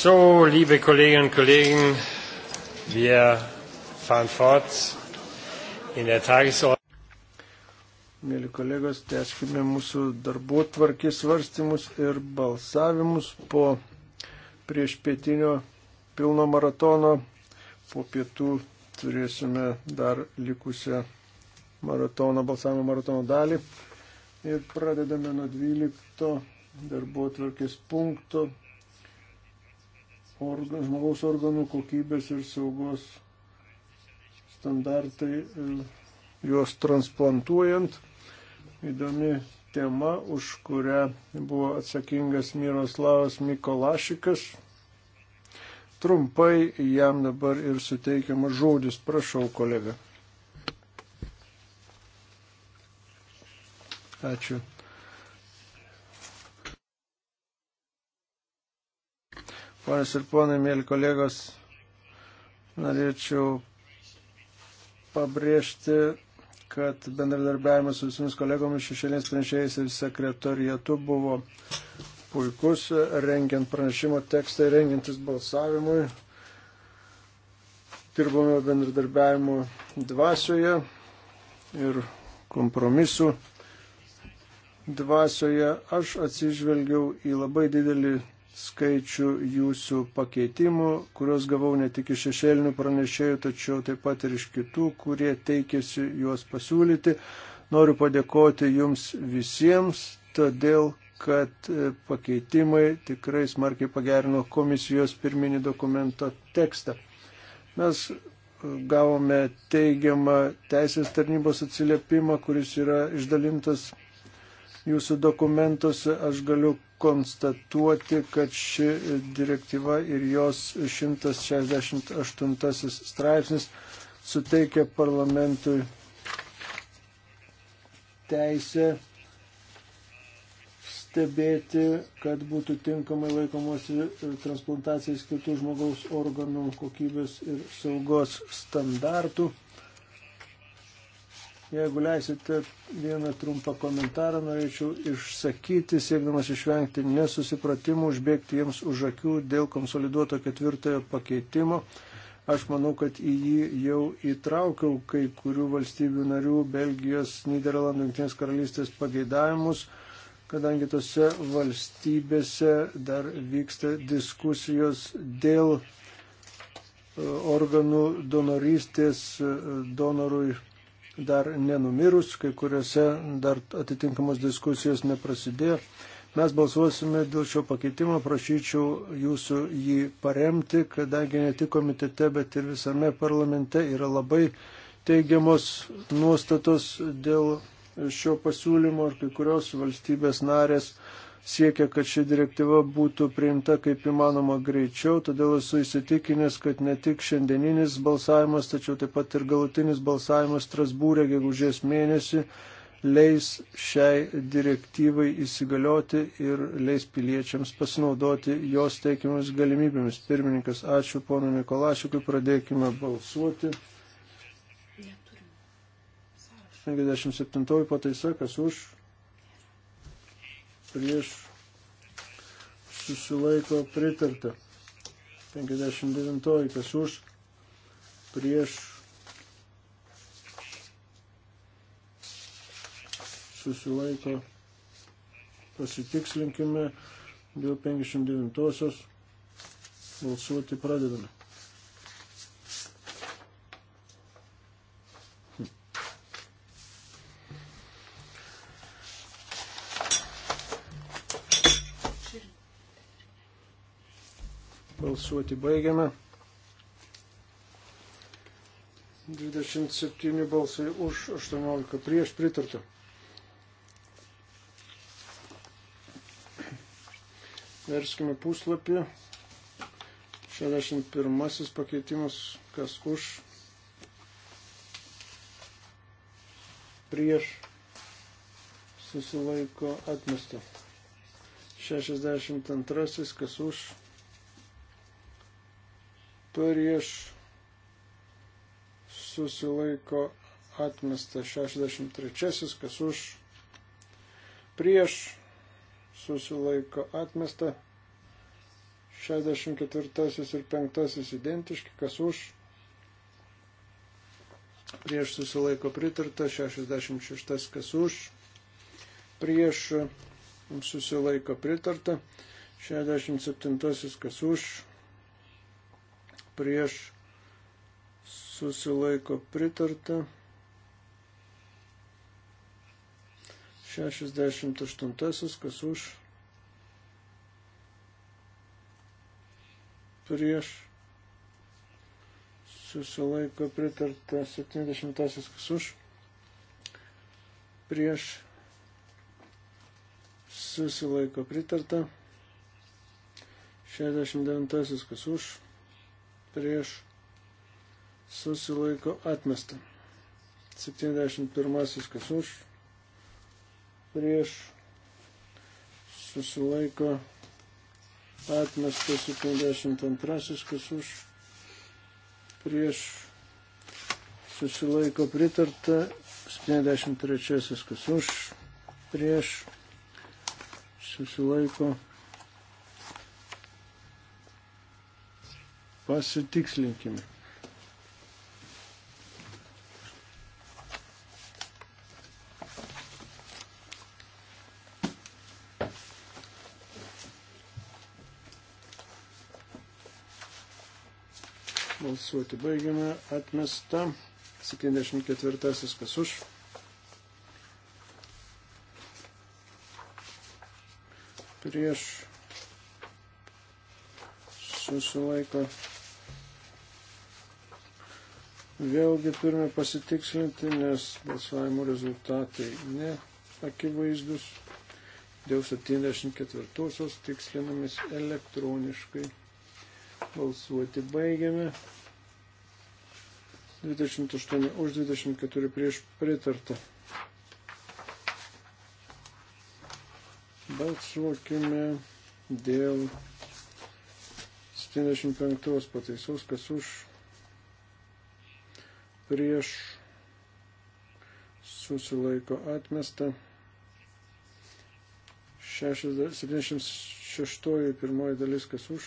So, liebe Kolleginnen und Kollegen, wir fahren fort in der Tagesordnung. Mėly kolegos, tęskime mūsų darbo tvarkės svarstymus ir balsavimus po prieš pietinio pilno maratono. Po pietų turėsime dar likusią maratono, balsavimo maratono dalį. Ir pradedame nuo 12 darbo tvarkės punkto organ, žmogaus organų kokybės ir saugos standartai e, juos transplantuojant. Įdomi tema, už kurią buvo atsakingas Miroslavas Mikolašikas. Trumpai jam dabar ir suteikiamas žodis. Prašau, kolega. Ačiū. Ponės ir ponai, mėly kolegos, norėčiau pabrėžti, kad bendradarbiavimas su visomis kolegomis šešėlės pranešėjais ir sekretorijatu buvo puikus, rengiant pranešimo tekstą ir rengiantis balsavimui. Dirbome bendradarbiavimo dvasioje ir kompromisų dvasioje. Aš atsižvelgiau į labai didelį skaičių jūsų pakeitimų, kuriuos gavau ne tik iš šešėlinių pranešėjų, tačiau taip pat ir iš kitų, kurie teikėsi juos pasiūlyti. Noriu padėkoti jums visiems, todėl kad e, pakeitimai tikrai smarkiai pagerino komisijos pirminį dokumento tekstą. Mes e, gavome teigiamą teisės tarnybos atsiliepimą, kuris yra išdalintas jūsų dokumentuose. Aš galiu konstatuoti, kad ši direktyva ir jos 168 straipsnis suteikia parlamentui teisę stebėti, kad būtų tinkamai laikomosi transplantacijai skirtų žmogaus organų kokybės ir saugos standartų. Jeigu leisite vieną trumpą komentarą, norėčiau išsakyti, siekdamas išvengti nesusipratimų, užbėgti jiems už akių dėl konsoliduoto ketvirtojo pakeitimo. Aš manau, kad į jį jau įtraukiau kai kurių valstybių narių, Belgijos, Niderlandų, Junktinės karalystės pageidavimus kadangi tose valstybėse dar vyksta diskusijos dėl e, organų donorystės e, donorui dar nenumirus, kai kuriuose dar atitinkamos diskusijos neprasidėjo. Mes balsuosime dėl šio pakeitimo, prašyčiau jūsų jį paremti, kadangi ne tik komitete, bet ir visame parlamente yra labai teigiamos nuostatos dėl šio pasiūlymo ir kai kurios valstybės narės siekia, kad ši direktyva būtų priimta kaip įmanoma greičiau, todėl esu įsitikinęs, kad ne tik šiandieninis balsavimas, tačiau taip pat ir galutinis balsavimas Strasbūrė gegužės mėnesį leis šiai direktyvai įsigalioti ir leis piliečiams pasinaudoti jos teikiamis galimybėmis. Pirmininkas, ačiū ponu Mikolašikui, pradėkime balsuoti. 57 pataisa, kas už? prieš susilaiko pritarta. 59 kas už prieš susilaiko pasitikslinkime dėl 59 balsuoti pradedame. Balsuoti baigiame. 27 balsai už, 18 prieš pritartą. Verskime puslapį. 61 pakeitimas, kas už, prieš, susilaiko atmestą. 62 kas už, prieš susilaiko atmesta 63, kas už prieš susilaiko atmesta 64 ir 5 identiški, kas už prieš susilaiko pritarta 66, kas už prieš susilaiko pritarta 67, kas už prieš susilaiko pritarta. 68. Kas už prieš susilaiko pritarta. 70. Kas už prieš susilaiko pritarta. 69. Kas už prieš susilaiko atmesta. 71 kas už, prieš susilaiko atmesta. 72 kas už, prieš susilaiko pritarta. 73 kas už, prieš susilaiko atmesta Pasitikslinkime. balsuoti. Baigiame atmestą 74 kas už. Prieš susilaiko Vėlgi turime pasitikslinti, nes balsavimo rezultatai ne akivaizdus. Dėl 74-osios tikslinamis elektroniškai. Balsuoti baigiame. 28 už 24 prieš pritartą. Balsuokime dėl 75 pataisos, kas už prieš susilaiko atmesta. 76 pirmoji dalis, kas už,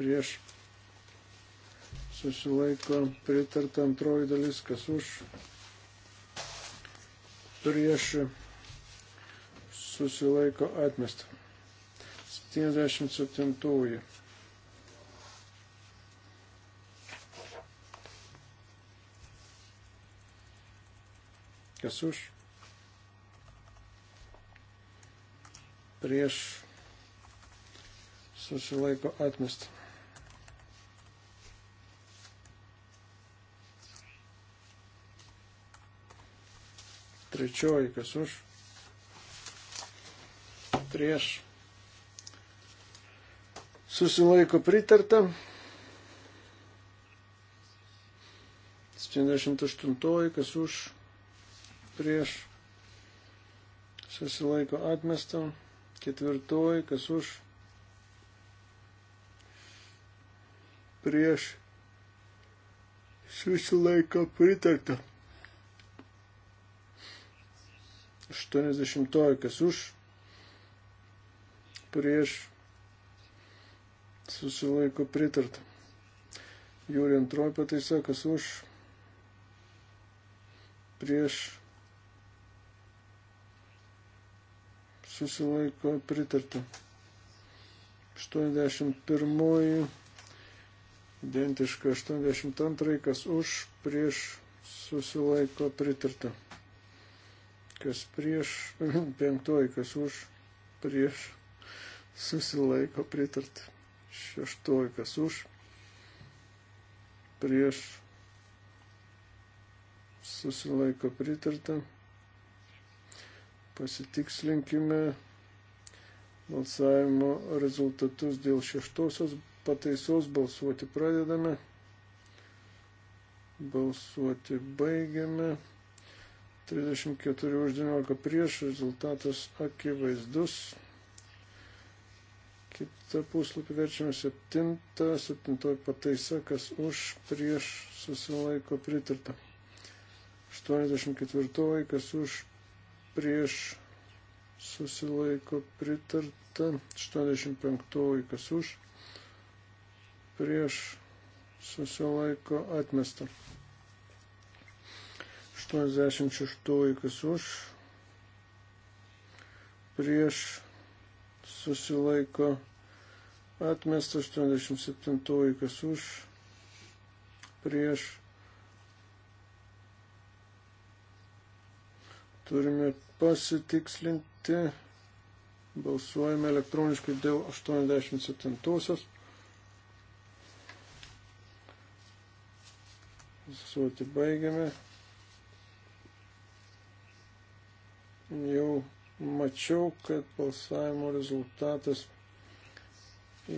prieš susilaiko pritarta antroji dalis, kas už, prieš susilaiko atmesta. 77 kas už, prieš susilaiko atmestą. Trečioji, kas už, prieš susilaiko pritarta. 78, kas už prieš susilaiko atmestą, ketvirtoji, kas už, prieš susilaiko pritarta. 80 kas už, prieš susilaiko pritarta. Jūri antroji pataisa, kas už, prieš susilaiko pritarta. 81 identiška 82, kas už, prieš susilaiko pritarta. Kas prieš, penktoji, kas už, prieš susilaiko pritarta. Šeštoji, kas už, prieš susilaiko pritarta. Pasitikslinkime balsavimo rezultatus dėl šeštosios pataisos. Balsuoti pradedame. Balsuoti baigiame. 34 už 19 prieš rezultatas akivaizdus. Kita puslapį verčiame 7, 7 pataisa, kas už prieš susilaiko pritarta. 84, kas už prieš susilaiko pritarta, 85 kas už, prieš susilaiko atmesta, 86 kas už, prieš susilaiko atmesta, 87 kas už, prieš Turime pasitikslinti. Balsuojame elektroniškai dėl 87-osios. Suoti baigiame. Jau mačiau, kad balsavimo rezultatas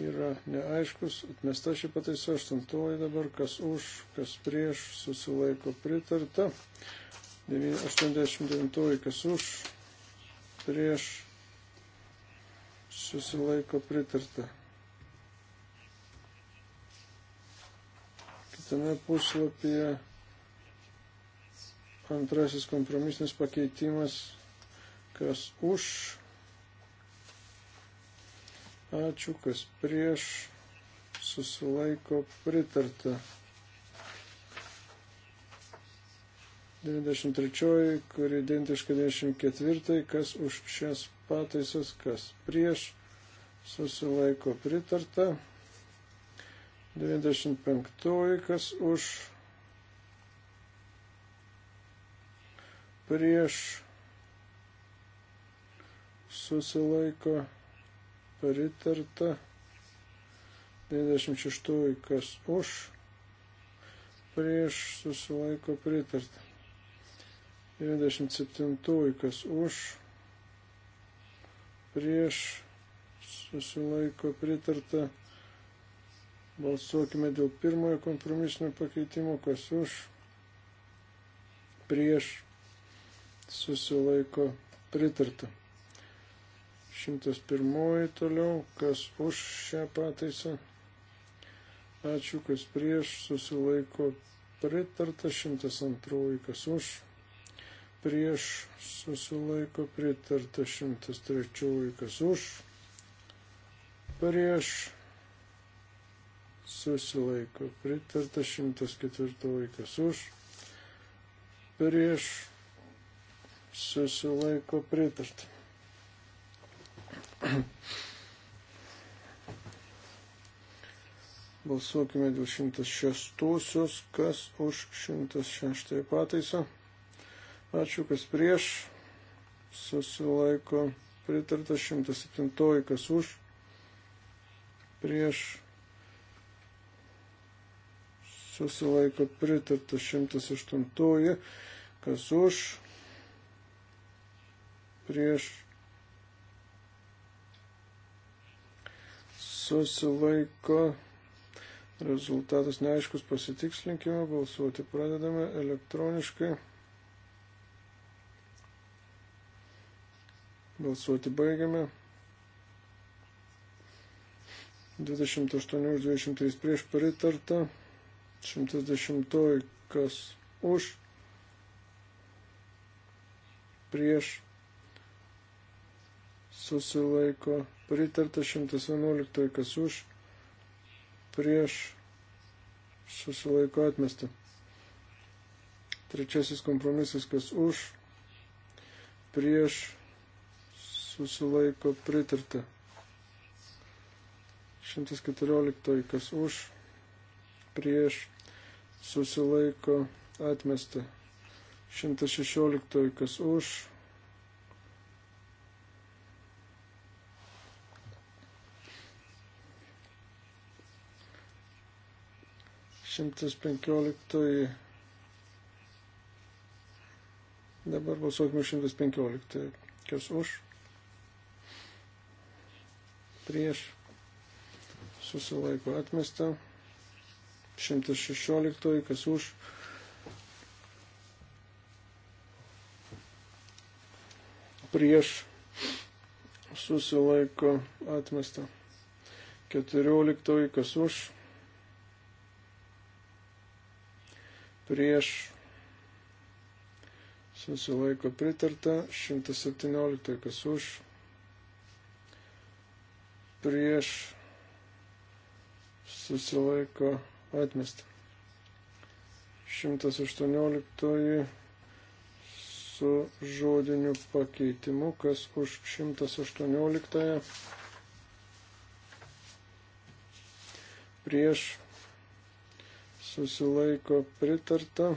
yra neaiškus. Atmesta šį pataisą aštuntoji dabar, kas už, kas prieš, susilaiko pritarta. 89 kas už, prieš, susilaiko pritarta. Kitame puslapyje antrasis kompromisinis pakeitimas, kas už, ačiū, kas prieš, susilaiko pritarta. 93, kuri identiška 94, kas už šias pataisas, kas prieš, susilaiko pritarta. 95, kas už prieš, susilaiko pritarta. 96, kas už prieš, susilaiko pritarta. 97, kas už, prieš, susilaiko pritarta. Balsuokime dėl pirmojo kompromisinio pakeitimo, kas už, prieš, susilaiko pritarta. 101 toliau, kas už šią pataisą. Ačiū, kas prieš, susilaiko pritarta. 102, kas už prieš susilaiko pritarta 103, kas už, prieš susilaiko pritarta 104, kas už, prieš susilaiko pritarta. Balsuokime dėl 106, kas už 106 pataisą. Ačiū, kas prieš. Susilaiko pritarta 107, kas už. Prieš. Susilaiko pritarta 108, kas už. Prieš. Susilaiko. Rezultatas neaiškus, pasitikslinkime, balsuoti pradedame elektroniškai. Balsuoti baigiame. 28 už 23 prieš pritarta. 110 kas už. Prieš susilaiko. Pritarta 111 kas už. Prieš susilaiko atmesta. Trečiasis kompromisas kas už. Prieš susilaiko pritarta. 114 kas už, prieš susilaiko atmesta. 116 kas už. Šimtas penkioliktoji Dabar balsuokime 115. Kas už? prieš susilaiko atmesta. 116 kas už. Prieš susilaiko atmesta. 14 kas už. Prieš susilaiko pritarta. 117 kas už prieš susilaiko atmestą. 118 su žodiniu pakeitimu, kas už 118 prieš susilaiko pritarta.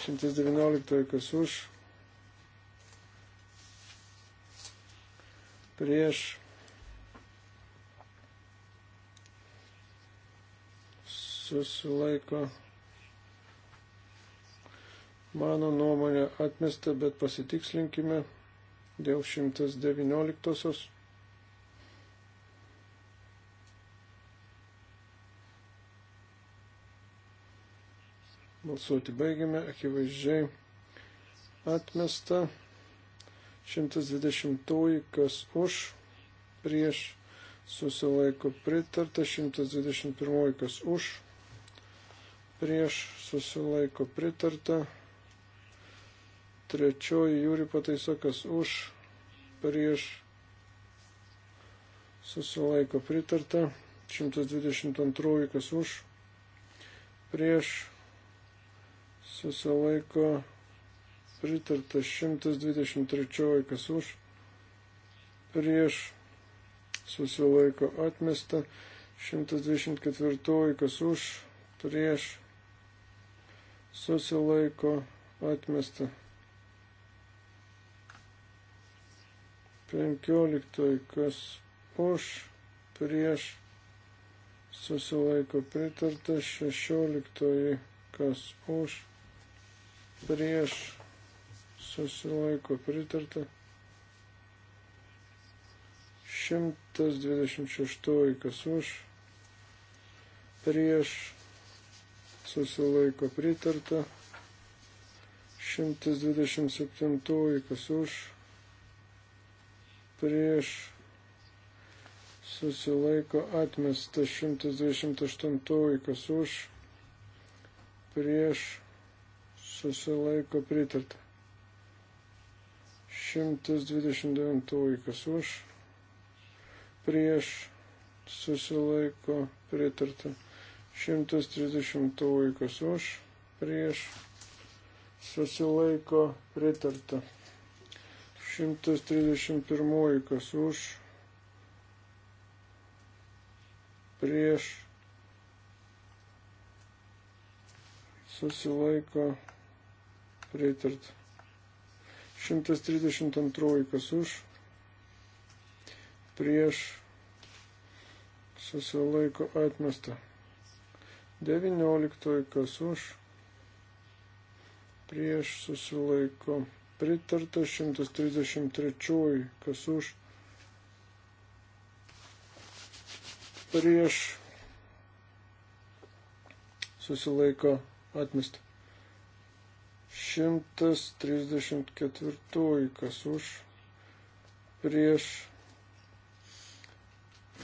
119 kas už prieš susilaiko. Mano nuomonė atmesta, bet pasitikslinkime dėl 119. Balsuoti baigime, akivaizdžiai atmesta. 120, kas už, prieš, susilaiko pritarta, 121, kas už, prieš, susilaiko pritarta, trečioji jūri pataiso, kas už, prieš, susilaiko pritarta, 122, kas už, prieš, susilaiko pritarta pritarta 123, kas už, prieš, susilaiko atmesta, 124, kas už, prieš, susilaiko atmesta. 15, kas už, prieš, susilaiko pritarta, 16, kas už, prieš, susilaiko pritarta. 126 kas už, prieš susilaiko pritarta. 127 kas už, prieš susilaiko atmesta 128 kas už, prieš susilaiko pritarta. 129 kas už, prieš susilaiko pritarta. 130 kas už, prieš susilaiko pritarta. 131 kas už, prieš susilaiko pritarta. 132 kas už, prieš susilaiko atmesta. 19 kas už, prieš susilaiko pritarta. 133 kas už, prieš susilaiko atmesta. 134, kas už, prieš,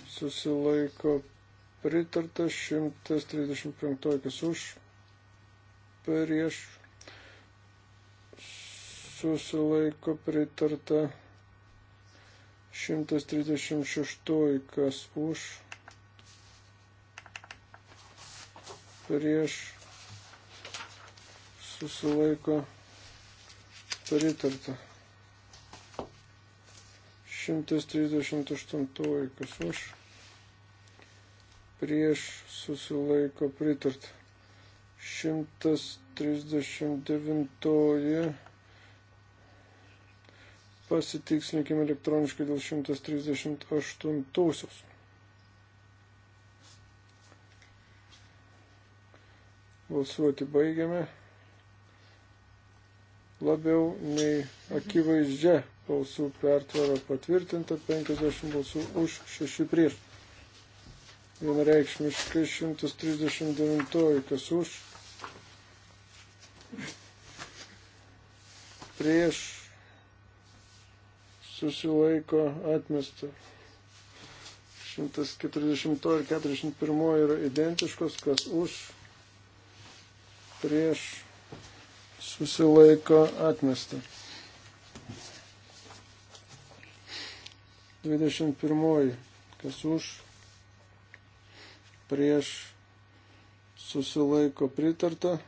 susilaiko pritarta, 135, kas už, prieš, susilaiko pritarta, 136, kas už, prieš, susilaiko pritarta. 138 kas už prieš susilaiko pritarta. 139 pasitikslinkime elektroniškai dėl 138. Balsuoti baigiame labiau nei akivaizdžia balsų pertvara patvirtinta 50 balsų už 6 prieš. Vienareikšmiškai 139 kas už. Prieš susilaiko atmestą. 140 ir 41 yra identiškos, kas už, prieš susilaiko atmesta. 21. Kas už, prieš, susilaiko pritarta.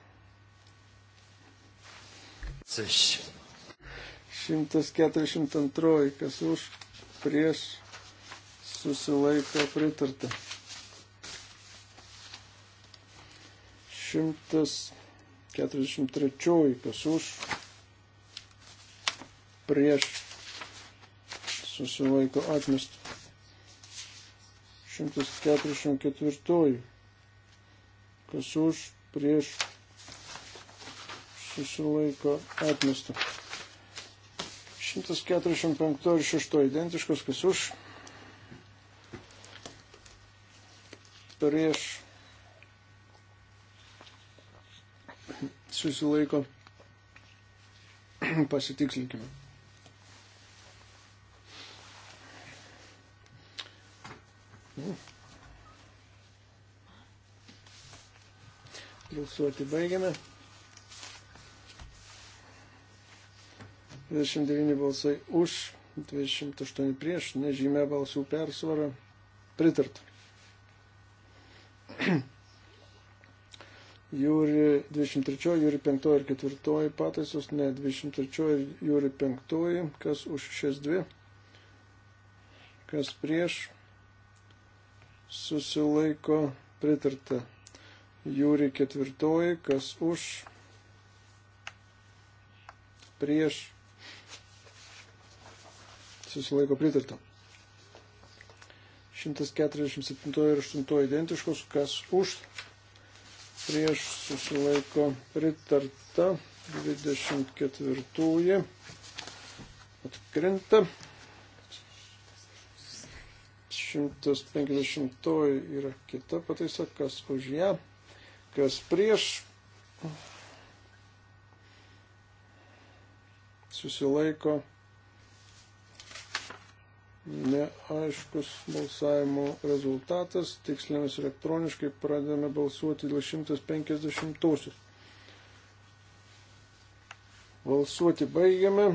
142. Kas už, prieš, susilaiko pritarta. 100. 43, kas už, prieš, susilaiko atmestą. 144, kas už, prieš, susilaiko atmestą. 145 ir 6 identiškos, kas už, prieš, susilaiko. Pasitikslinkime. Balsuoti baigiame. 29 balsai už, 28 prieš, nežymė balsų persvara. Pritarta. Jūri 23, Jūri 5 ir 4 pataisos, ne 23 ir Jūri 5, kas už šias dvi, kas prieš, susilaiko pritarta. Jūri 4, kas už, prieš, susilaiko pritarta. 147 ir 8 identiškus, kas už, prieš susilaiko pritarta, 24 atkrinta, 150 yra kita pataisa, kas už ją, kas prieš susilaiko pritarta neaiškus balsavimo rezultatas, tikslinės elektroniškai pradedame balsuoti dėl 150-osios. Balsuoti baigiame.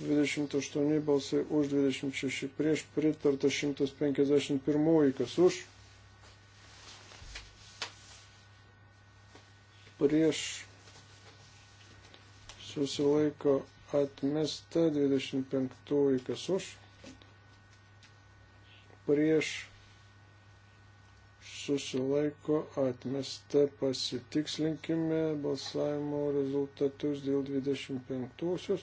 28 balsai už, 26 prieš, pritarta 151, kas už. Prieš susilaiko atmesta 25 kas už, prieš susilaiko atmesta pasitikslinkime balsavimo rezultatus dėl 25-osios.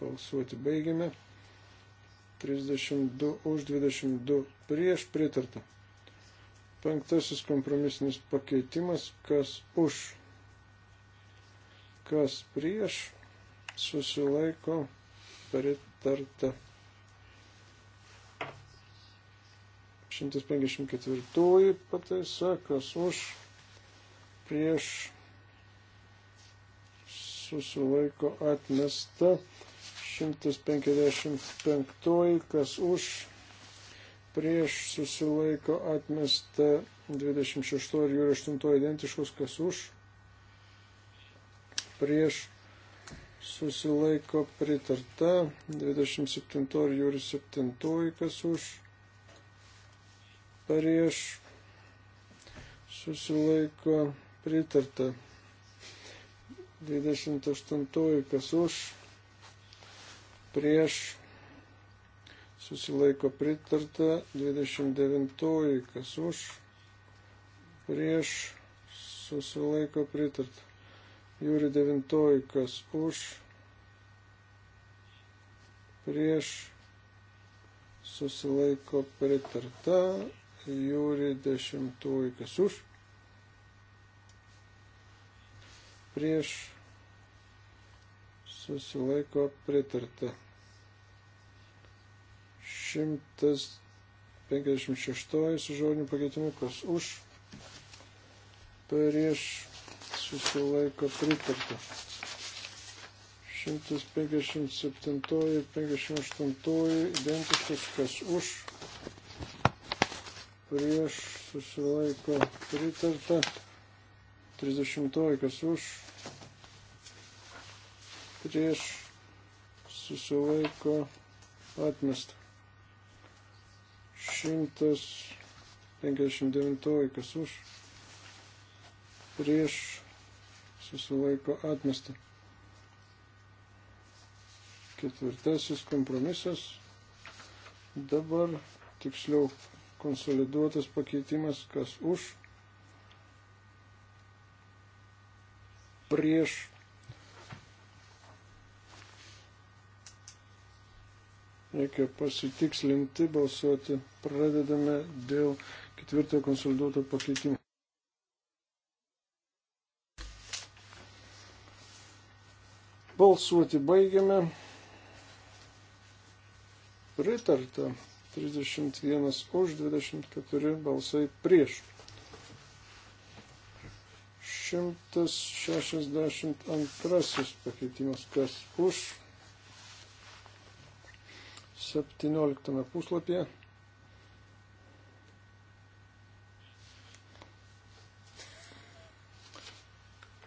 Balsuoti baigiame. 32 už 22 prieš pritarta. Penktasis kompromisinis pakeitimas, kas už, kas prieš, susilaiko pritarta. 154 pataisa, kas už, prieš, susilaiko atmesta. 155, kas už, prieš susilaiko atmesta 26 ir jų 8 identiškus, kas už, prieš susilaiko pritarta 27 ir jų 7, kas už, prieš susilaiko pritarta 28, kas už prieš susilaiko pritarta, 29 kas už, prieš susilaiko pritarta, jūri 9 kas už, prieš susilaiko pritarta, jūri 10 kas už, prieš susilaiko pritarta. 156 su žodiniu pakeitimu, kas už, prieš susilaiko pritarta. 157 ir 58 identiškus, kas už, prieš susilaiko pritarta. 30 kas už, prieš susilaiko atmesta. 159 kas už prieš susilaiko atmesta. Ketvirtasis kompromisas. Dabar tiksliau konsoliduotas pakeitimas, kas už prieš Reikia pasitikslinti, balsuoti. Pradedame dėl ketvirtojo konsoliduoto pakeitimo. Balsuoti baigiame. Pritarta 31 už 24 balsai prieš. 162 pakeitimas kas už 17 puslapyje.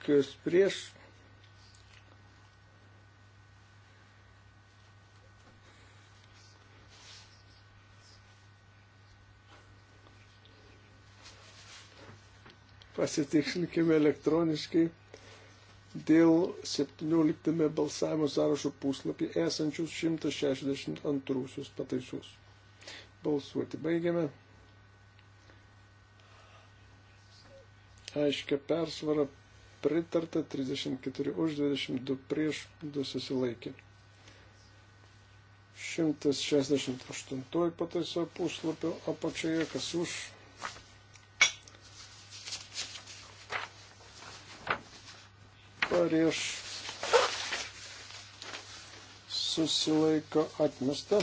Kas prieš? Pasitikslinkime elektroniškai dėl 17 balsavimo sąrašo puslapį esančius 162 pataisus. Balsuoti baigiame. Aiškia persvara pritarta 34 už 22 prieš 2 susilaikė. 168 pataiso puslapio apačioje, kas už prieš susilaiko atmesta.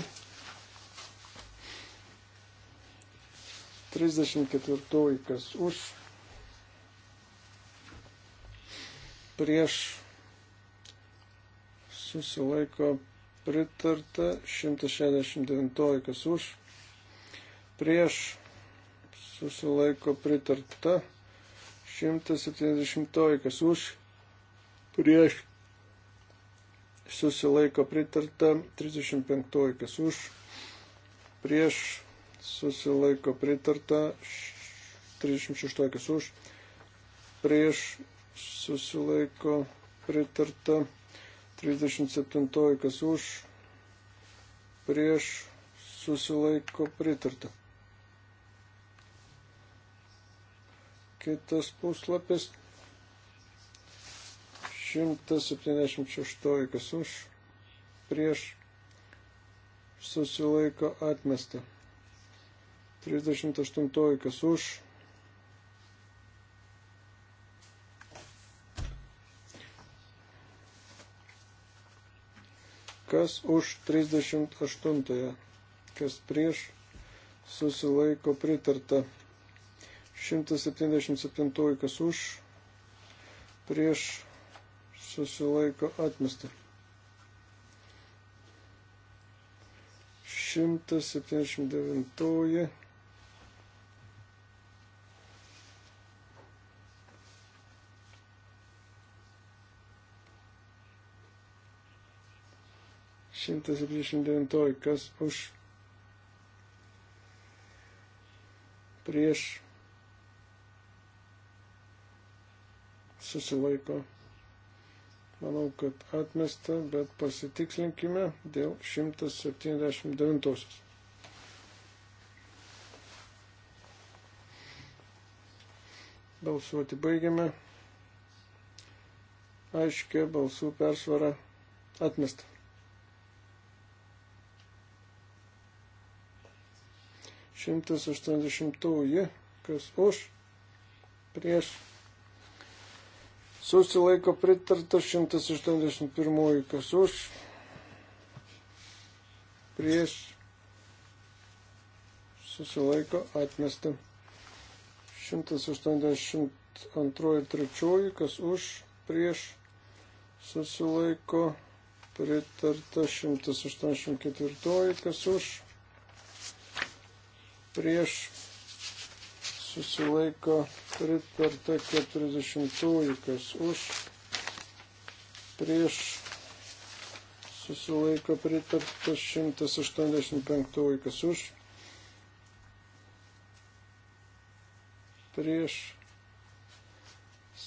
34 kas už, prieš susilaiko pritarta, 169 kas už, prieš susilaiko pritarta, 170 kas už, prieš susilaiko pritarta 35 kas už, prieš susilaiko pritarta 36 kas už, prieš susilaiko pritarta 37 kas už, prieš susilaiko pritarta. Kitas puslapis 176, kas už, prieš, susilaiko atmesta. 38, kas už, kas už 38, kas prieš, susilaiko pritarta. 177, kas už, prieš, susilaiko atmesta. 179. Šimtas septyniasdešimt devintoji, kas už prieš susilaiko Manau, kad atmesta, bet pasitikslinkime dėl 179. Balsuoti baigiame. Aiškia balsų persvara atmesta. Šimtas aštuoniasdešimtųjų, kas už, prieš Susilaiko pritarta 181, kas už, prieš, susilaiko atmesta. 182 ir 3, kas už, prieš, susilaiko pritarta 184, kas už, prieš, susilaiko pritarta 40-ųjų, kas už, prieš susilaiko pritarta 185-ųjų, kas už, prieš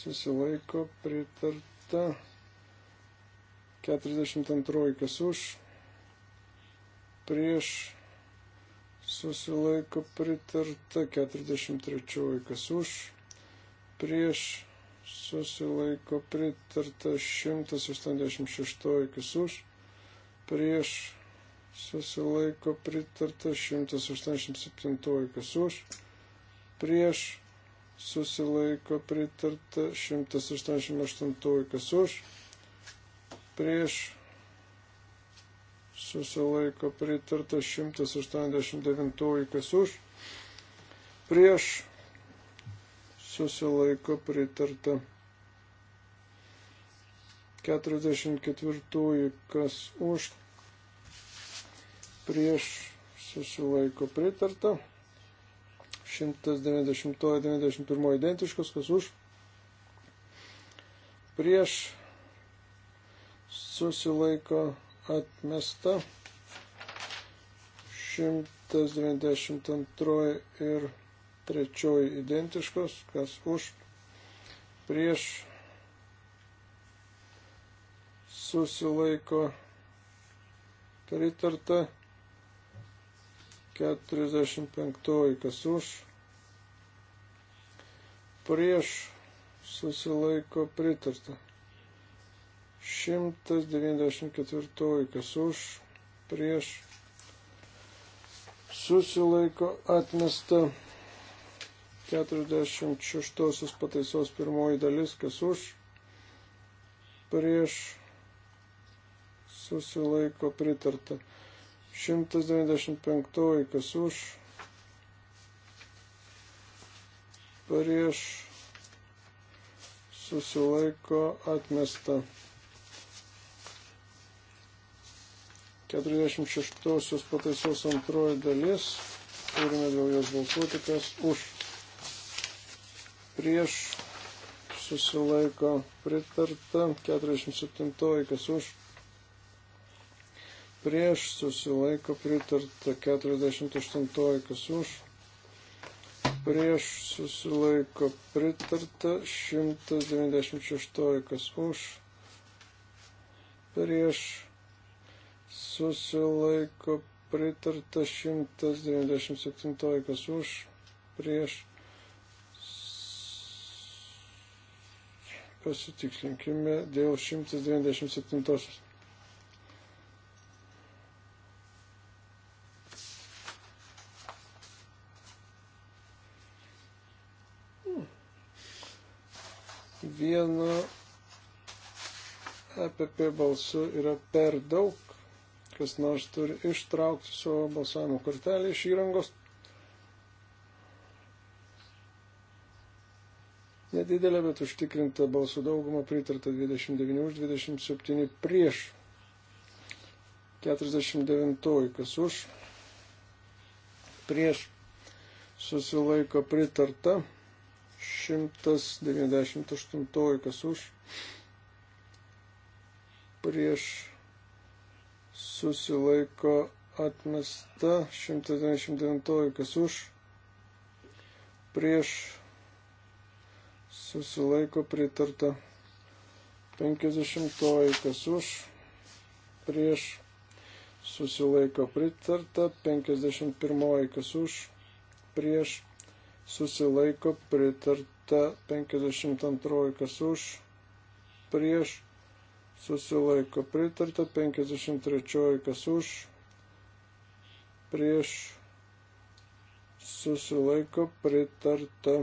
susilaiko pritarta 42-ųjų, kas už, prieš susilaiko pritarta, 43 kas už, prieš susilaiko pritarta, 186 kas už, prieš susilaiko pritarta, 187 kas už, prieš susilaiko pritarta, 188 kas už, prieš susilaiko pritarta 189, kas už, prieš susilaiko pritarta 44, kas už, prieš susilaiko pritarta 190-91 identiškas, kas už, prieš susilaiko pritarta atmesta. 192 ir 3 identiškos, kas už, prieš, susilaiko, pritarta. 45 kas už, prieš, susilaiko, pritarta. 194, kas už, prieš, susilaiko atmesta 46 pataisos pirmoji dalis, kas už, prieš, susilaiko pritarta 195, kas už, prieš, susilaiko atmesta 46. 46 pataisos antroji dalis. Turime dėl jos balsuoti, kas už. Prieš susilaiko pritarta. 47 kas už. Prieš susilaiko pritarta. 48 kas už prieš susilaiko pritarta 196, kas už, prieš susilaiko pritarta 197, kas už, prieš. Pasitikslinkime dėl 197. vienu EPP balsu yra per daug, kas nors turi ištraukti savo balsavimo kortelę iš įrangos. Nedidelė, bet užtikrinta balsų dauguma pritarta 29 už 27 prieš. 49 kas už. Prieš susilaiko pritarta. 198 kas už. Prieš susilaiko atmesta 199, kas už, prieš susilaiko pritarta 50, kas už, prieš susilaiko pritarta 51, kas už, prieš susilaiko pritarta 52, kas už, prieš susilaiko pritarta, 53 kas už, prieš susilaiko pritarta.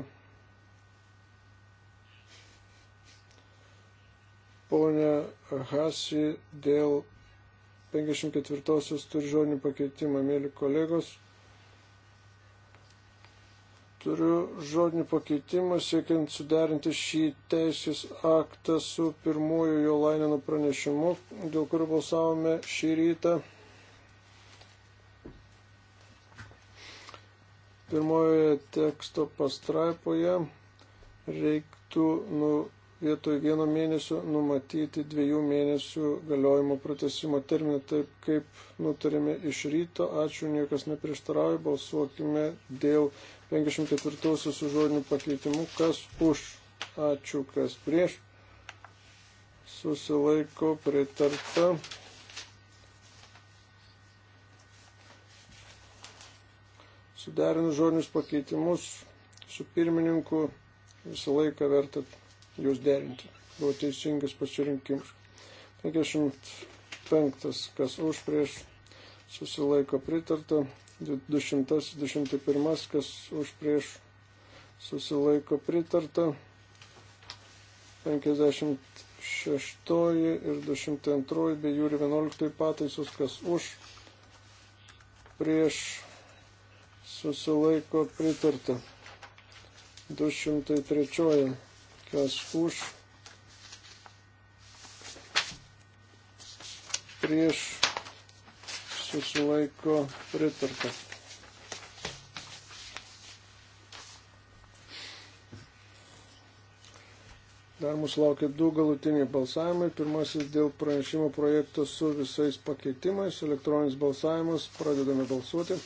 Pone Hasi dėl 54-osios turžonių pakeitimą, mėly kolegos. Turiu žodinį pakeitimą, siekiant suderinti šį teisės aktą su pirmuoju jo laininu pranešimu, dėl kurio balsavome šį rytą. Pirmojoje teksto pastraipoje reiktų nu, vietoj vieno mėnesio numatyti dviejų mėnesių galiojimo pratesimo terminą, taip kaip nutarėme iš ryto. Ačiū, niekas neprieštarauja, balsuokime dėl 54 su žodiniu pakeitimu, kas už, ačiū, kas prieš. Susilaiko pritarta. Suderinu žodinius pakeitimus su pirmininku visą laiką verta juos derinti. Buvo teisingas pasirinkimas. 55. Kas už prieš susilaiko pritarta. 200. 201. Kas už prieš susilaiko pritarta. 56 ir 202 bei jūri 11 pataisos, kas už, prieš susilaiko pritarta. 203 kas už, prieš, susilaiko pritarta. Dar mūsų laukia du galutiniai balsavimai. Pirmasis dėl pranešimo projekto su visais pakeitimais. Elektroninis balsavimas. Pradedame balsuoti.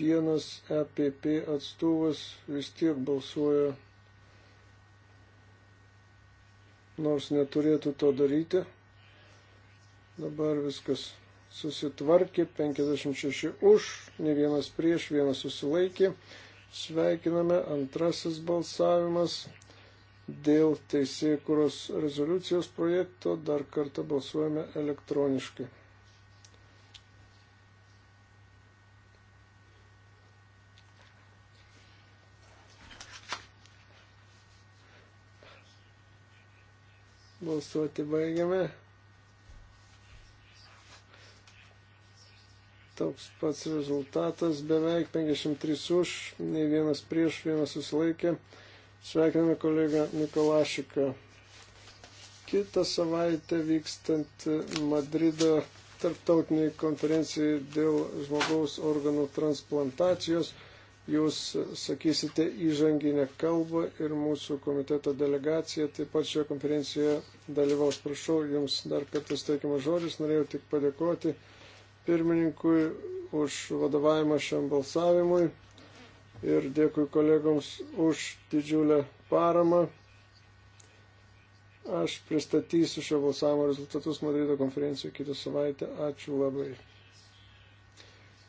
vienas EPP atstovas vis tiek balsuoja, nors neturėtų to daryti. Dabar viskas susitvarkė, 56 už, ne vienas prieš, vienas susilaikė. Sveikiname antrasis balsavimas dėl teisėkuros rezoliucijos projekto, dar kartą balsuojame elektroniškai. Balsuoti baigiame. Toks pats rezultatas. Beveik 53 už, nei vienas prieš, vienas susilaikė. Sveikiname kolegą Mikolašiką. Kitą savaitę vykstant Madrido tarptautiniai konferencijai dėl žmogaus organų transplantacijos jūs sakysite įžanginę kalbą ir mūsų komiteto delegacija taip pat šioje konferencijoje dalyvaus. Prašau, jums dar kartą steikiamas žodis. Norėjau tik padėkoti pirmininkui už vadovavimą šiam balsavimui ir dėkui kolegoms už didžiulę paramą. Aš pristatysiu šio balsavimo rezultatus Madrido konferencijoje kitą savaitę. Ačiū labai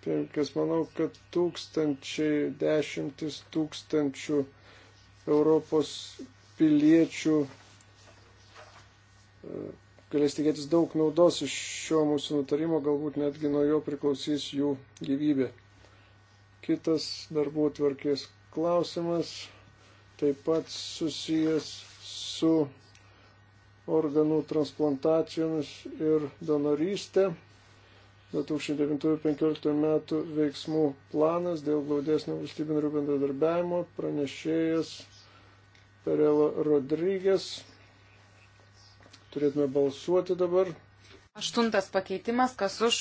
pirmininkas, manau, kad tūkstančiai, dešimtis tūkstančių Europos piliečių e, galės tikėtis daug naudos iš šio mūsų nutarimo, galbūt netgi nuo jo priklausys jų gyvybė. Kitas darbų tvarkės klausimas taip pat susijęs su organų transplantacijomis ir donorystė. 2009-2015 metų veiksmų planas dėl glaudesnio valstybinio bendradarbiavimo pranešėjas Perelo Rodrygės. Turėtume balsuoti dabar. Aštuntas pakeitimas, kas už?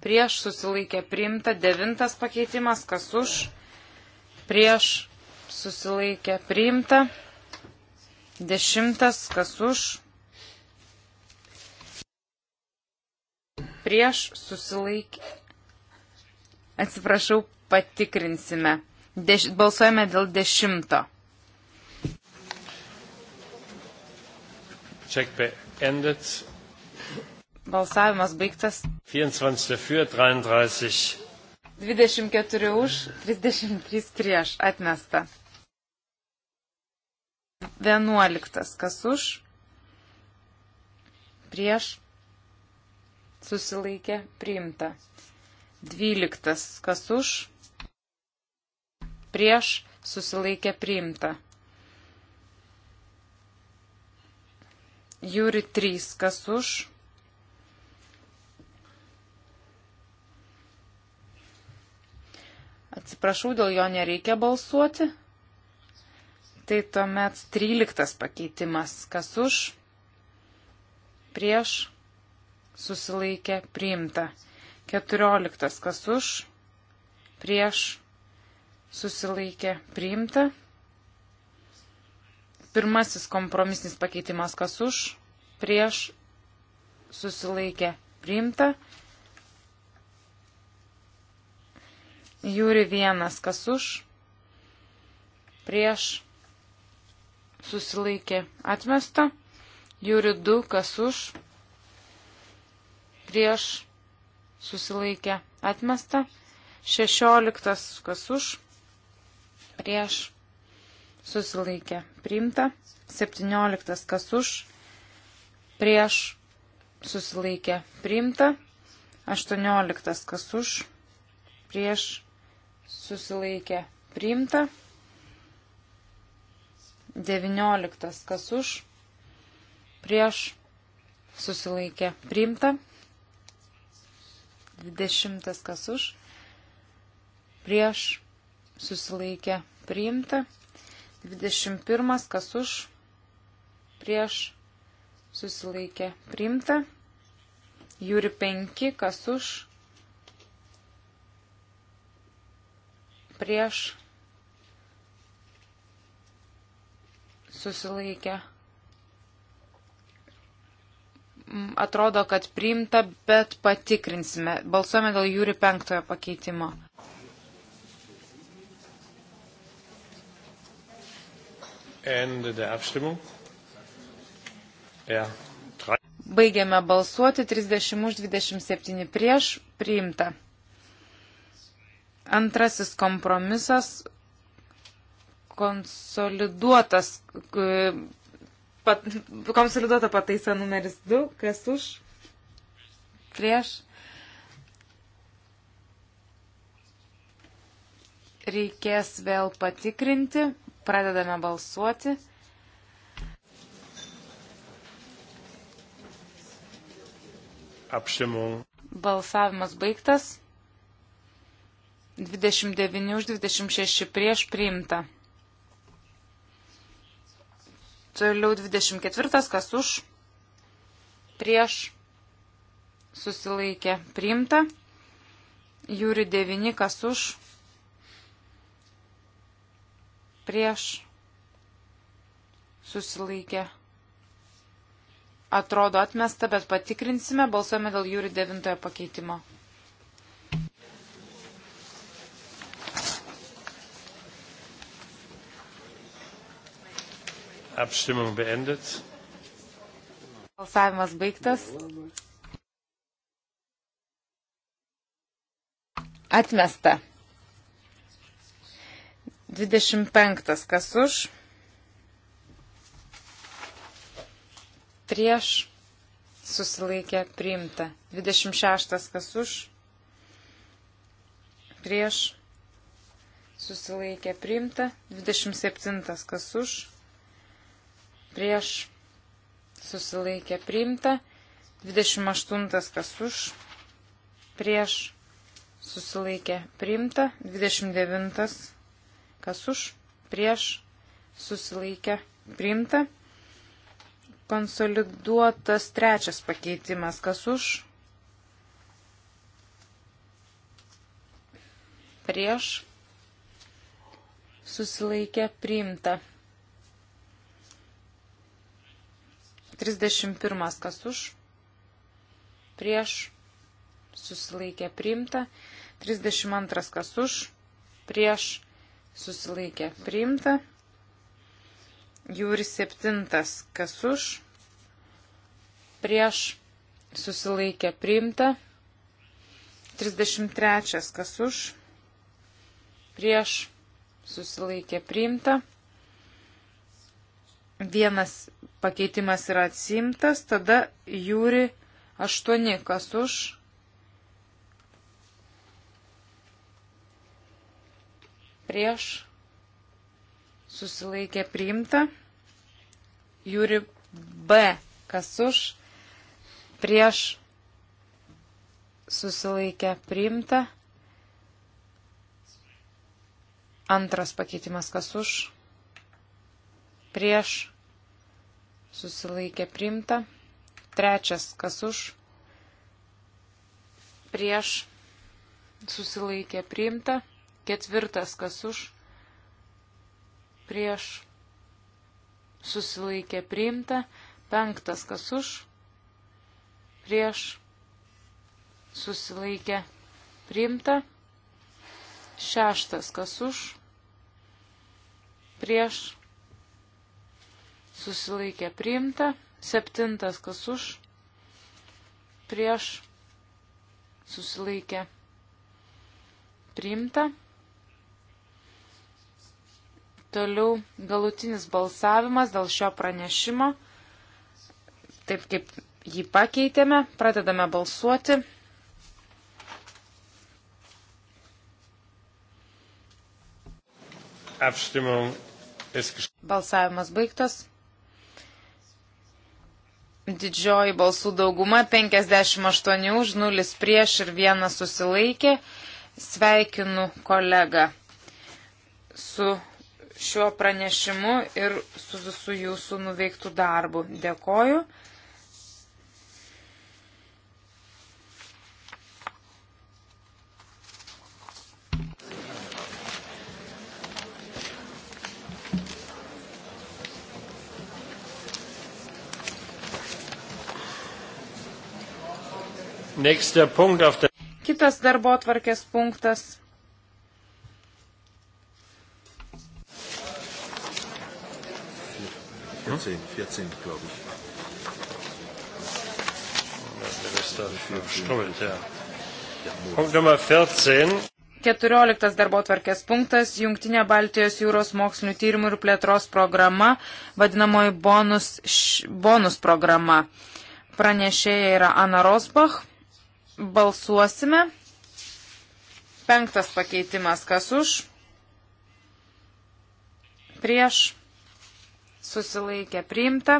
Prieš susilaikė priimta. Devintas pakeitimas, kas už? Prieš susilaikė priimta. Dešimtas, kas už? prieš susilaikė. Atsiprašau, patikrinsime. Deš, balsuojame dėl dešimto. Check beendet. Balsavimas baigtas. 24 für, 33. 24 už, 33 prieš. Atmesta. 11. Kas už? Prieš susilaikė, priimta. 12. Kas už, prieš, susilaikė, priimta. Jūri 3. Kas už, Atsiprašau, dėl jo nereikia balsuoti. Tai tuomet 13 pakeitimas. Kas už? Prieš? susilaikė priimta. 14 kas už, prieš susilaikė priimta. Pirmasis kompromisinis pakeitimas kas už, prieš susilaikė priimta. Jūri vienas kas už, prieš susilaikė atmesta. Jūri du kas už, prieš prieš susilaikė atmesta, 16 kas už, prieš susilaikė priimta, 17 kas už, prieš susilaikė priimta, 18 kas už, prieš susilaikė priimta, 19 kas už, prieš susilaikė priimta. 20 kas už, prieš susilaikė priimta, 21 kas už, prieš susilaikė priimta, jūri 5 kas už, prieš susilaikė priimta atrodo, kad priimta, bet patikrinsime. Balsuojame dėl jūri penktojo pakeitimo. Ende der Abstimmung. Ja. Baigiame balsuoti 30 už 27 prieš priimta. Antrasis kompromisas konsoliduotas pat, konsoliduota pataisa numeris 2, kas už, prieš. Reikės vėl patikrinti, pradedame balsuoti. Apšimau. Balsavimas baigtas. 29 už 26 prieš priimta. Toliau 24. Kas už? Prieš. Susilaikė. Priimta. Jūri 9. Kas už? Prieš. Susilaikė. Atrodo atmesta, bet patikrinsime. Balsuojame dėl jūri 9 pakeitimo. Abstimmung beendet. Balsavimas baigtas. Atmesta. 25. Kas už? Prieš susilaikė priimta. 26. Kas už? Prieš susilaikė priimta. 27. Kas už? prieš susilaikė priimta, 28 kas už, prieš susilaikė priimta, 29 kas už, prieš susilaikė priimta, konsoliduotas trečias pakeitimas kas už, prieš susilaikė priimta. 31 kas už, prieš, susilaikė priimta, 32 kas už, prieš, susilaikė priimta, jūri 7 kas už, prieš, susilaikė priimta, 33 kas už, prieš, susilaikė priimta, 1 pakeitimas yra atsimtas, tada jūri 8, kas už. Prieš susilaikė priimta. Jūri B, kas už. Prieš susilaikė priimta. Antras pakeitimas, kas už. Prieš susilaikė primta. Trečias, kas už, prieš, susilaikė primta. Ketvirtas, kas už, prieš, susilaikė primta. Penktas, kas už, prieš, susilaikė primta. Šeštas, kas už, prieš, susilaikė priimta, septintas kas už, prieš, susilaikė priimta. Toliau galutinis balsavimas dėl šio pranešimo, taip kaip jį pakeitėme, pradedame balsuoti. Balsavimas baigtas. Didžioji balsų dauguma 58 už 0 prieš ir 1 susilaikė. Sveikinu kolegą su šiuo pranešimu ir su visų jūsų nuveiktų darbų. Dėkoju. Kitas darbo atvarkės punktas. Hm? 14, 14 glaube ich. Punkt Nummer 14. 14 darbo tvarkės punktas - Jungtinė Baltijos jūros mokslinių tyrimų ir plėtros programa, vadinamoji bonus, š, bonus programa. Pranešėja yra Ana Rosbach. Balsuosime. Penktas pakeitimas, kas už, prieš, susilaikė priimta.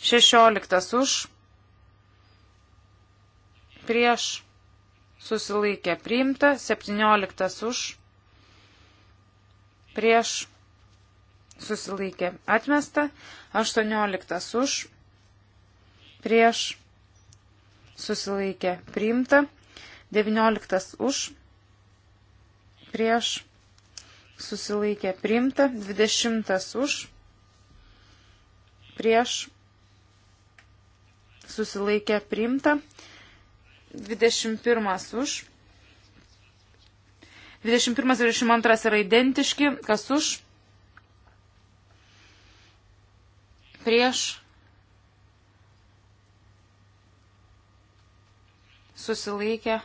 Šešioliktas už, prieš, susilaikė priimta. Septynioliktas už, prieš, susilaikė atmesta. Aštuonioliktas už, prieš, susilaikė priimta, 19 už, prieš susilaikė priimta, 20 už, prieš susilaikė priimta, 21 už. 21 ir 22 yra identiški, kas už, prieš susilaikė.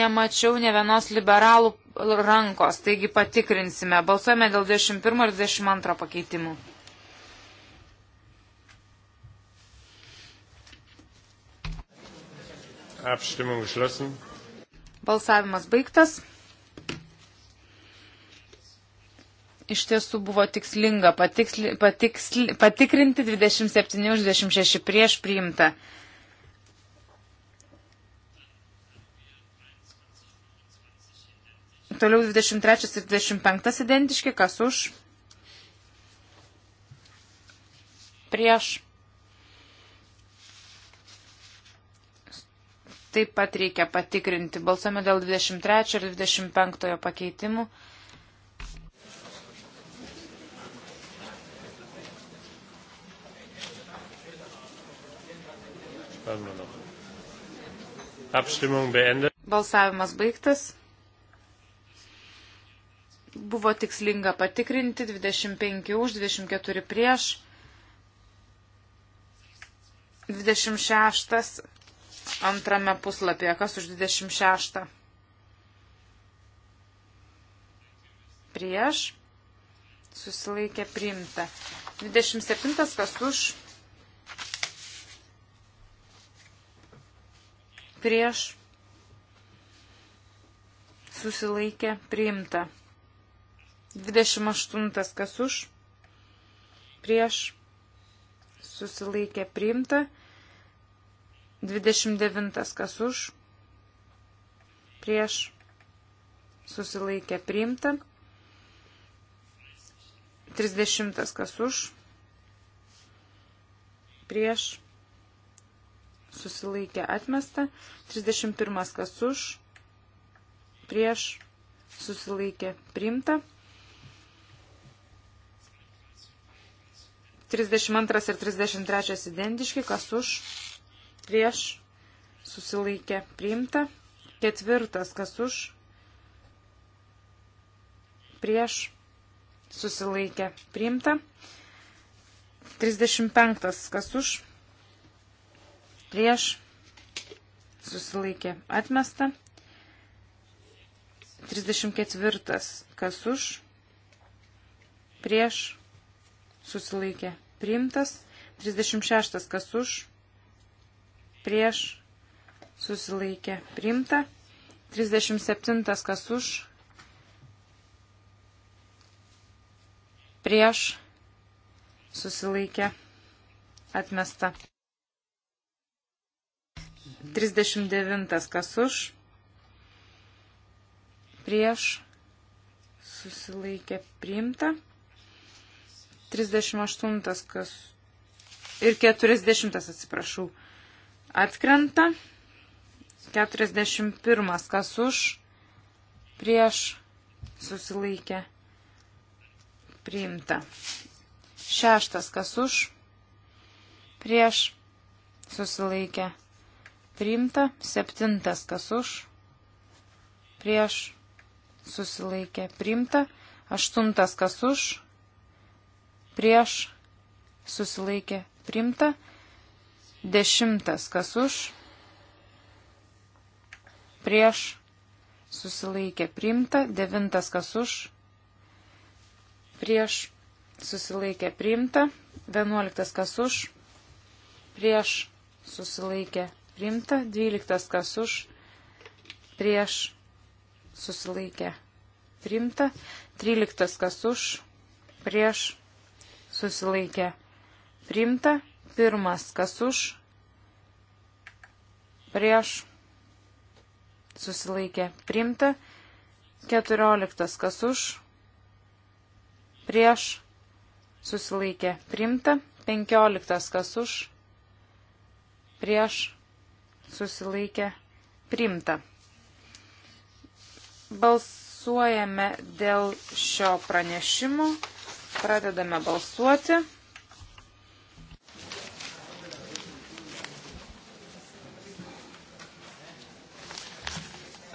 Nemačiau ne vienos liberalų rankos, taigi patikrinsime. Balsuojame dėl 21 ir 22 pakeitimų. Balsavimas baigtas. iš tiesų buvo tikslinga patiksli, patiksli, patikrinti 27 už 26 prieš priimtą. Toliau 23 ir 25 identiški, kas už? Prieš. Taip pat reikia patikrinti. Balsuojame dėl 23 ir 25 pakeitimų. Balsavimas baigtas. Buvo tikslinga patikrinti 25 už, 24 prieš, 26 antrame puslapyje, kas už 26. Prieš susilaikė priimta. 27 kas už prieš susilaikė priimta. 28 kas už, prieš susilaikė priimta. 29 kas už, prieš susilaikė priimta. 30 kas už, prieš susilaikė atmesta, 31 kas už, prieš susilaikė priimta, 32 ir 33 identiški, kas už, prieš susilaikė priimta, ketvirtas kas už, prieš susilaikė priimta, 35 kas už, prieš, susilaikė atmesta. 34. Kas už, prieš, susilaikė priimtas. 36. Kas už, prieš, susilaikė priimta. 37. Kas už, prieš, susilaikė atmesta. 39 kas už, prieš, susilaikė priimta. 38 kas ir 40 atsiprašau atkrenta. 41 kas už, prieš, susilaikė priimta. Šeštas kas už, prieš, susilaikė priimta priimta, septintas kas už, prieš susilaikė priimta, aštuntas kas už, prieš susilaikė priimta, dešimtas kas už, prieš susilaikė priimta, devintas kas už, prieš susilaikė priimta, vienuoliktas kas už, prieš susilaikė Primta. 12 kas už. Prieš susilaikė. Primta. 13 kas už. Prieš susilaikė. Primta. Pirmas kas už. Prieš susilaikė. Primta. 14 kas už. Prieš susilaikė. Primta. 15 kas už prieš susilaikė primta. Balsuojame dėl šio pranešimo. Pradedame balsuoti.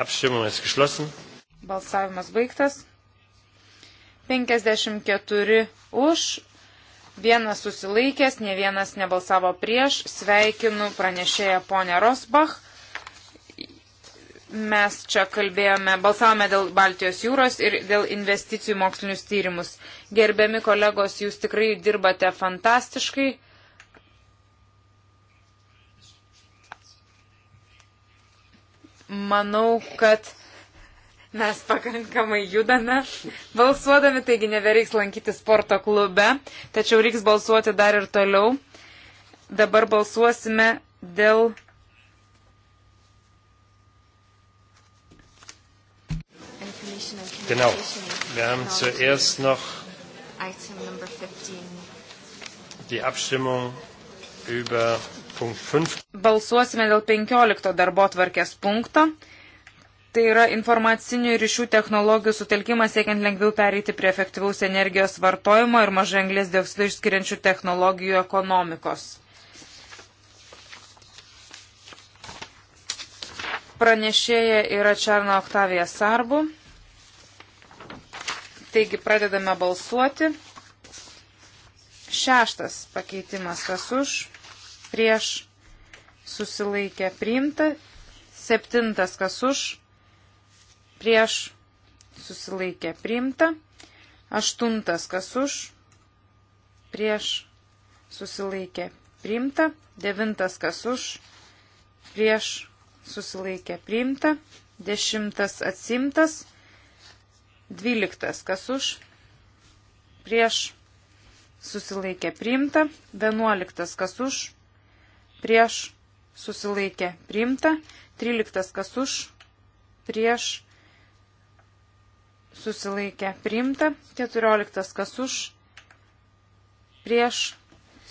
Apšimas išlosim. Balsavimas baigtas. 54 už, vienas susilaikęs, ne vienas nebalsavo prieš. Sveikinu pranešėją ponę Rosbach. Mes čia kalbėjome, balsavome dėl Baltijos jūros ir dėl investicijų mokslinius tyrimus. Gerbiami kolegos, jūs tikrai dirbate fantastiškai. Manau, kad mes pakankamai judame balsuodami, taigi nebereiks lankyti sporto klube, tačiau reiks balsuoti dar ir toliau. Dabar balsuosime dėl. Genau. Wir haben zuerst noch die Abstimmung über Punkt 5. Balsuosime dėl 15 darbo tvarkės punkto. Tai yra informacinių ryšių technologijų sutelkimas siekiant lengviau pereiti prie efektyvaus energijos vartojimo ir mažai anglės dioksido išskiriančių technologijų ekonomikos. Pranešėja yra Černo Oktavija Sarbu. Taigi pradedame balsuoti. Šeštas pakeitimas kas už, prieš, susilaikė priimta. Septintas kas už, prieš susilaikė priimta. Aštuntas kas už, prieš susilaikė priimta. Devintas kas už, prieš susilaikė priimta. Dešimtas atsimtas. Dvyliktas kas už, prieš susilaikė priimta. Vienuoliktas kas už, prieš susilaikė priimta. Tryliktas kas už, prieš susilaikė priimta, 14 kas už, prieš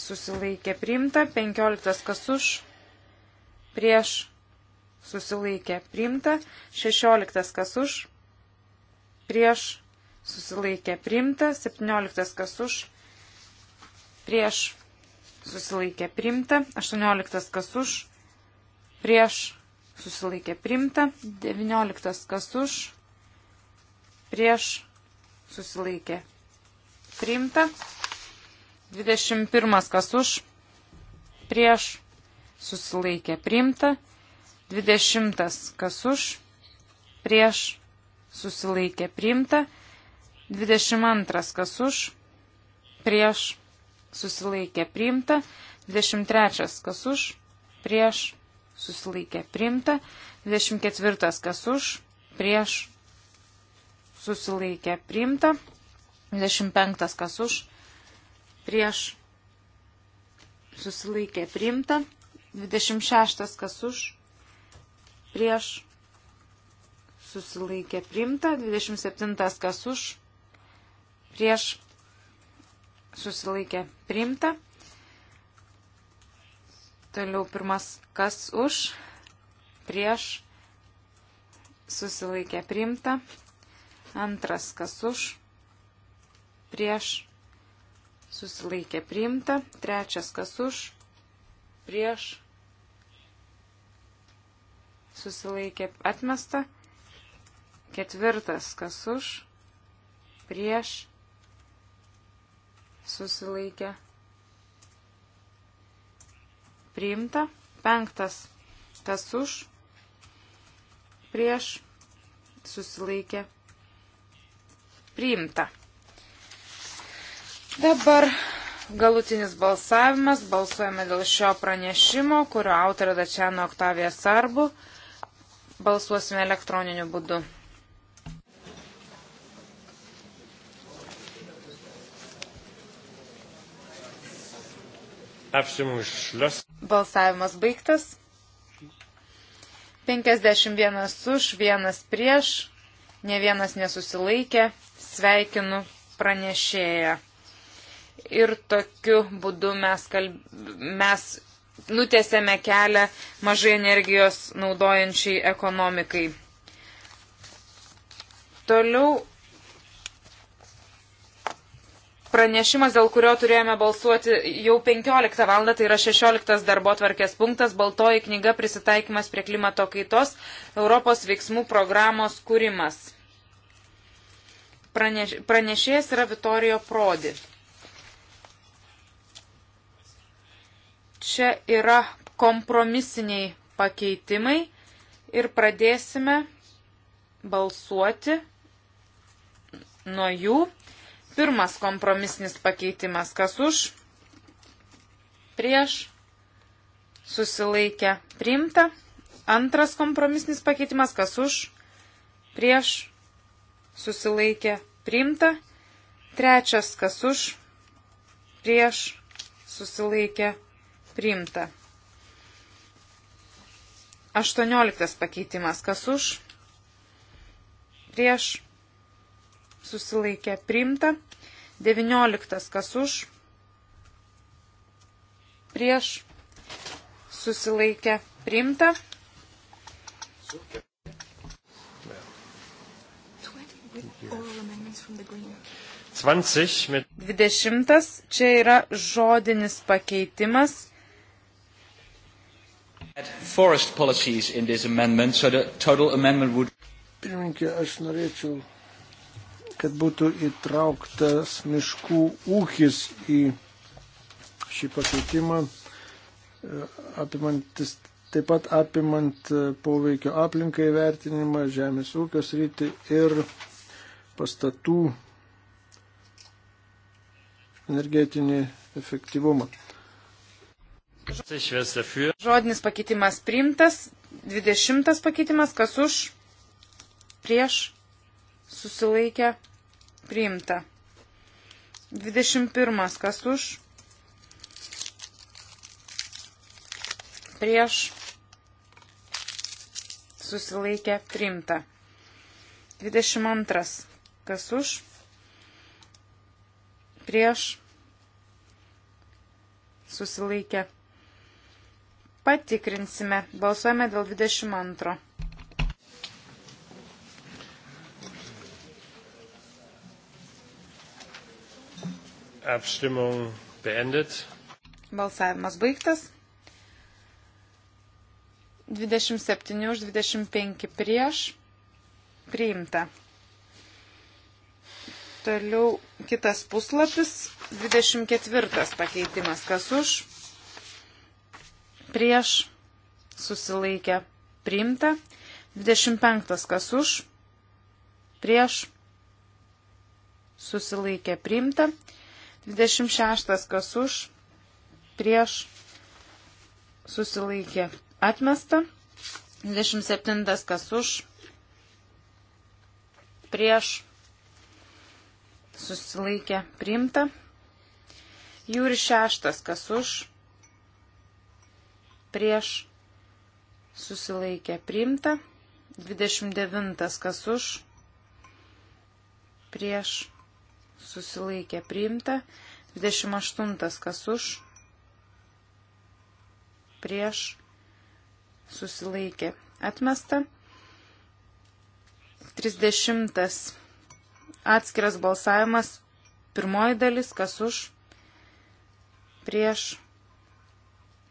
susilaikė priimta, 15 kas už, prieš susilaikė priimta, 16 kas už, prieš susilaikė priimta, 17 kas už, prieš susilaikė priimta, 18 kas už, prieš susilaikė priimta, 19 kas už, prieš susilaikė priimta. 21 kas už prieš susilaikė priimta. 20 kas už prieš susilaikė priimta. 22 kas už prieš susilaikė priimta. 23 kas už prieš susilaikė priimta. 24 kas už prieš susilaikė priimta. 25 kas už, prieš susilaikė priimta. 26 kas už, prieš susilaikė priimta. 27 kas už, prieš susilaikė priimta. Toliau pirmas kas už, prieš susilaikė priimta. Antras, kas už, prieš, susilaikė priimta. Trečias, kas už, prieš, susilaikė atmesta. Ketvirtas, kas už, prieš, susilaikė priimta. Penktas, kas už, prieš, susilaikė priimta priimta. Dabar galutinis balsavimas. Balsuojame dėl šio pranešimo, kurio autorė Dačiano Oktavija Sarbu. Balsuosime elektroniniu būdu. Balsavimas baigtas. 51 už, vienas prieš, ne vienas nesusilaikė sveikinu pranešėją. Ir tokiu būdu mes, kalb... mes nutėsėme kelią mažai energijos naudojančiai ekonomikai. Toliau pranešimas, dėl kurio turėjome balsuoti jau 15 val. tai yra 16 darbo tvarkės punktas, baltoji knyga prisitaikymas prie klimato kaitos, Europos veiksmų programos kūrimas. Praneš, pranešėjas yra Vitorijo Prodi. Čia yra kompromisiniai pakeitimai ir pradėsime balsuoti nuo jų. Pirmas kompromisinis pakeitimas, kas už, prieš, susilaikę, priimta. Antras kompromisinis pakeitimas, kas už, prieš, susilaikė priimta. Trečias, kas už, prieš, susilaikė priimta. Aštuonioliktas pakeitimas, kas už, prieš, susilaikė priimta. Devinioliktas, kas už, prieš, susilaikė priimta. Super. 20. Čia yra žodinis pakeitimas. Forest policies in this amendment, so the total amendment would. Pirminkė, aš norėčiau, kad būtų įtrauktas miškų ūkis į šį pakeitimą, e, apimantis taip pat apimant e, poveikio aplinkai vertinimą, žemės ūkio sritį ir pastatų energetinį efektyvumą. Žodinis pakeitimas priimtas, 20 pakeitimas, kas už, prieš, susilaikę, priimta. 21 kas už, prieš, susilaikę, priimta. 22 Kas už? Prieš susilaikė. Patikrinsime. Balsuojame dėl 22. Abstimmung beendet. Balsavimas baigtas. 27 už 25 prieš. Priimta. Toliau kitas puslapis, 24 pakeitimas, kas už, prieš, susilaikę, priimta, 25 kas už, prieš, susilaikę, priimta, 26 kas už, prieš, susilaikė, atmesta, 27 kas už, prieš, susilaikė priimta. Jūri šeštas, kas už, prieš susilaikė priimta. 29, kas už, prieš susilaikė priimta. 28, kas už, prieš susilaikė atmesta. 30 Atskiras balsavimas. Pirmoji dalis, kas už, prieš,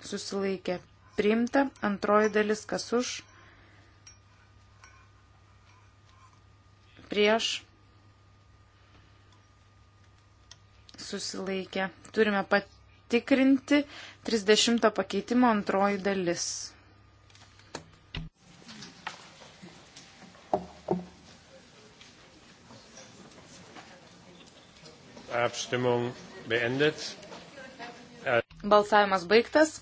susilaikė, priimta. Antroji dalis, kas už, prieš, susilaikė. Turime patikrinti 30 pakeitimo antroji dalis. Abstimmung beendet. Balsavimas baigtas.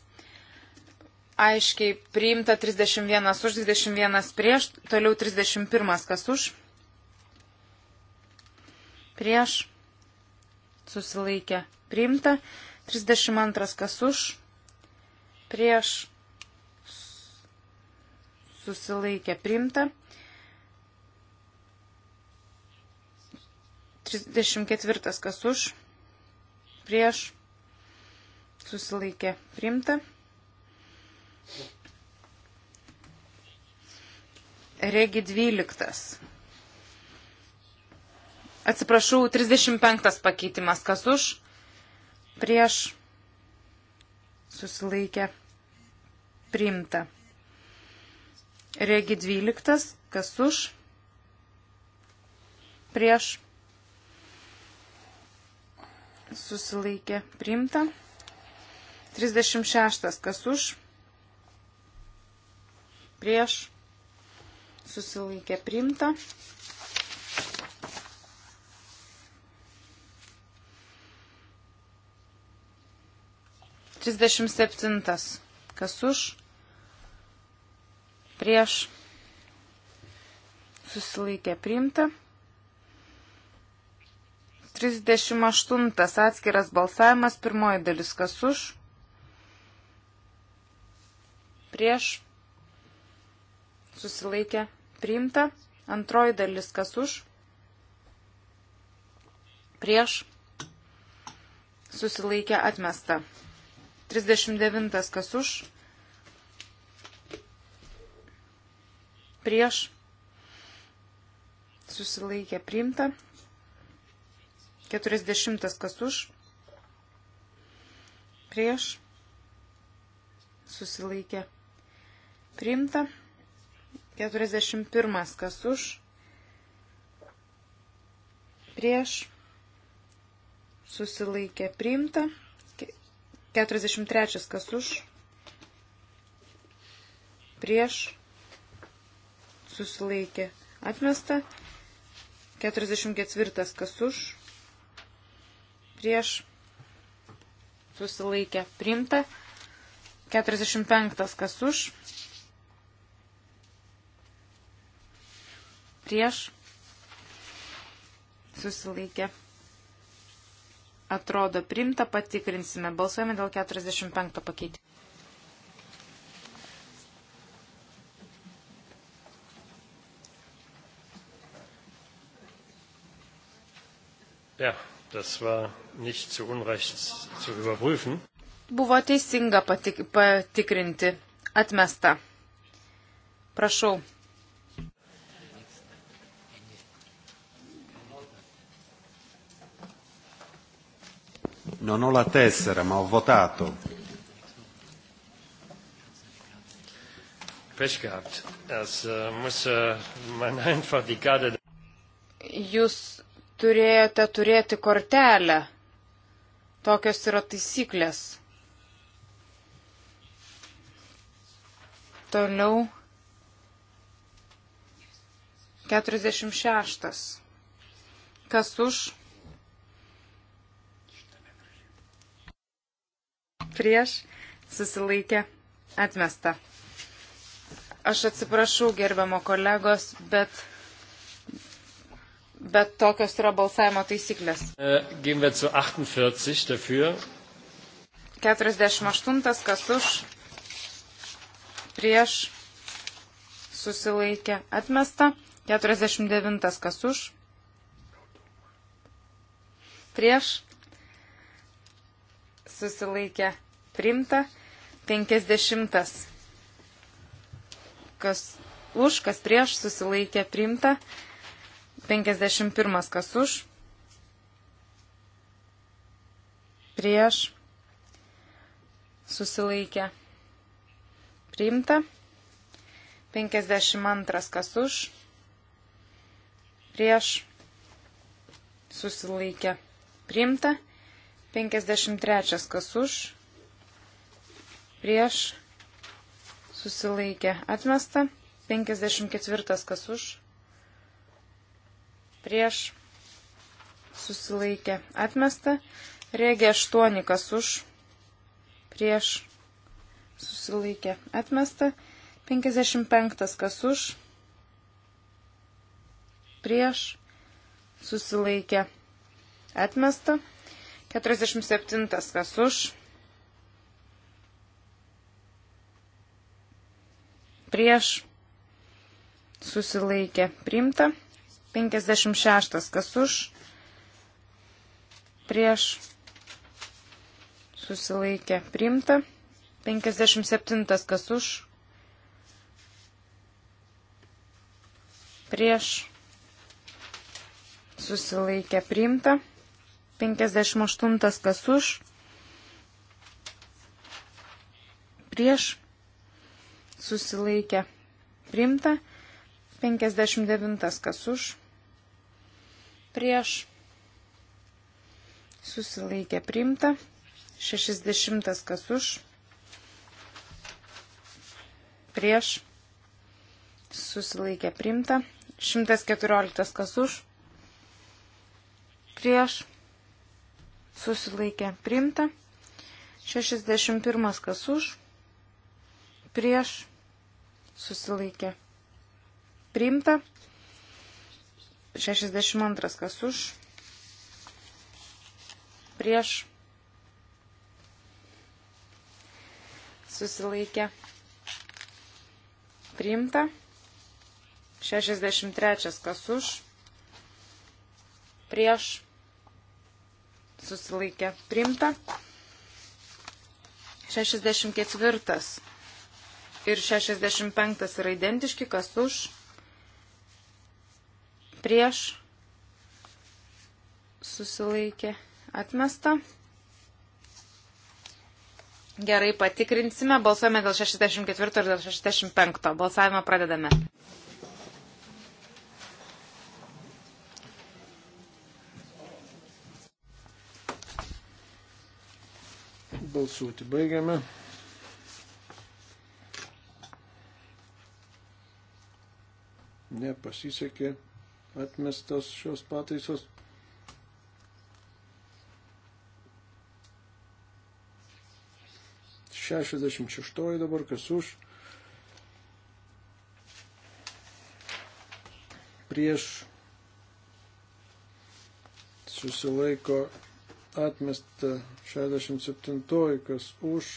Aiškiai priimta 31 už, 21 prieš, toliau 31 kas už. Prieš susilaikė priimta, 32 kas už, prieš susilaikė priimta, 34 kas už, prieš, susilaikė priimta. Regi 12. Atsiprašau, 35 pakeitimas kas už, prieš, susilaikė priimta. Regi 12 kas už, prieš, susilaikė priimta prieš susilaikė priimta. 36. Kas už? Prieš susilaikė priimta. Trisdešimt septintas. Kas už? Prieš. Susilaikė priimta. 38 atskiras balsavimas, pirmoji dalis kas už, prieš, susilaikė, priimta, antroji dalis kas už, prieš, susilaikė, atmesta. 39 kas už, prieš, susilaikė, priimta. 40 kas už, prieš, susilaikė, priimta. 41 kas už, prieš, susilaikė, priimta. 43 kas už, prieš, susilaikė, atmesta. 44 kas už, prieš susilaikę priimta. 45 kas už. Prieš susilaikę. Atrodo primta, patikrinsime. Balsuojame dėl 45 pakeitimo. Yeah. Ja. Das war nicht zu Unrecht zu überprüfen. Buvo teisinga patik patikrinti. Atmesta. Prašau. Non ho la tessera, ma ho votato. Pech gehabt. Es äh, muss äh, man einfach die Karte. Jūs turėjote turėti kortelę. Tokios yra taisyklės. Toliau. 46. Kas už? Prieš susilaikė atmesta. Aš atsiprašau gerbiamo kolegos, bet bet tokios yra balsavimo taisyklės. Äh, Gim 48 dafür. 48 kas už, prieš, susilaikė, atmesta. 49 kas už, prieš, susilaikė, primta. 50 kas už, kas prieš, susilaikė, primta. 51 kas už, prieš, susilaikė, priimta. 52 kas už, prieš, susilaikė, priimta. 53 kas už, prieš, susilaikė, atmesta. 54 kas už, prieš susilaikė atmesta, regė 8 kas už, prieš susilaikė atmesta, 55 kas už, prieš susilaikė atmesta, 47 kas už, prieš susilaikė primta. 56. Kas už? Prieš susilaikė priimta. 57. Kas už? Prieš susilaikė priimta. 58. Kas už? Prieš susilaikė priimta. 59 kas už, prieš, susilaikė priimta, 60 kas už, prieš, susilaikė priimta, 114 kas už, prieš, susilaikė priimta, 61 kas už, prieš, susilaikė priimta priimta. 62 kas už, prieš, susilaikė, priimta. 63 kas už, prieš, susilaikė, priimta. 64 ir 65 yra identiški, kas už, prieš susilaikė atmesta. Gerai, patikrinsime. Balsuojame dėl 64 ir dėl 65. Balsavimą pradedame. Balsuoti baigiame. Nepasisekė atmestos šios pataisos. Šešiasdešimt šeštoji dabar, kas už. Prieš susilaiko atmesta 67, kas už,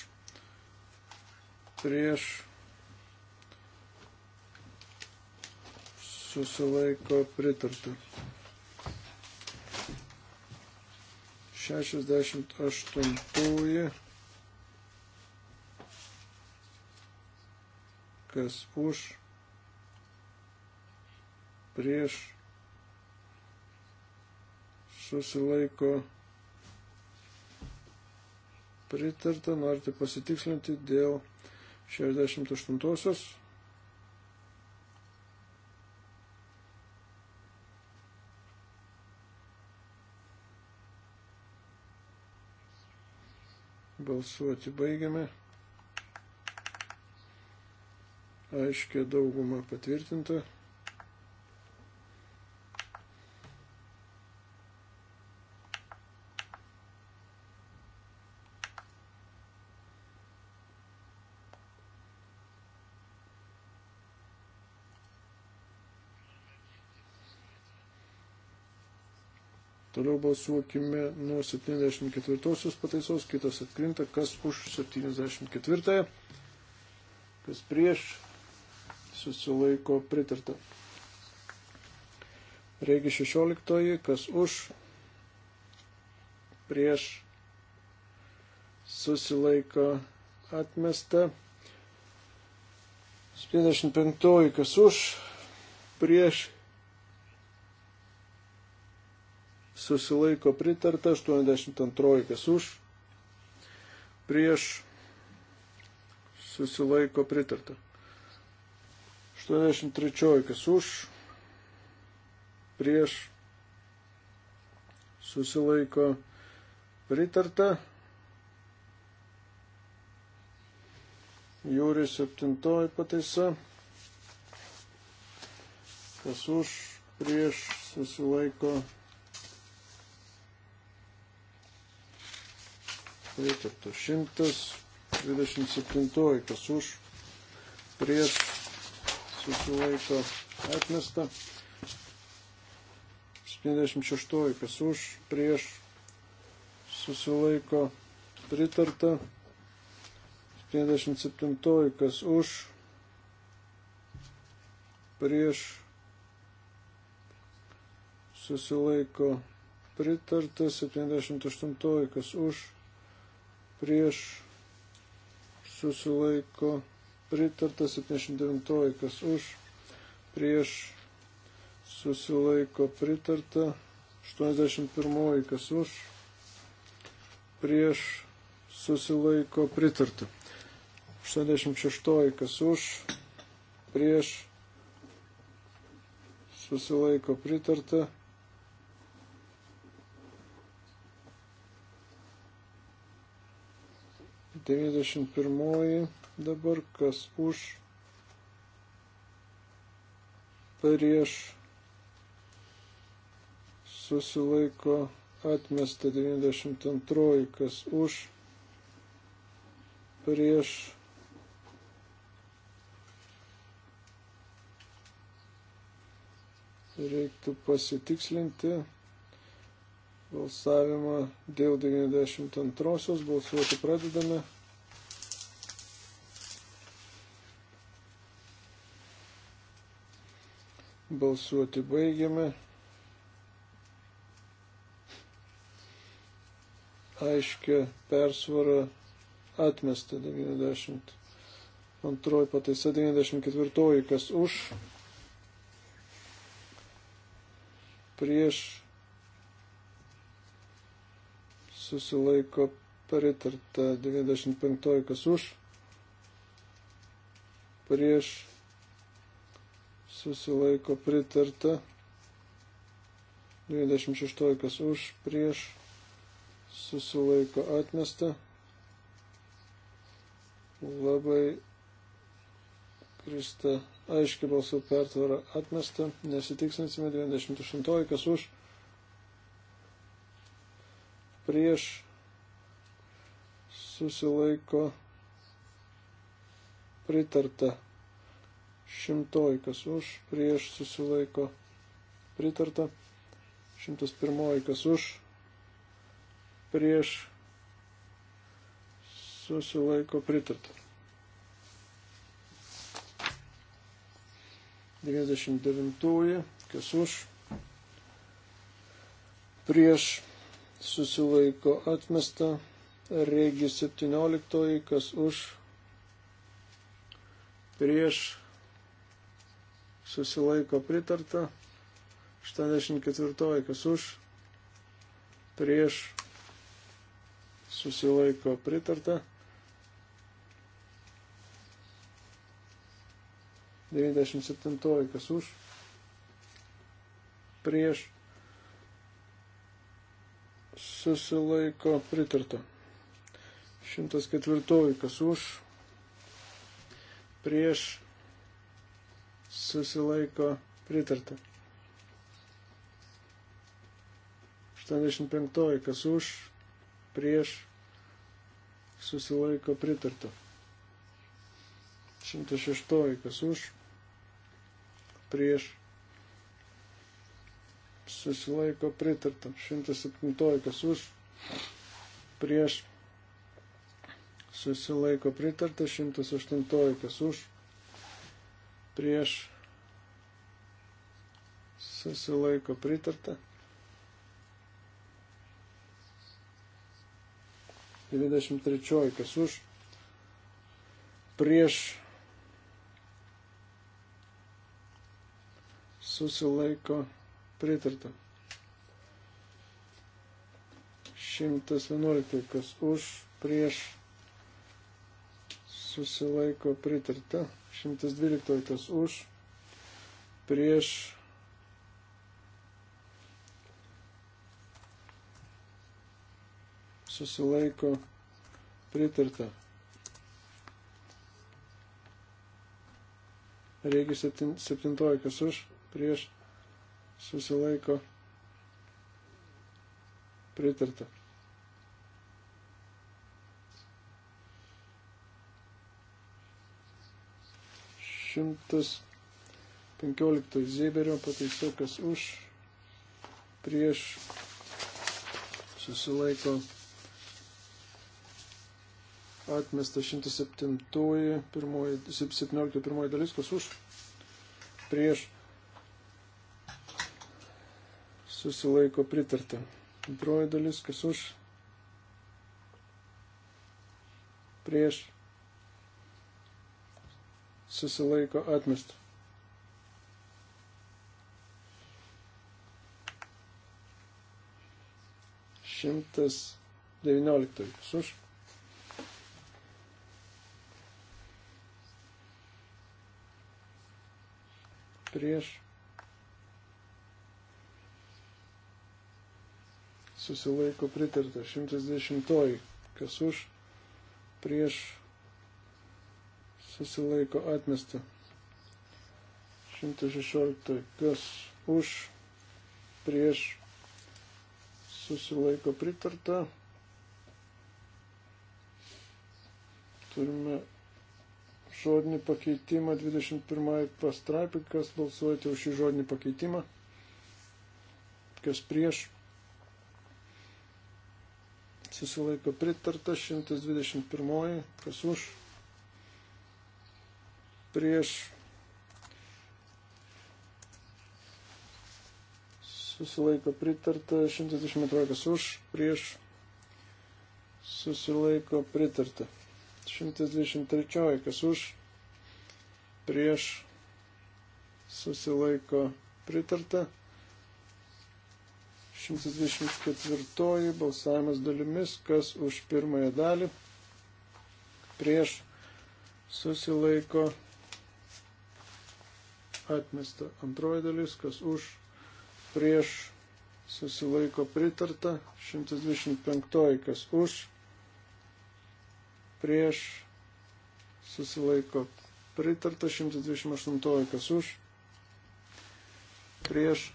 prieš susilaiko pritarta. 68. Kas už, prieš, susilaiko pritarta, norite pasitikslinti dėl 68. -osios. Balsuoti baigiame. Aiškiai daugumą patvirtinta. Toliau balsuokime nuo 74 pataisos, kitas atkrinta, kas už 74, kas prieš, susilaiko pritarta. Regi 16, kas už, prieš, susilaiko atmesta. 75, kas už, prieš, susilaiko pritarta, 82 kas už, prieš susilaiko pritarta. 83 kas už, prieš susilaiko pritarta. Jūri 7 pataisa. Kas už, prieš susilaiko pritarta pritarta. 127, kas už, prieš, susilaiko atmesta. 76, kas už, prieš, susilaiko pritarta. 57, kas už, prieš, susilaiko pritarta. 78, kas už, prieš susilaiko pritarta 79, kas už, prieš susilaiko pritarta 81, kas už, prieš susilaiko pritarta 86, kas už, prieš susilaiko pritarta 86 91 dabar kas už prieš susilaiko atmesta 92 kas už prieš reiktų pasitikslinti balsavimą dėl 92-osios. Balsuoti pradedame. Balsuoti baigiame. Aiškia persvara atmesta 90. Antroji pataisa 94, kas už, prieš susilaiko pritarta 95 kas už, prieš susilaiko pritarta 26 kas už, prieš susilaiko atmesta. Labai krista aiški balsų pertvara atmesta, nesitiksinsime 28 kas už prieš susilaiko pritarta. Šimtoji, kas už, prieš susilaiko pritarta. Šimtas pirmoji, kas už, prieš susilaiko pritarta. 99, kas už, prieš susilaiko atmesta, regi 17, kas už, prieš, susilaiko pritarta, 84, kas už, prieš, susilaiko pritarta. 97 kas už, prieš susilaiko pritarta. 104. Kas už, prieš, susilaiko pritarta. 85. Kas už, prieš, susilaiko pritarta. 106. Kas už, prieš, susilaiko pritarta. 107 kas už, prieš susilaiko pritarta. 108 kas už, prieš susilaiko pritarta. 23 kas už, prieš susilaiko pritarta pritarta. 111, kas už, prieš, susilaiko pritarta. 112, kas už, prieš, susilaiko pritarta. Reikia 17, kas už, prieš, susilaiko pritarta. Šimtas penkioliktas zėberio pataiso, kas už, prieš susilaiko atmesta 107, pirmoji, 17 pirmoji dalis, kas už, prieš susilaiko pritarta. Antroji dalis, kas už, prieš, susilaiko atmesta. Šimtas devynioliktoji, kas už. Prieš susilaiko pritarta. 110. Kas už, prieš, susilaiko atmesta. 116. Kas už, prieš, susilaiko pritarta. Turime žodinį pakeitimą 21 pastraipį, kas balsuojate už šį žodinį pakeitimą, kas prieš susilaiko pritarta, 121, kas už, prieš, susilaiko pritarta, 122, kas už, prieš, susilaiko pritarta, 123, kas už, prieš, susilaiko pritarta. 124 balsavimas dalimis, kas už pirmąją dalį prieš susilaiko atmesta antroji dalis, kas už prieš susilaiko pritarta, 125 kas už prieš susilaiko pritarta, 128 kas už prieš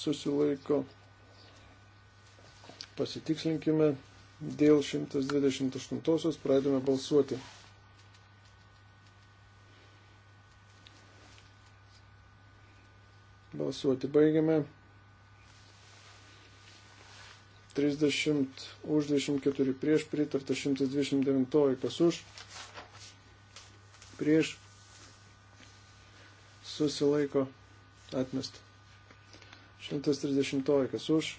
susilaiko. Pasitikslinkime dėl 128-osios, pradėme balsuoti. Balsuoti baigiame. 30 už 24 prieš pritarta 129 kas už prieš susilaiko atmestą. 130 kas už.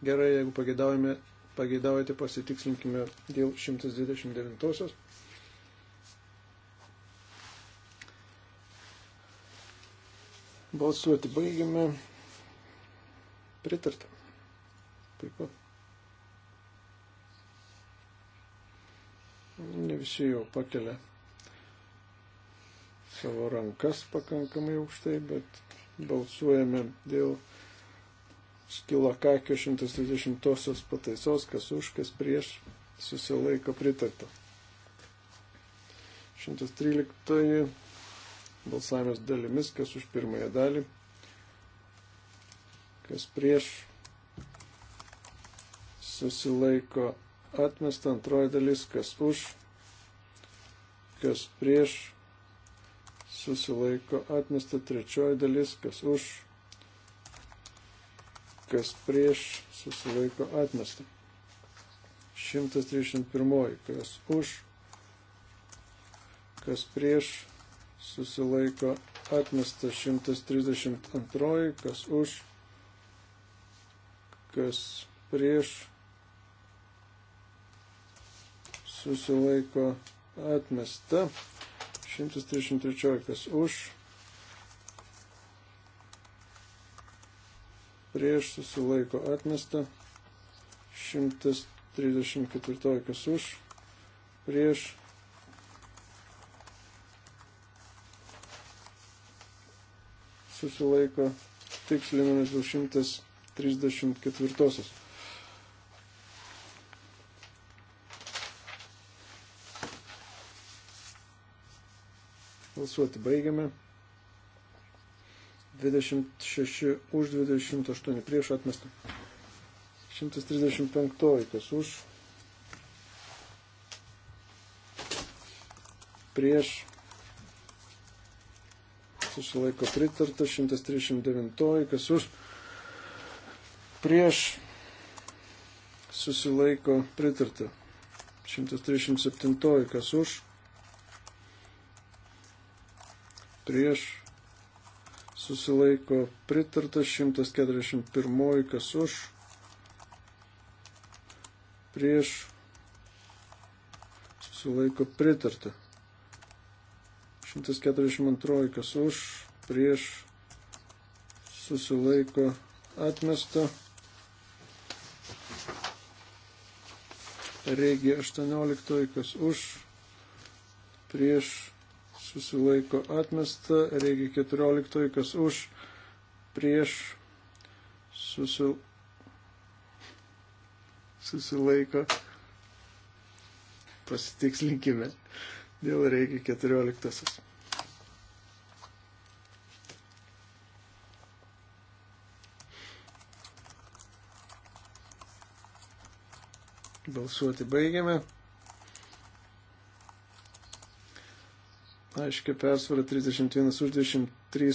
Gerai, jeigu pageidaujate, pasitikslinkime dėl 129. Balsuoti baigiame. Pritarta. Puiku. Ne visi jau pakelia savo rankas pakankamai aukštai, bet balsuojame dėl skilakakio 130 pataisos, kas už, kas prieš, susilaiko pritarta. 113 balsavimas dalimis, kas už pirmąją dalį, kas prieš, susilaiko atmesta antroji dalis, kas už, kas prieš, susilaiko atmesta trečioji dalis, kas už, kas prieš, susilaiko atmesta. 131, kas už, kas prieš, susilaiko atmesta. 132, kas už, kas prieš, susilaiko atmesta. 133 kas už, prieš susilaiko atmesta, 134 kas už, prieš susilaiko tikslinamės dėl 134. Balsuoti baigiame. 26 už 28 prieš atmestą. 135 kas už. Prieš. Susilaiko pritarta. 139 kas už. Prieš. Susilaiko pritarta. 137 kas už prieš susilaiko pritarta 141, kas už, prieš susilaiko pritarta 142, kas už, prieš susilaiko atmesta. Regija 18, kas už, prieš susilaiko atmesta, regi 14, kas už, prieš, susil... susilaiko, pasitikslinkime, dėl regi 14. Balsuoti baigiame. aiškiai persvara 31 už 23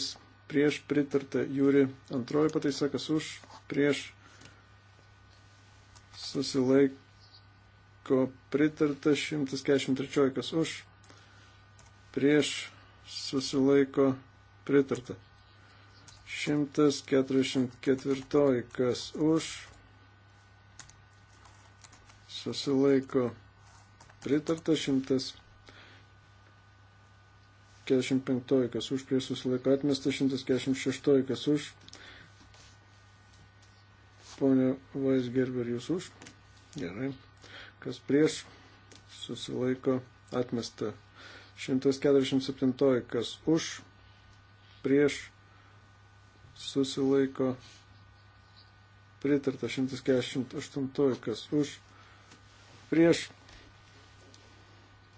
prieš pritarta Jūri antroji pataisa, kas už prieš susilaiko pritarta 143, kas už prieš susilaiko pritarta. 144, kas už susilaiko pritarta 100. 145, kas už prieš susilaiko atmesta, 146, kas už. Pone Vaisgerber, jūs už. Gerai. Kas prieš susilaiko atmesta. 147, kas už prieš susilaiko pritarta. 148, kas už prieš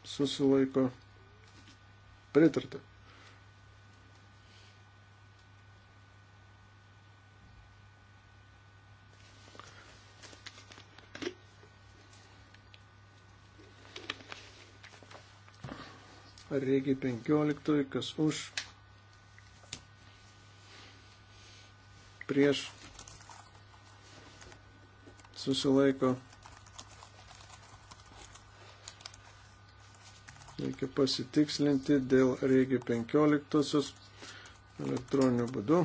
susilaiko atmesta Pritarta. Regi 15, kas už, prieš, susilaiko, Reikia pasitikslinti dėl Regi 15 elektroniniu būdu.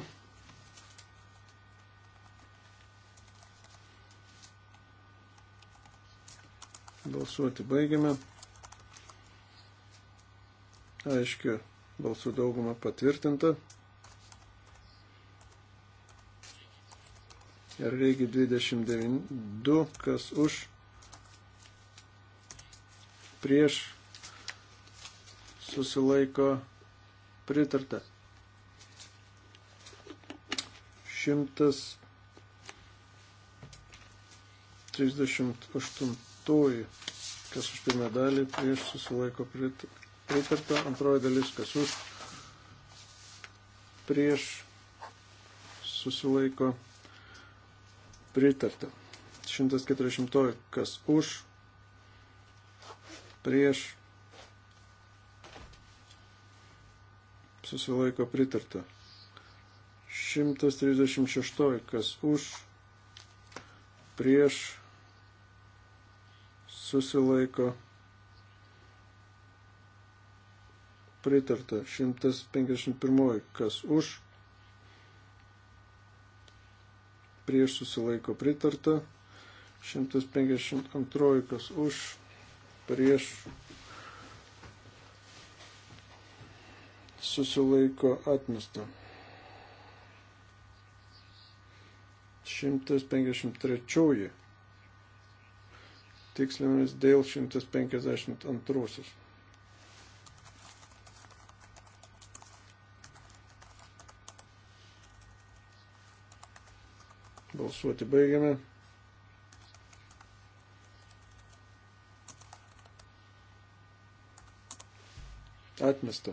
Balsuoti baigiame. Aiškiai, balsų dauguma patvirtinta. Ir reikia 29, kas už, prieš susilaiko pritarta. 138. Kas už pirmą dalį prieš susilaiko pritarta. Antroji dalis, kas už prieš susilaiko pritarta. 140. Kas už prieš susilaiko pritarta. 136, kas už, prieš, susilaiko pritarta. 151, kas už, prieš, susilaiko pritarta. 152, kas už, prieš, susilaiko atmesta. 153. Tikslinis dėl 152. Balsuoti baigiame. Atmesta.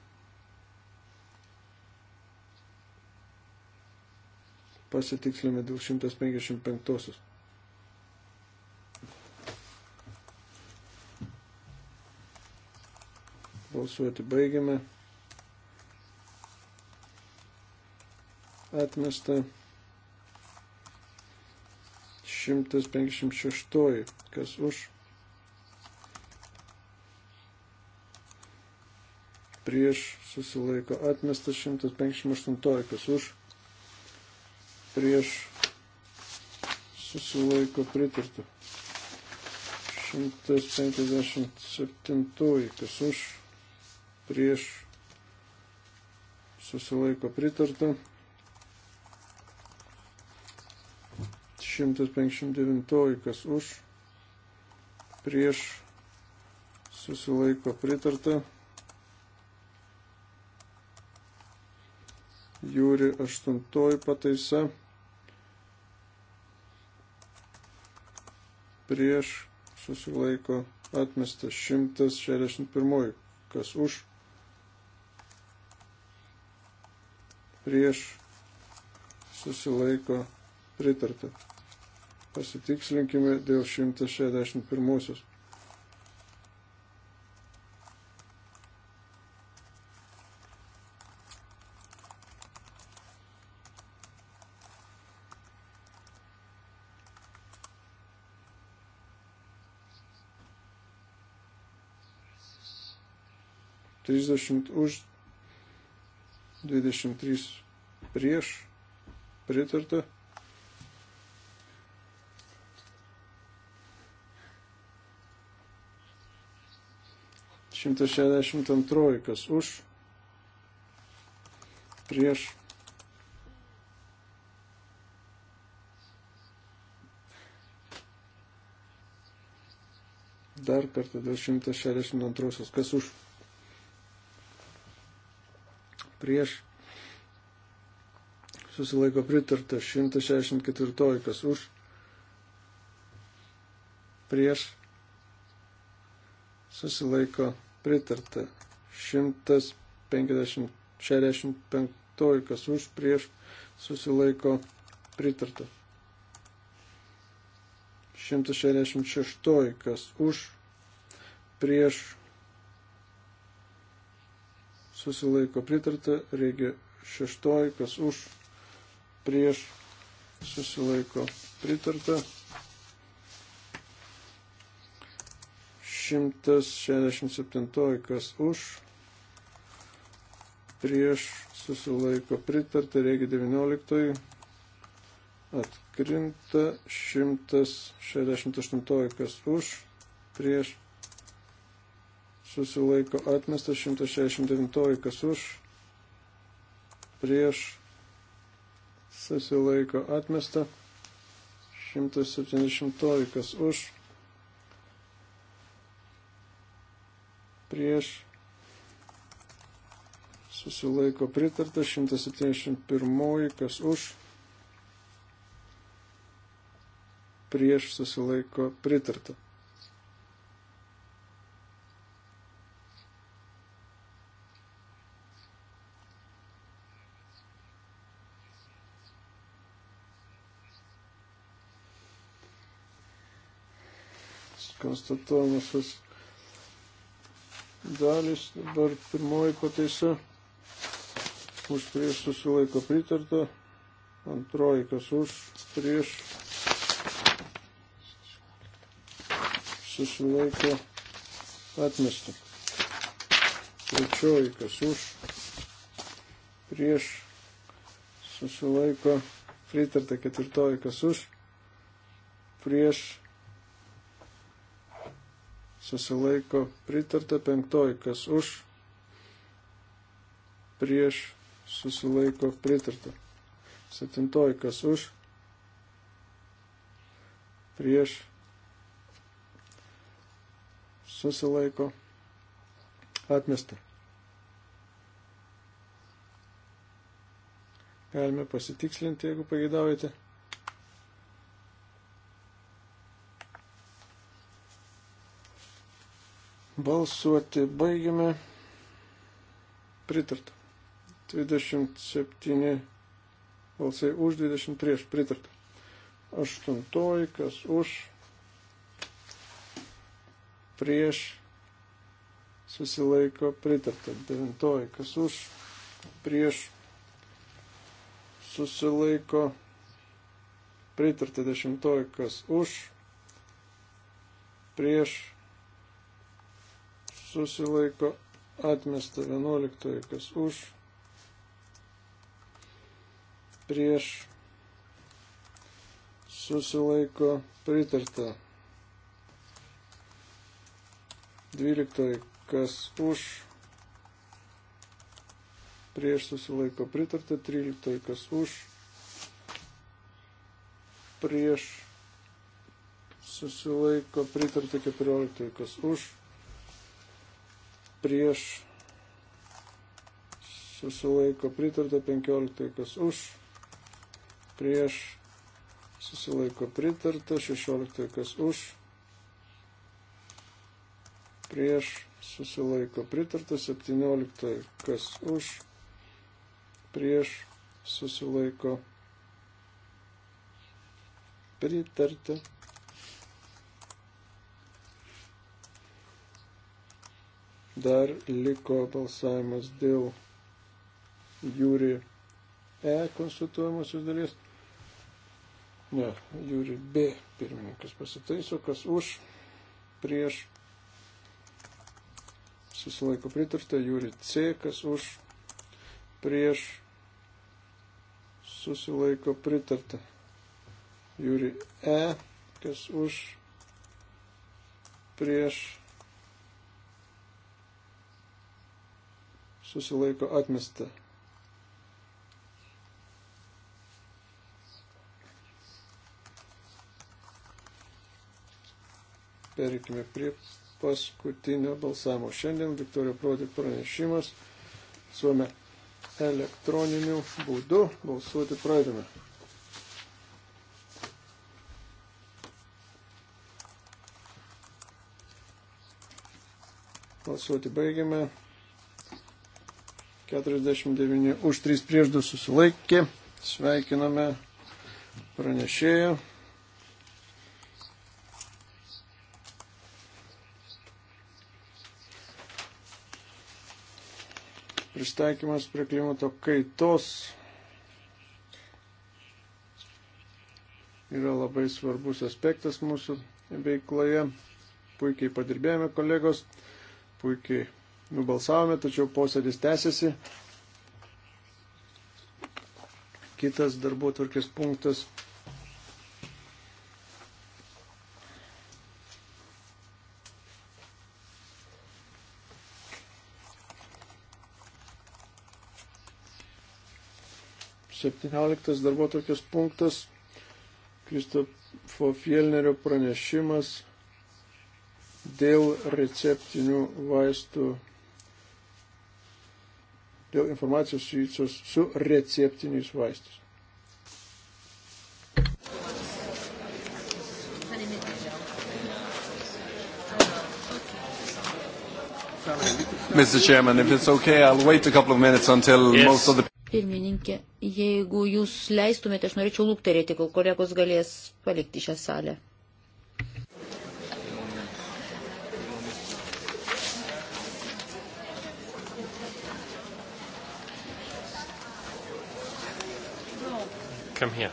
pasitikslime 255. Balsuoti baigiame. Atmesta 156. Kas už? Prieš susilaiko. Atmesta 158. Kas už? prieš susilaiko pritarta. 157, kas už, prieš, susilaiko pritarta. 159, kas už, prieš, susilaiko pritarta. Jūri 8 pataisa. prieš susilaiko atmestas 161, kas už prieš susilaiko pritarta. Pasitikslinkime dėl 161. 30 už, 23 prieš, pritarta. Šimtas šešiasdešimt antroji, kas už, prieš, dar kartą dėl 162. Kas už? prieš susilaiko pritarta 164, kas už prieš susilaiko pritarta 165, kas už prieš susilaiko pritarta. 166, kas už prieš susilaiko pritarta, reikia šeštoji, kas už, prieš, susilaiko pritarta. 167, kas už, prieš, susilaiko pritarta, reikia 19, atkrinta, 168, kas už, prieš, susilaiko atmestas 169, kas už, prieš, susilaiko atmesta 170, kas už, prieš, susilaiko pritarta 171, kas už, prieš susilaiko pritarta. konstatuojamasis dalis. Dabar pirmoji pataisa. Už prieš susilaiko pritarta. Antroji, kas už prieš susilaiko atmesta. Trečioji, kas už prieš susilaiko pritarta. Ketvirtoji, kas už prieš susilaiko pritarta, penktoji kas už, prieš susilaiko pritarta, septintoji kas už, prieš susilaiko atmesta. Galime pasitikslinti, jeigu pageidaujate. Balsuoti baigiame. Pritarta. 27 balsai už, 20 prieš. Pritarta. Aštuntoji, kas už, prieš, susilaiko, pritarta. Devintoji, kas už, prieš, susilaiko, pritarta. Dešimtoji, kas už, prieš, susilaiko atmesta 11, kas už, prieš, susilaiko pritarta 12, kas už, prieš susilaiko pritarta 13, kas už, prieš susilaiko pritarta 14, kas už prieš susilaiko pritarta, 15 kas už, prieš susilaiko pritarta, 16 kas už, prieš susilaiko pritarta, 17 kas už, prieš susilaiko pritarta. Dar liko balsavimas dėl jūri E konstatuojamosios dalies. Ne, jūri B pirmininkas pasitaiso, kas už, prieš, susilaiko pritarta, jūri C, kas už, prieš, susilaiko pritarta. Jūri E, kas už, prieš, susilaiko atmesta. Perikime prie paskutinio balsavimo. Šiandien Viktorio Prodi pranešimas suome elektroniniu būdu balsuoti pradėme. Balsuoti baigiame. 49 už 3 prieš 2 susilaikė. Sveikiname pranešėją. Pristaikymas prie klimato kaitos yra labai svarbus aspektas mūsų veikloje. Puikiai padirbėjome kolegos, puikiai nubalsavome, tačiau posėdis tęsiasi. Kitas darbo tvarkės punktas. Septynioliktas darbo tokios punktas. Kristofo Fielnerio pranešimas dėl receptinių vaistų dėl informacijos susijusios su receptiniais vaistais. Mr. Chairman, if it's okay, I'll wait a couple of minutes until yes. most of the Pirmininkė, jeigu jūs leistumėte, aš norėčiau lūkterėti, kol kolegos galės palikti šią salę. Come here.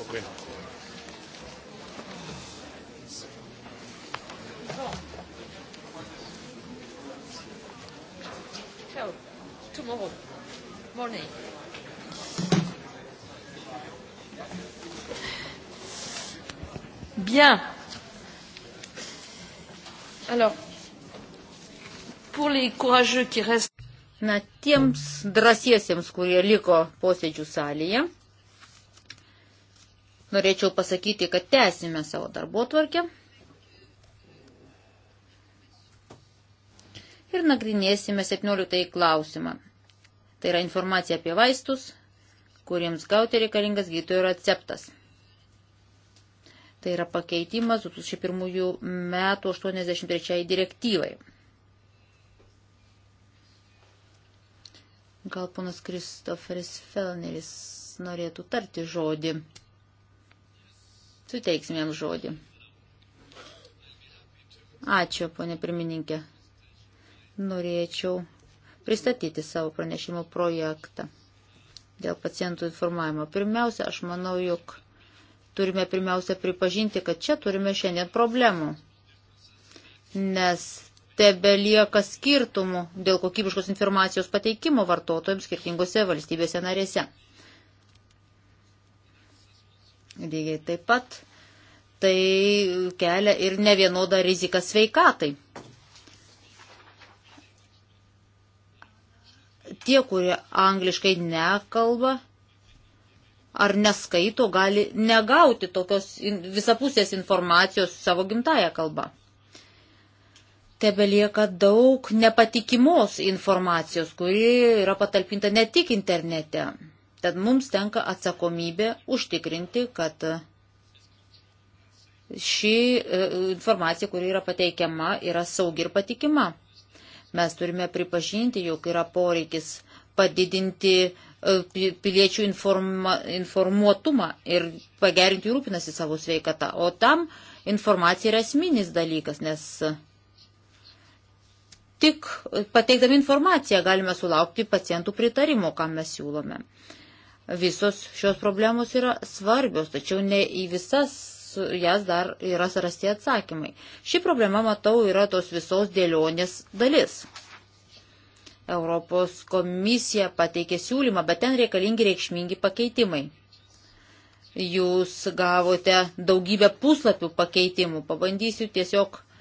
Okay. So, tomorrow morning. Bien. Alors, Na, tiems drąsiesiems, kurie liko posėdžių salėje, norėčiau pasakyti, kad tęsime savo darbo tvarkę ir nagrinėsime 17 klausimą. Tai yra informacija apie vaistus, kuriems gauti reikalingas gydytojo receptas. Tai yra pakeitimas 2001 metų 83 direktyvai. Gal ponas Kristoferis Felneris norėtų tarti žodį. Suteiksime jam žodį. Ačiū, ponė pirmininkė. Norėčiau pristatyti savo pranešimo projektą dėl pacientų informavimo. Pirmiausia, aš manau, jog turime pirmiausia pripažinti, kad čia turime šiandien problemų, nes tebe lieka skirtumų dėl kokybiškos informacijos pateikimo vartotojams skirtingose valstybėse narėse. Lygiai taip pat tai kelia ir ne vienodą riziką sveikatai. Tie, kurie angliškai nekalba ar neskaito, gali negauti tokios visapusės informacijos savo gimtają kalbą tebelieka daug nepatikimos informacijos, kuri yra patalpinta ne tik internete. Tad mums tenka atsakomybė užtikrinti, kad ši e, informacija, kuri yra pateikiama, yra saugi ir patikima. Mes turime pripažinti, jog yra poreikis padidinti e, piliečių informa, informuotumą ir pagerinti rūpinasi savo sveikatą. O tam informacija yra esminis dalykas, nes tik pateikdami informaciją galime sulaukti pacientų pritarimo, ką mes siūlome. Visos šios problemos yra svarbios, tačiau ne į visas jas dar yra sarasti atsakymai. Ši problema, matau, yra tos visos dėlionės dalis. Europos komisija pateikė siūlymą, bet ten reikalingi reikšmingi pakeitimai. Jūs gavote daugybę puslapių pakeitimų. Pabandysiu tiesiog uh,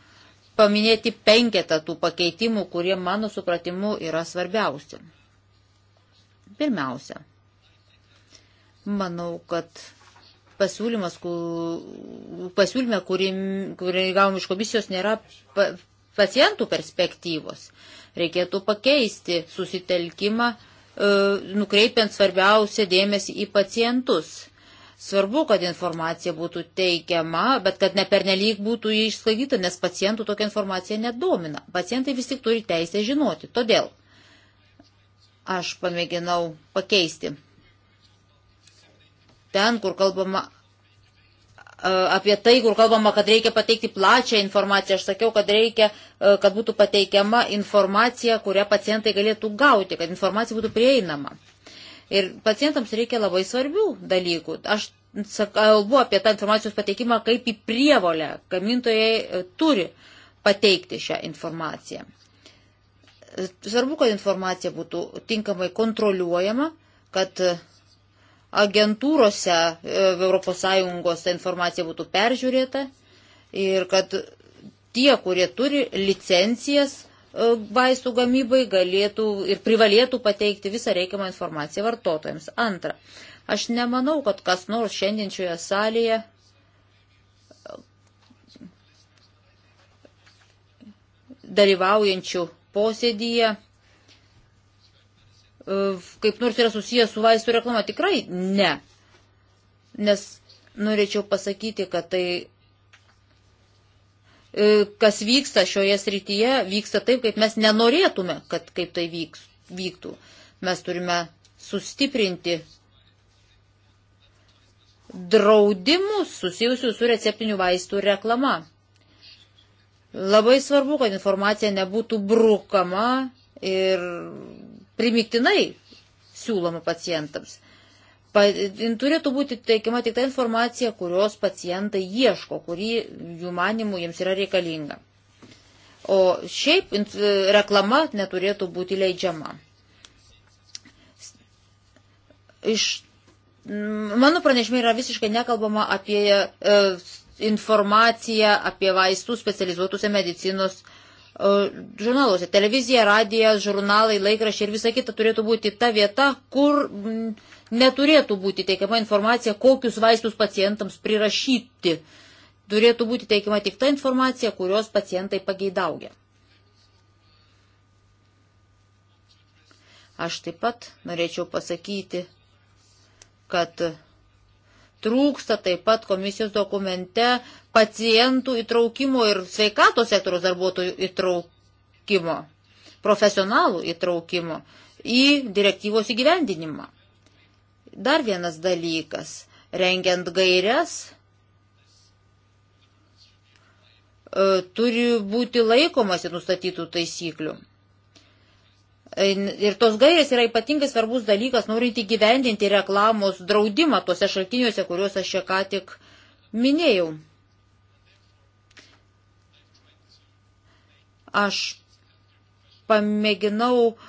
paminėti penketą tų pakeitimų, kurie mano supratimu yra svarbiausi. Pirmiausia, manau, kad pasiūlymas, kur, pasiūlyme, kurį, kurį gavom iš komisijos, nėra pa, pacientų perspektyvos. Reikėtų pakeisti susitelkimą, e, nukreipiant svarbiausią dėmesį į pacientus. Svarbu, kad informacija būtų teikiama, bet kad ne pernelyg būtų jį išsklaidyta, nes pacientų tokia informacija nedomina. Pacientai vis tik turi teisę žinoti. Todėl aš pamėginau pakeisti. Ten, kur kalbama apie tai, kur kalbama, kad reikia pateikti plačią informaciją, aš sakiau, kad reikia, kad būtų pateikiama informacija, kurią pacientai galėtų gauti, kad informacija būtų prieinama. Ir pacientams reikia labai svarbių dalykų. Aš kalbu apie tą informacijos pateikimą kaip į prievolę. Gamintojai e, turi pateikti šią informaciją. Svarbu, kad informacija būtų tinkamai kontroliuojama, kad e, agentūrose ES ta informacija būtų peržiūrėta ir kad tie, kurie turi licencijas, E, vaistų gamybai galėtų ir privalėtų pateikti visą reikiamą informaciją vartotojams. Antra, aš nemanau, kad kas nors šiandien šioje salėje dalyvaujančių posėdyje e, kaip nors yra susijęs su vaistų reklama. Tikrai ne. Nes norėčiau pasakyti, kad tai E, kas vyksta šioje srityje, vyksta taip, kaip mes nenorėtume, kad kaip tai vyks, vyktų. Mes turime sustiprinti draudimus susijusius su receptinių vaistų reklama. Labai svarbu, kad informacija nebūtų brukama ir primiktinai siūloma pacientams pa, turėtų būti teikiama tik ta informacija, kurios pacientai ieško, kuri jų manimų jiems yra reikalinga. O šiaip e, reklama neturėtų būti leidžiama. Iš mano pranešime yra visiškai nekalbama apie e, informaciją apie vaistų specializuotose medicinos e, žurnaluose. Televizija, radijas, žurnalai, laikrašiai ir visa kita turėtų būti ta vieta, kur. M, neturėtų būti teikiama informacija, kokius vaistus pacientams prirašyti. Turėtų būti teikiama tik ta informacija, kurios pacientai pageidauja. Aš taip pat norėčiau pasakyti, kad trūksta taip pat komisijos dokumente pacientų įtraukimo ir sveikatos sektoriaus darbuotojų įtraukimo, profesionalų įtraukimo į direktyvos įgyvendinimą. Dar vienas dalykas, rengiant gairias, e, turi būti laikomasi nustatytų taisyklių. E, ir tos gairės yra ypatingai svarbus dalykas, norint įgyvendinti reklamos draudimą tuose šaltiniuose, kuriuos aš čia ką tik minėjau. Aš pamėginau uh,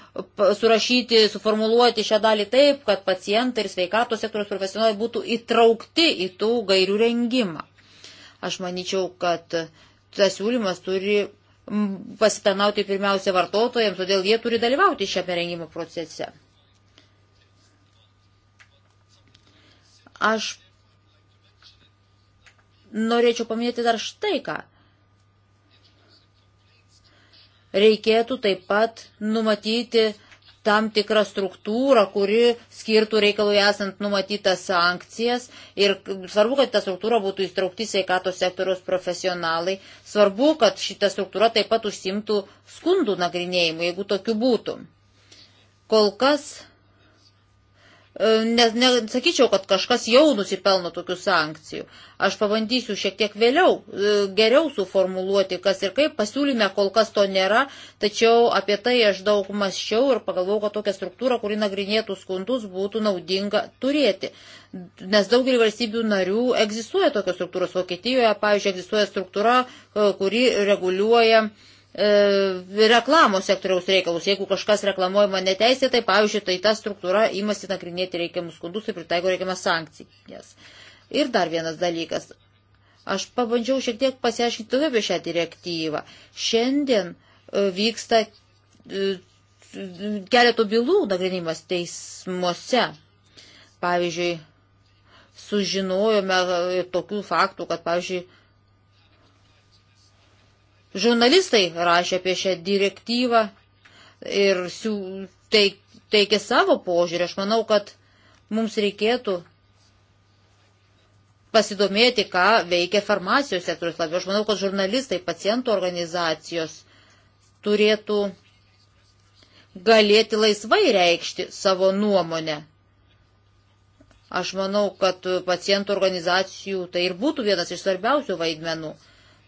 surašyti, suformuluoti šią dalį taip, kad pacientai ir sveikatos sektoriaus profesionalai būtų įtraukti į tų gairių rengimą. Aš manyčiau, kad tas siūlymas turi pasitarnauti pirmiausia vartotojams, todėl jie turi dalyvauti šiame rengimo procese. Aš norėčiau paminėti dar štai ką reikėtų taip pat numatyti tam tikrą struktūrą, kuri skirtų reikalui esant numatytas sankcijas. Ir svarbu, kad ta struktūra būtų įtraukti sveikatos sektoriaus profesionalai. Svarbu, kad šita struktūra taip pat užsimtų skundų nagrinėjimu, jeigu tokių būtų. Kol kas Nesakyčiau, ne, kad kažkas jau nusipelno tokių sankcijų. Aš pabandysiu šiek tiek vėliau e, geriau suformuluoti, kas ir kaip. Pasiūlyme kol kas to nėra, tačiau apie tai aš daug maščiau ir pagalvojau, kad tokia struktūra, kuri nagrinėtų skundus, būtų naudinga turėti. Nes daugelį valstybių narių egzistuoja tokios struktūros. Vokietijoje, pavyzdžiui, egzistuoja struktūra, e, kuri reguliuoja uh, E, reklamos sektoriaus reikalus. Jeigu kažkas reklamuojama neteisėtai, pavyzdžiui, tai ta struktūra imasi nagrinėti reikiamus skundus ir pritaiko reikiamas sankcijas. Ir dar vienas dalykas. Aš pabandžiau šiek tiek pasiaiškinti daugiau apie šią direktyvą. Šiandien e, vyksta e, keletų bylų nagrinimas teismuose. Pavyzdžiui, sužinojome tokių faktų, kad, pavyzdžiui, Žurnalistai rašė apie šią direktyvą ir teikė savo požiūrį. Aš manau, kad mums reikėtų pasidomėti, ką veikia farmacijos sektorius labiau. Aš manau, kad žurnalistai, pacientų organizacijos turėtų galėti laisvai reikšti savo nuomonę. Aš manau, kad pacientų organizacijų tai ir būtų vienas iš svarbiausių vaidmenų.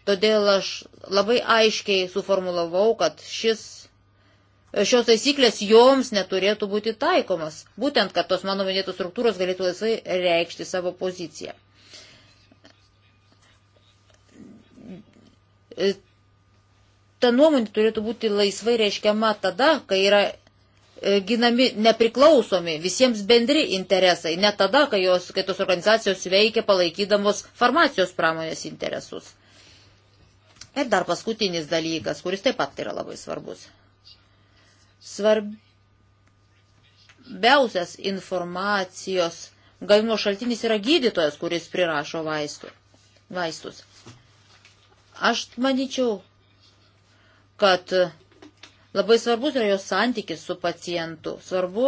Todėl aš labai aiškiai suformulavau, kad šis, šios taisyklės joms neturėtų būti taikomas, būtent, kad tos mano minėtos struktūros galėtų laisvai reikšti savo poziciją. Ta nuomonė turėtų būti laisvai reiškiama tada, kai yra e, ginami nepriklausomi visiems bendri interesai, ne tada, kai, jos, kai tos organizacijos veikia palaikydamos farmacijos pramonės interesus. Ir dar paskutinis dalykas, kuris taip pat yra labai svarbus. Svarbiausias informacijos gavimo šaltinis yra gydytojas, kuris prirašo vaistų, vaistus. Aš manyčiau, kad labai svarbus yra jos santykis su pacientu. Svarbu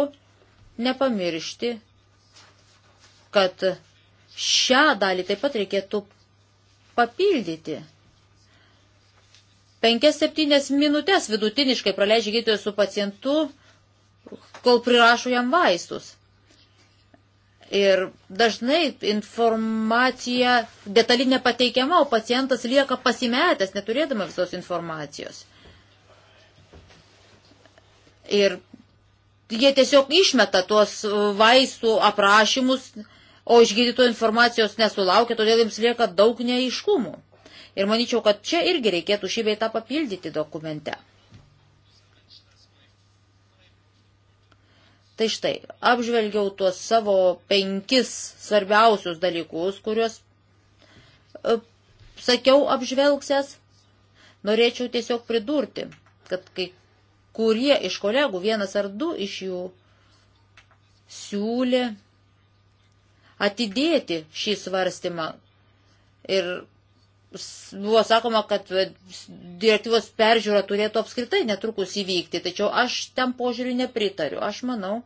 nepamiršti, kad šią dalį taip pat reikėtų papildyti. 5-7 minutės vidutiniškai praleidžia gydytojas su pacientu, kol prirašo jam vaistus. Ir dažnai informacija detali nepateikiama, o pacientas lieka pasimetęs, neturėdama visos informacijos. Ir jie tiesiog išmeta tuos vaistų aprašymus, o iš gydytojo informacijos nesulaukia, todėl jiems lieka daug neiškumų. Ir manyčiau, kad čia irgi reikėtų šį beitą papildyti dokumente. Tai štai, apžvelgiau tuos savo penkis svarbiausius dalykus, kuriuos e, sakiau apžvelgsęs. Norėčiau tiesiog pridurti, kad kai kurie iš kolegų, vienas ar du iš jų, siūlė atidėti šį svarstymą ir buvo sakoma, kad direktyvos peržiūra turėtų apskritai netrukus įvykti, tačiau aš tam požiūriu nepritariu. Aš manau,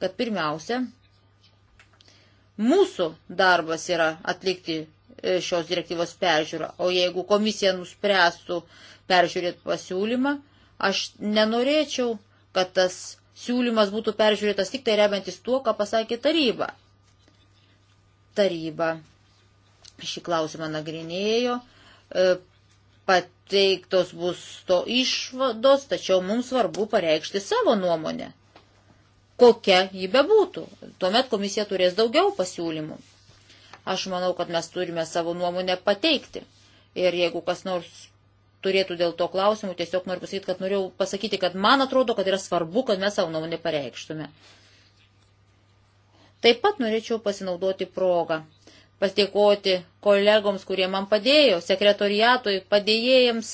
kad pirmiausia, mūsų darbas yra atlikti e, šios direktyvos peržiūrą, o jeigu komisija nuspręstų peržiūrėti pasiūlymą, aš nenorėčiau, kad tas siūlymas būtų peržiūrėtas tik tai remiantis tuo, ką pasakė taryba. Taryba šį klausimą nagrinėjo, e, pateiktos bus to išvados, tačiau mums svarbu pareikšti savo nuomonę, kokia ji bebūtų. Tuomet komisija turės daugiau pasiūlymų. Aš manau, kad mes turime savo nuomonę pateikti. Ir jeigu kas nors turėtų dėl to klausimų, tiesiog noriu pasakyti, kad norėjau pasakyti, kad man atrodo, kad yra svarbu, kad mes savo nuomonę pareikštume. Taip pat norėčiau pasinaudoti progą patikoti kolegoms, kurie man padėjo, sekretoriatui, padėjėjams.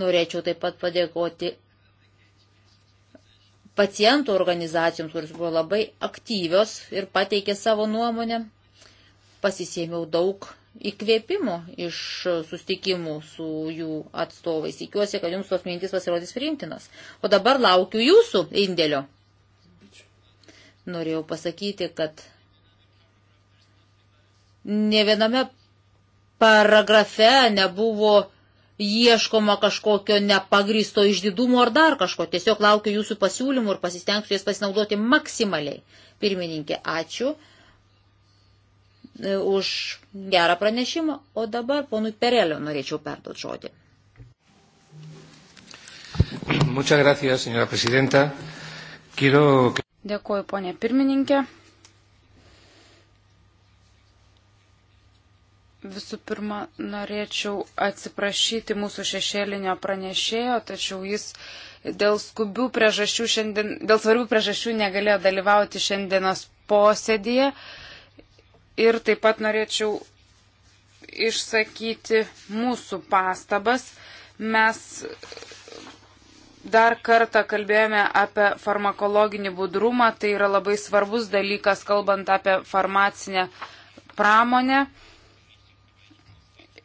Norėčiau taip pat padėkoti pacientų organizacijoms, kuris buvo labai aktyvios ir pateikė savo nuomonę. Pasisėmiau daug įkvėpimo iš sustikimų su jų atstovais. Tikiuosi, kad jums tos mintys pasirodys priimtinas. O dabar laukiu jūsų indėlio norėjau pasakyti, kad ne viename paragrafe nebuvo ieškoma kažkokio nepagristo išdidumo ar dar kažko. Tiesiog laukiu jūsų pasiūlymų ir pasistengsiu jas pasinaudoti maksimaliai. Pirmininkė, ačiū e, už gerą pranešimą, o dabar ponui Perelio norėčiau perduoti žodį. Muchas gracias, señora presidenta. Quiero... Dėkuoju, ponė pirmininkė. Visų pirma, norėčiau atsiprašyti mūsų šešėlinio pranešėjo, tačiau jis dėl skubių priežasčių šiandien, dėl svarbių priežasčių negalėjo dalyvauti šiandienos posėdėje. Ir taip pat norėčiau išsakyti mūsų pastabas. Mes dar kartą kalbėjome apie farmakologinį budrumą, tai yra labai svarbus dalykas, kalbant apie farmacinę pramonę.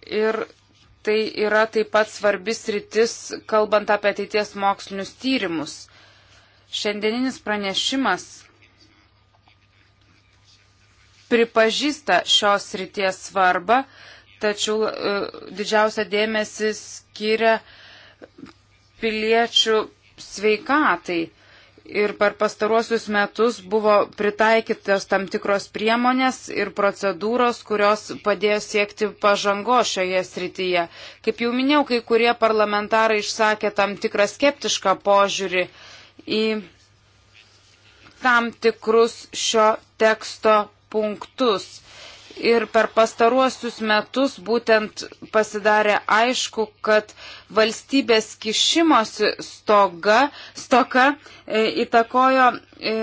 Ir tai yra taip pat svarbis rytis, kalbant apie ateities mokslinius tyrimus. Šiandieninis pranešimas pripažįsta šios ryties svarbą, tačiau e, didžiausia dėmesį skiria piliečių sveikatai. Ir per pastaruosius metus buvo pritaikytos tam tikros priemonės ir procedūros, kurios padėjo siekti pažango šioje srityje. Kaip jau minėjau, kai kurie parlamentarai išsakė tam tikrą skeptišką požiūrį į tam tikrus šio teksto punktus. Ir per pastaruosius metus būtent pasidarė aišku, kad valstybės kišimosi stoga, stoka e, įtakojo e,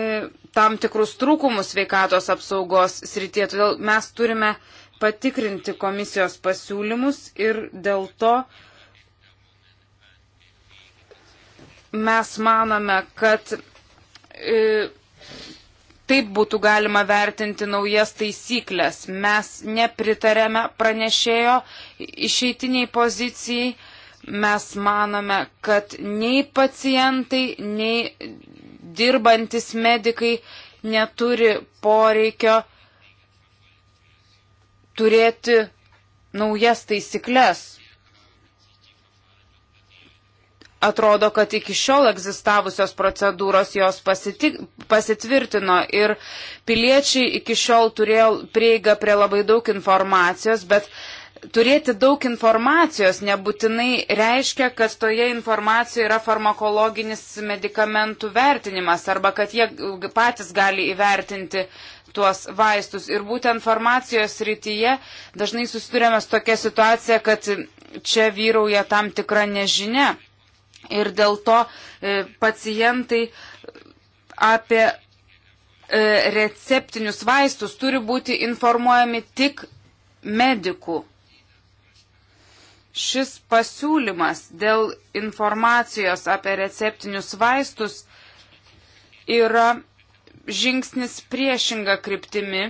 tam tikrus trūkumus veikatos apsaugos srityje. Todėl mes turime patikrinti komisijos pasiūlymus ir dėl to mes manome, kad e, taip būtų galima vertinti naujas taisyklės. Mes nepritarėme pranešėjo išeitiniai pozicijai. Mes manome, kad nei pacientai, nei dirbantis medikai neturi poreikio turėti naujas taisyklės atrodo, kad iki šiol egzistavusios procedūros jos pasitik, pasitvirtino ir piliečiai iki šiol turėjo prieigą prie labai daug informacijos, bet turėti daug informacijos nebūtinai reiškia, kad toje informacijoje yra farmakologinis medikamentų vertinimas arba kad jie patys gali įvertinti tuos vaistus. Ir būtent farmacijos rytyje dažnai susidurėme su tokia situacija, kad čia vyrauja tam tikra nežinia ir dėl to e, pacientai apie e, receptinius vaistus turi būti informuojami tik medikų. Šis pasiūlymas dėl informacijos apie receptinius vaistus yra žingsnis priešinga kryptimi.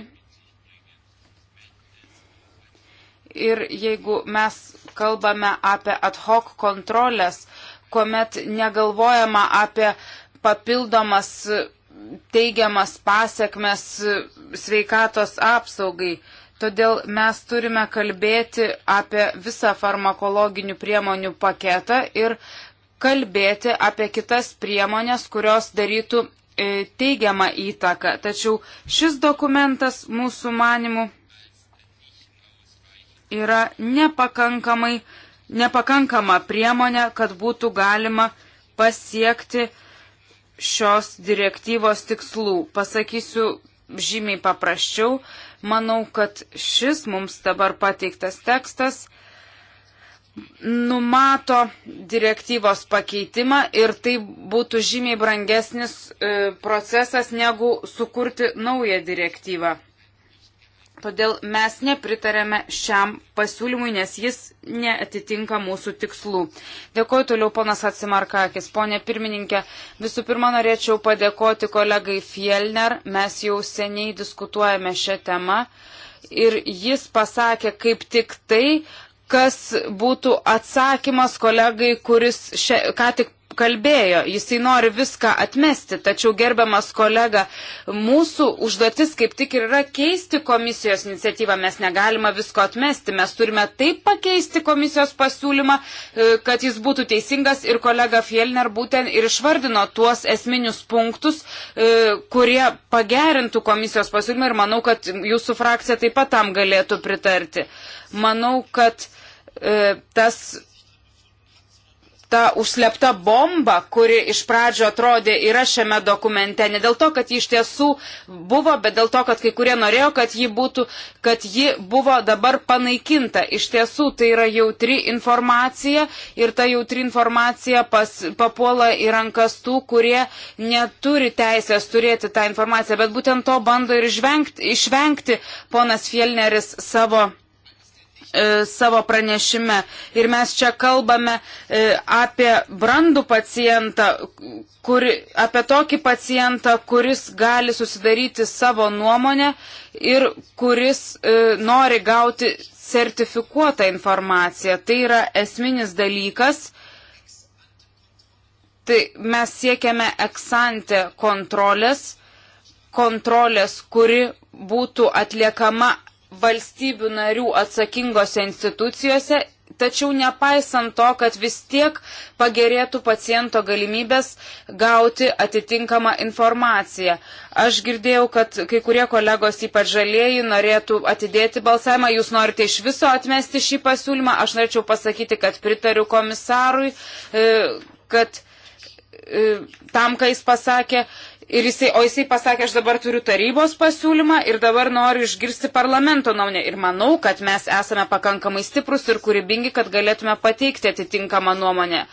Ir jeigu mes kalbame apie ad hoc kontrolės, kuomet negalvojama apie papildomas teigiamas pasiekmes sveikatos apsaugai. Todėl mes turime kalbėti apie visą farmakologinių priemonių paketą ir kalbėti apie kitas priemonės, kurios darytų e, teigiamą įtaką. Tačiau šis dokumentas mūsų manimų yra nepakankamai uh, nepakankama priemonė, kad būtų galima pasiekti šios direktyvos tikslų. Pasakysiu žymiai paprasčiau, manau, kad šis mums dabar pateiktas tekstas numato direktyvos pakeitimą ir tai būtų žymiai brangesnis e, procesas negu sukurti naują direktyvą. Todėl mes nepritarėme šiam pasiūlymui, nes jis neatitinka mūsų tikslų. Dėkoju toliau ponas Atsimarkakis. Pone pirmininkė, visų pirma norėčiau padėkoti kolegai Fielner. Mes jau seniai diskutuojame šią temą. Ir jis pasakė kaip tik tai, kas būtų atsakymas kolegai, kuris šia, ką tik kalbėjo. Jisai nori viską atmesti, tačiau gerbiamas kolega, mūsų užduotis kaip tik ir yra keisti komisijos iniciatyvą. Mes negalime visko atmesti, mes turime taip pakeisti komisijos pasiūlymą, e, kad jis būtų teisingas ir kolega Fielner būtent ir išvardino tuos esminius punktus, e, kurie pagerintų komisijos pasiūlymą ir manau, kad jūsų frakcija taip pat tam galėtų pritarti. Manau, kad e, tas ta užslepta bomba, kuri iš pradžio atrodė yra šiame dokumente. Ne dėl to, kad ji iš tiesų buvo, bet dėl to, kad kai kurie norėjo, kad ji, būtų, kad ji buvo dabar panaikinta. Iš tiesų tai yra jautri informacija ir ta jautri informacija pas, papuola į rankas tų, kurie neturi teisės turėti tą informaciją. Bet būtent to bando ir išvengti, išvengti ponas Fielneris savo E, savo pranešime. Ir mes čia kalbame e, apie brandų pacientą, kur, apie tokį pacientą, kuris gali susidaryti savo nuomonę ir kuris e, nori gauti sertifikuotą informaciją. Tai yra esminis dalykas. Tai mes siekiame eksante kontrolės, kontrolės, kuri būtų atliekama valstybių narių atsakingose institucijose, tačiau nepaisant to, kad vis tiek pagerėtų paciento galimybės gauti atitinkamą informaciją. Aš girdėjau, kad kai kurie kolegos, ypač žalieji, norėtų atidėti balsavimą, jūs norite iš viso atmesti šį pasiūlymą, aš norėčiau pasakyti, kad pritariu komisarui, e, kad e, tam, ką jis pasakė, Ir jisai, o jisai pasakė, aš dabar turiu tarybos pasiūlymą ir dabar noriu išgirsti parlamento nuomonę. Ir manau, kad mes esame pakankamai stiprus ir kūrybingi, kad galėtume pateikti atitinkamą nuomonę.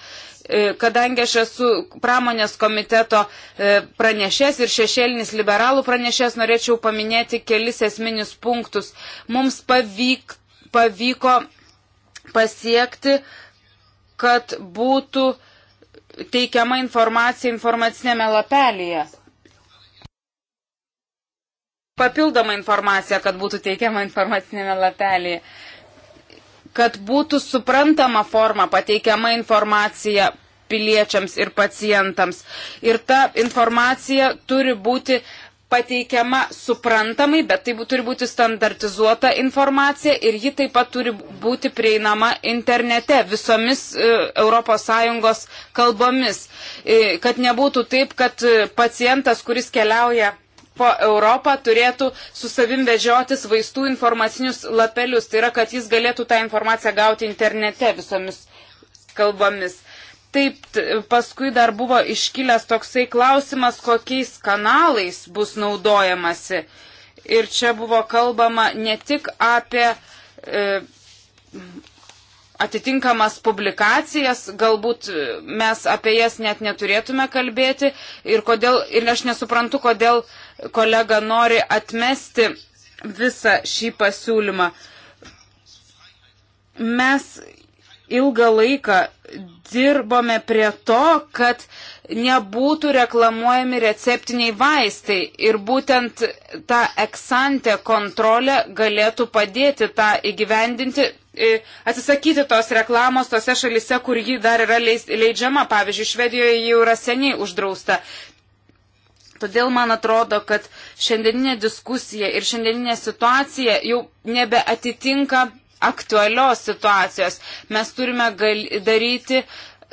E, kadangi aš esu pramonės komiteto e, pranešės ir šešėlinis liberalų pranešės, norėčiau paminėti kelis esminius punktus. Mums pavyk, pavyko pasiekti, kad būtų teikiama informacija informacinėme lapelėje papildomą informaciją, kad būtų teikiama informacinėme lapelėje, kad būtų suprantama forma pateikiama informacija piliečiams ir pacientams. Ir ta informacija turi būti pateikiama suprantamai, bet tai turi būti standartizuota informacija ir ji taip pat turi būti prieinama internete visomis ES kalbomis. E, kad nebūtų taip, kad e, pacientas, kuris keliauja po Europą turėtų su savim vežiotis vaistų informacinius lapelius. Tai yra, kad jis galėtų tą informaciją gauti internete visomis kalbomis. Taip, paskui dar buvo iškilęs toksai klausimas, kokiais kanalais bus naudojamasi. Ir čia buvo kalbama ne tik apie e, atitinkamas publikacijas, galbūt mes apie jas net neturėtume kalbėti ir, kodėl, ir aš nesuprantu, kodėl kolega nori atmesti visą šį pasiūlymą. Mes ilgą laiką dirbome prie to, kad nebūtų reklamuojami receptiniai vaistai ir būtent ta eksantė kontrolė galėtų padėti tą įgyvendinti, e, atsisakyti tos reklamos tose šalise, kur ji dar yra leidžiama. Pavyzdžiui, Švedijoje ji jau yra seniai uždrausta. Todėl man atrodo, kad šiandieninė diskusija ir šiandieninė situacija jau nebeatitinka aktualios situacijos. Mes turime gal, daryti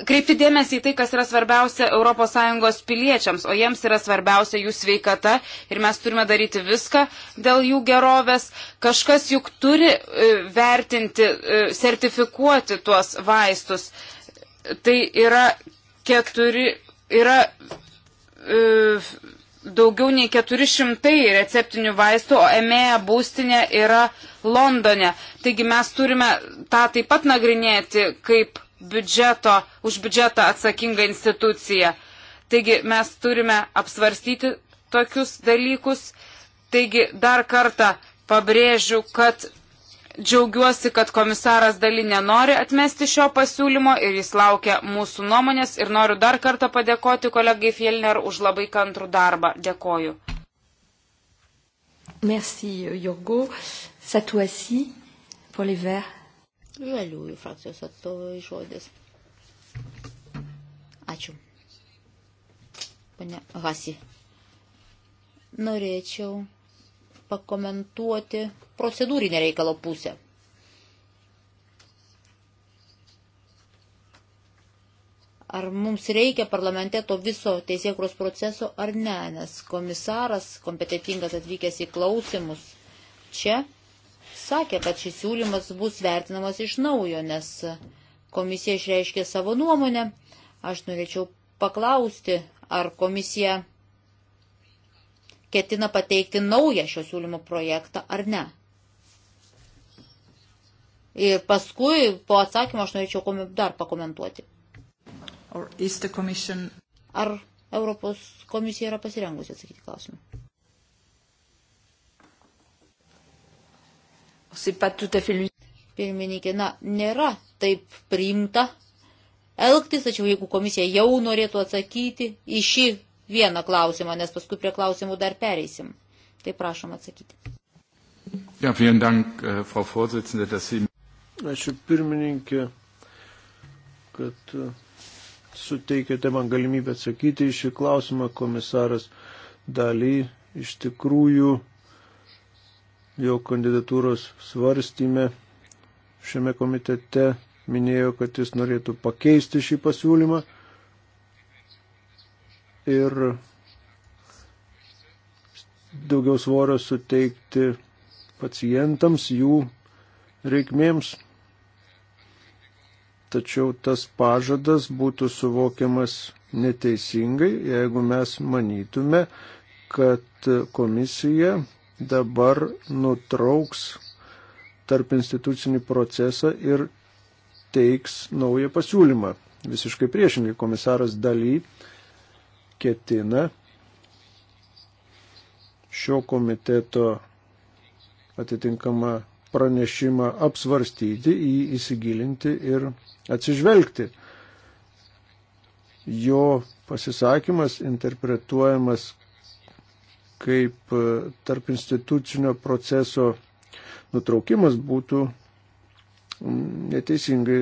kreipti dėmesį į tai, kas yra svarbiausia ES piliečiams, o jiems yra svarbiausia jų sveikata ir mes turime daryti viską dėl jų gerovės. Kažkas juk turi e, vertinti, e, sertifikuoti tuos vaistus. Tai yra keturi, yra e, daugiau nei 400 receptinių vaistų, o EMEA būstinė yra Londone. Taigi mes turime tą taip pat nagrinėti kaip biudžeto, už biudžetą atsakingą instituciją. Taigi mes turime apsvarstyti tokius dalykus. Taigi dar kartą pabrėžiu, kad Džiaugiuosi, kad komisaras Dali nenori atmesti šio pasiūlymo ir jis laukia mūsų nuomonės ir noriu dar kartą padėkoti kolegai Fielner už labai kantrų darbą. Dėkoju. Merci, Jogo. Satuasi, Poliver. Žaliųjų e frakcijos e atstovai žodis. Ačiū. Pane Hasi. Norėčiau pakomentuoti procedūrinę reikalo pusę. Ar mums reikia parlamente to viso teisėkros proceso ar ne, nes komisaras, kompetitingas atvykęs į klausimus čia, sakė, kad šis siūlymas bus vertinamas iš naujo, nes komisija išreiškė savo nuomonę. Aš norėčiau paklausti, ar komisija ketina pateikti naują šio siūlymo projektą ar ne. Ir paskui po atsakymo aš norėčiau dar pakomentuoti. Commission... Ar Europos komisija yra pasirengusi atsakyti klausimą? Pirmininkė, na, nėra taip priimta elgtis, tačiau jeigu komisija jau norėtų atsakyti į šį vieną klausimą, nes paskui prie klausimų dar pereisim. Tai prašom atsakyti. Ja, dank, äh, Frau dass Sie... Ačiū pirmininkė, kad äh, suteikėte man galimybę atsakyti į šį klausimą, komisaras Daly. Iš tikrųjų, jo kandidatūros svarstymė šiame komitete minėjo, kad jis norėtų pakeisti šį pasiūlymą ir daugiau svorio suteikti pacientams, jų reikmėms. Tačiau tas pažadas būtų suvokiamas neteisingai, jeigu mes manytume, kad komisija dabar nutrauks tarp institucinį procesą ir teiks naują pasiūlymą. Visiškai priešingai komisaras daly ketina šio komiteto atitinkamą pranešimą apsvarstyti, jį įsigilinti ir atsižvelgti. Jo pasisakymas interpretuojamas kaip tarp institucinio proceso nutraukimas būtų neteisingai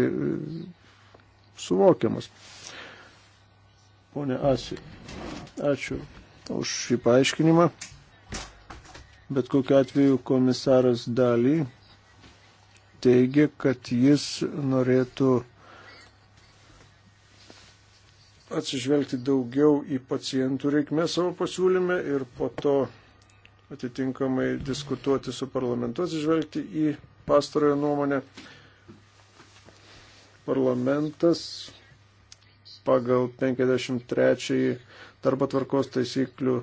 suvokiamas ponė Asi. Ačiū už šį paaiškinimą. Bet kokiu atveju komisaras dalį teigia, kad jis norėtų atsižvelgti daugiau į pacientų reikmę savo pasiūlyme ir po to atitinkamai diskutuoti su parlamentu, atsižvelgti į pastarojo nuomonę. Parlamentas pagal 53 darbo tvarkos taisyklių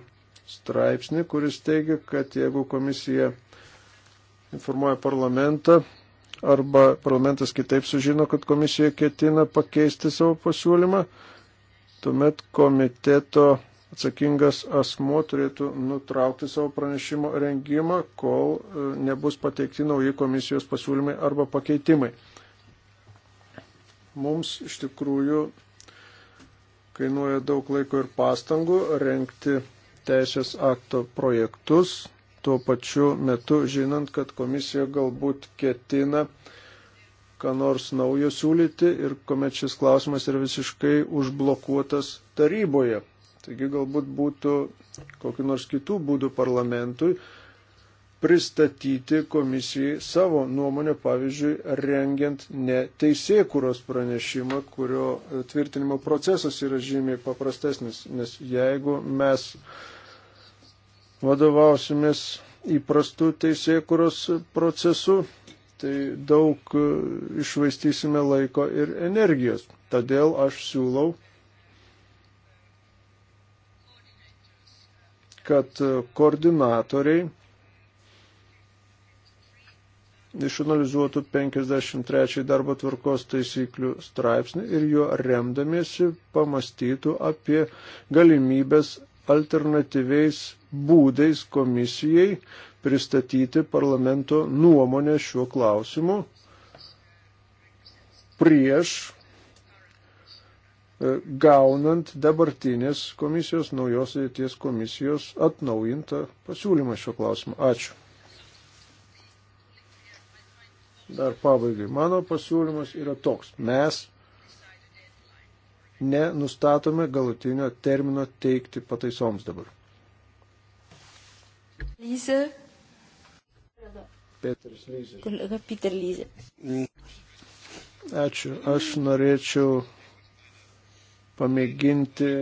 straipsnį, kuris teigia, kad jeigu komisija informuoja parlamentą arba parlamentas kitaip sužino, kad komisija ketina pakeisti savo pasiūlymą, tuomet komiteto atsakingas asmo turėtų nutraukti savo pranešimo rengimą, kol e, nebus pateikti nauji komisijos pasiūlymai arba pakeitimai. Mums iš tikrųjų kainuoja daug laiko ir pastangų renkti teisės akto projektus, tuo pačiu metu žinant, kad komisija galbūt ketina ką nors naujo siūlyti ir kuomet šis klausimas yra visiškai užblokuotas taryboje. Taigi galbūt būtų kokiu nors kitų būdų parlamentui pristatyti komisijai savo nuomonę, pavyzdžiui, rengiant ne teisėkuros pranešimą, kurio tvirtinimo procesas yra žymiai paprastesnis, nes jeigu mes vadovausimės įprastų teisėkuros procesų, tai daug išvaistysime laiko ir energijos. Todėl aš siūlau kad koordinatoriai išanalizuotų 53 darbo tvarkos taisyklių straipsnį ir juo remdamiesi pamastytų apie galimybės alternatyviais būdais komisijai pristatyti parlamento nuomonę šiuo klausimu prieš e, gaunant dabartinės komisijos, naujos ateities komisijos atnaujintą pasiūlymą šio klausimu. Ačiū. dar pabaigai. Mano pasiūlymas yra toks. Mes nenustatome galutinio termino teikti pataisoms dabar. Lyze. Petras Lyze. Kolega Peter Lyze. Ačiū. Aš norėčiau pamėginti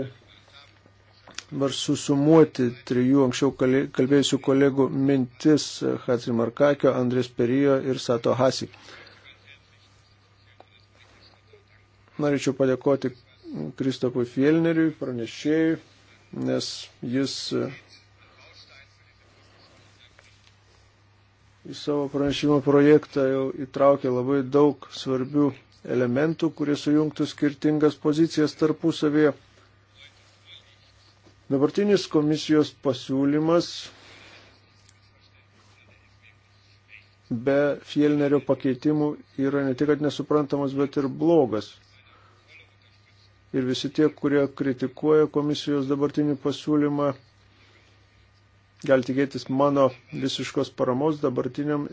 dabar susumuoti trijų anksčiau kalbėjusių kolegų mintis Hatsi Markakio, Andrės Perijo ir Sato Hasi. Norėčiau padėkoti Kristopui Fielneriui, pranešėjui, nes jis į savo pranešimo projektą jau įtraukė labai daug svarbių elementų, kurie sujungtų skirtingas pozicijas tarpusavėje. Dabartinis komisijos pasiūlymas be Fielnerio pakeitimų yra ne tik nesuprantamas, bet ir blogas. Ir visi tie, kurie kritikuoja komisijos dabartinį pasiūlymą, gali tikėtis mano visiškos paramos dabartiniam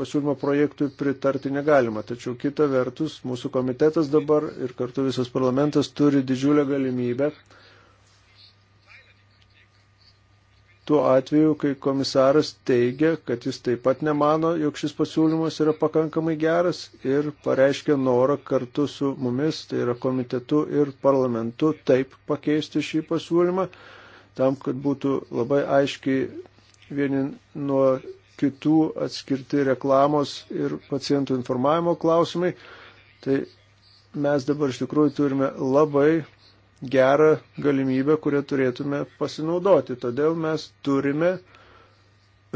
pasiūlymo projektui pritarti negalima. Tačiau kita vertus, mūsų komitetas dabar ir kartu visas parlamentas turi didžiulę galimybę tuo atveju, kai komisaras teigia, kad jis taip pat nemano, jog šis pasiūlymas yra pakankamai geras ir pareiškia norą kartu su mumis, tai yra komitetu ir parlamentu, taip pakeisti šį pasiūlymą, tam, kad būtų labai aiškiai vieni nuo kitų atskirti reklamos ir pacientų informavimo klausimai. Tai mes dabar iš tikrųjų turime labai gerą galimybę, kurią turėtume pasinaudoti. Todėl mes turime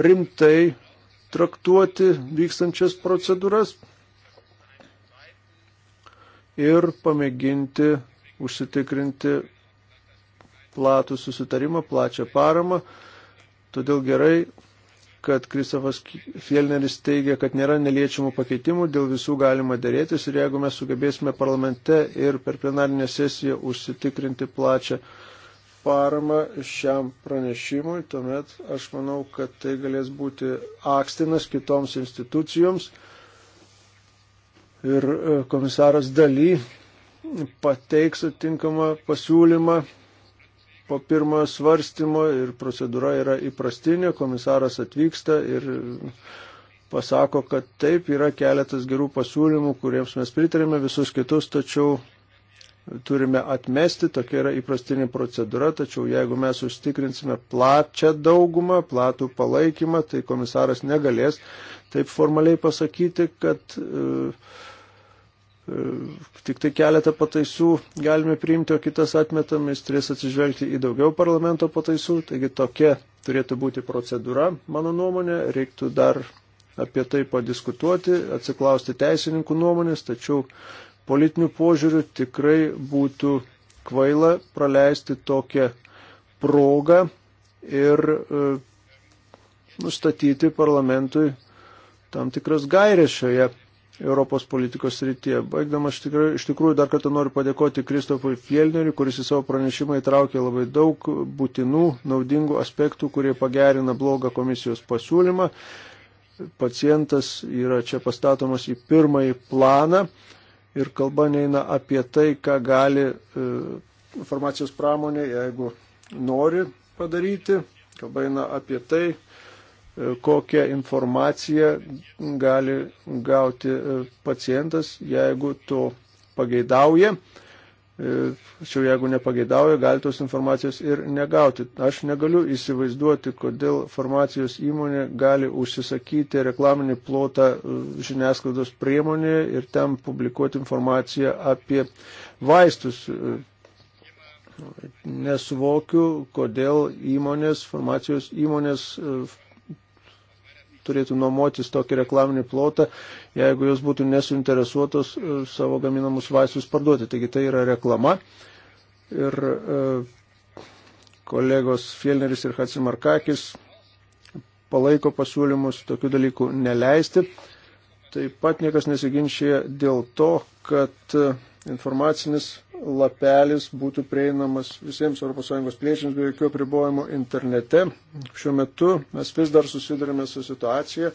rimtai traktuoti vykstančias procedūras ir pamėginti užsitikrinti platų susitarimą, plačią paramą. Todėl gerai kad Kristofas Fielneris teigia, kad nėra neliečiamų pakeitimų, dėl visų galima dėrėtis ir jeigu mes sugebėsime parlamente ir per plenarinę sesiją užsitikrinti plačią paramą šiam pranešimui, tuomet aš manau, kad tai galės būti akstinas kitoms institucijoms ir e, komisaras daly pateiks atinkamą pasiūlymą po pirmojo svarstymo ir procedūra yra įprastinė, komisaras atvyksta ir pasako, kad taip yra keletas gerų pasiūlymų, kuriems mes pritarėme visus kitus, tačiau turime atmesti, tokia yra įprastinė procedūra, tačiau jeigu mes užtikrinsime plačią daugumą, platų palaikymą, tai komisaras negalės taip formaliai pasakyti, kad uh, E, tik tai keletą pataisų galime priimti, o kitas atmetame, jis turės atsižvelgti į daugiau parlamento pataisų, taigi tokia turėtų būti procedūra, mano nuomonė, reiktų dar apie tai padiskutuoti, atsiklausti teisininkų nuomonės, tačiau politinių požiūrių tikrai būtų kvaila praleisti tokią progą ir e, nustatyti parlamentui tam tikras gairės šioje Europos politikos srityje. Baigdamas, tikrai, iš tikrųjų dar kartą noriu padėkoti Kristofui Fjellneriui, kuris į savo pranešimą įtraukė labai daug būtinų, naudingų aspektų, kurie pagerina blogą komisijos pasiūlymą. Pacientas yra čia pastatomas į pirmąjį planą ir kalba neina apie tai, ką gali e, farmacijos pramonė, jeigu nori padaryti. Kalba eina apie tai, kokią informaciją gali gauti e, pacientas, jeigu to pageidauja. E, tačiau jeigu nepageidauja, gali tos informacijos ir negauti. Aš negaliu įsivaizduoti, kodėl farmacijos įmonė gali užsisakyti reklaminį plotą e, žiniasklaidos priemonėje ir ten publikuoti informaciją apie vaistus. Nesuvokiu, kodėl įmonės, farmacijos įmonės turėtų nuomotis tokį reklaminį plotą, jeigu jos būtų nesuinteresuotos e, savo gaminamus vaistus parduoti. Taigi tai yra reklama. Ir e, kolegos Fielneris ir Hatsimarkakis palaiko pasiūlymus tokių dalykų neleisti. Taip pat niekas nesiginčia dėl to, kad e, informacinis lapelis būtų prieinamas visiems ES piliečiams be jokių apribojimų internete. Šiuo metu mes vis dar susidurime su situacija,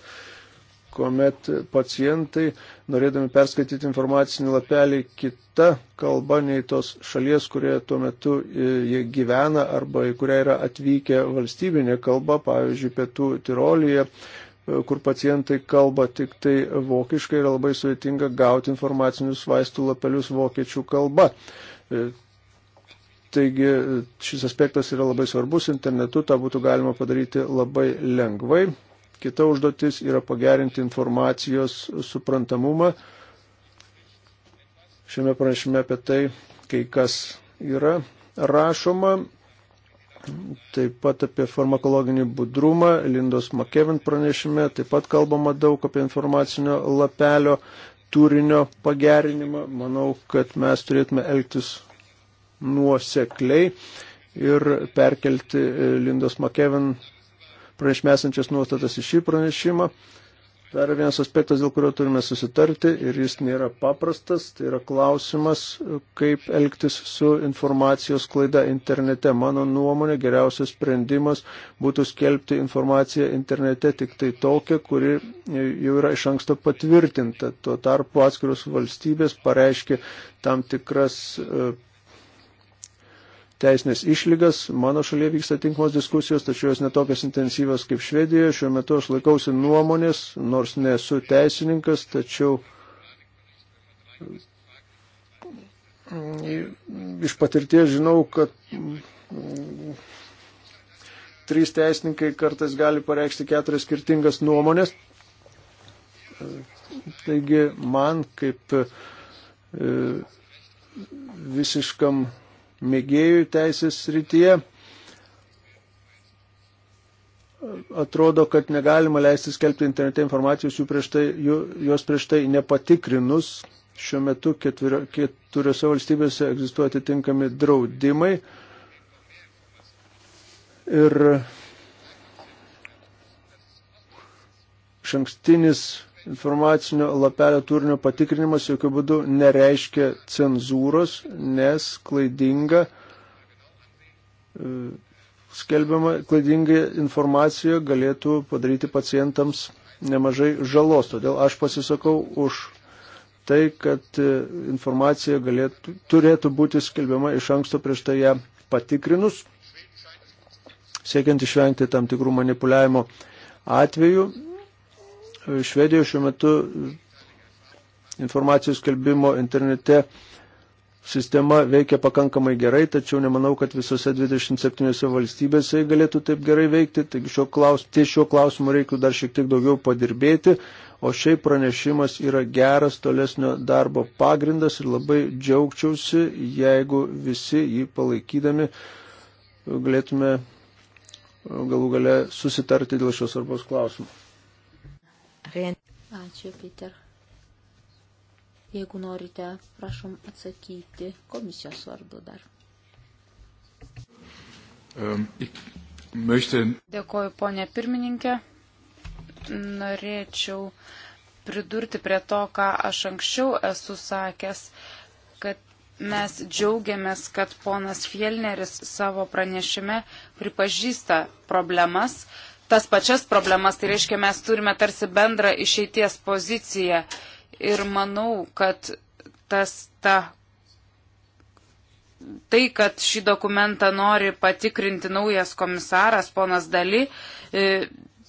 kuomet pacientai, norėdami perskaityti informacinį lapelį kitą kalbą nei tos šalies, kurie tuo metu e, jie gyvena arba į kurią yra atvykę valstybinė kalba, pavyzdžiui, Pietų Tirolyje, kur pacientai kalba tik tai vokiškai ir labai sudėtinga gauti informacinius vaistų lapelius vokiečių kalba. E, taigi šis aspektas yra labai svarbus, internetu tą būtų galima padaryti labai lengvai. Kita užduotis yra pagerinti informacijos suprantamumą. Šiame pranešime apie tai, kai kas yra rašoma, Taip pat apie farmakologinį budrumą, Lindos Makevin pranešime, taip pat kalbama daug apie informacinio lapelio turinio pagerinimą. Manau, kad mes turėtume elgtis nuosekliai ir perkelti e, Lindos Makevin pranešmesančias nuostatas į šį pranešimą. Dar vienas aspektas, dėl kurio turime susitarti ir jis nėra paprastas, tai yra klausimas, kaip elgtis su informacijos klaida internete. Mano nuomonė, geriausias sprendimas būtų skelbti informaciją internete tik tai tokią, kuri jau yra iš anksto patvirtinta. Tuo tarpu atskiros valstybės pareiškia tam tikras e, teisinės išlygas. Mano šalyje vyksta tinkamos diskusijos, tačiau jos netokios intensyvios kaip Švedijoje. Šiuo metu aš laikausi nuomonės, nors nesu teisininkas, tačiau iš patirties žinau, kad trys teisininkai kartais gali pareikšti keturias skirtingas nuomonės. Taigi man kaip e, visiškam mėgėjų teisės srityje. Atrodo, kad negalima leisti skelbti internete informacijos jų prieš tai, jų, jos prieš tai nepatikrinus. Šiuo metu ketvirio, keturiose valstybėse egzistuoja atitinkami draudimai. Ir šankstinis informacinio lapelio turinio patikrinimas jokių būdų nereiškia cenzūros, nes klaidinga, e, skelbiama klaidinga informacija galėtų padaryti pacientams nemažai žalos. Todėl aš pasisakau už tai, kad e, informacija galėtų, turėtų būti skelbiama iš anksto prieš tai ją patikrinus, siekiant išvengti tam tikrų manipuliavimo atvejų Švedijoje šiuo metu informacijos skelbimo internete sistema veikia pakankamai gerai, tačiau nemanau, kad visose 27 valstybėse galėtų taip gerai veikti. Taigi šio klaus, ties šio klausimu reiktų dar šiek tiek daugiau padirbėti, o šiaip pranešimas yra geras tolesnio darbo pagrindas ir labai džiaugčiausi, jeigu visi jį palaikydami galėtume galų gale susitarti dėl šios svarbos klausimų. Ačiū, Peter. Jeigu norite, prašom atsakyti komisijos vardu dar. Um, ik möchte... Dėkoju, ponė pirmininkė. Norėčiau pridurti prie to, ką aš anksčiau esu sakęs, kad mes džiaugiamės, kad ponas Fielneris savo pranešime pripažįsta problemas, uh, tas pačias problemas, tai reiškia, mes turime tarsi bendrą išeities poziciją. Ir manau, kad tas ta. Tai, kad šį dokumentą nori patikrinti naujas komisaras, ponas Dali, e,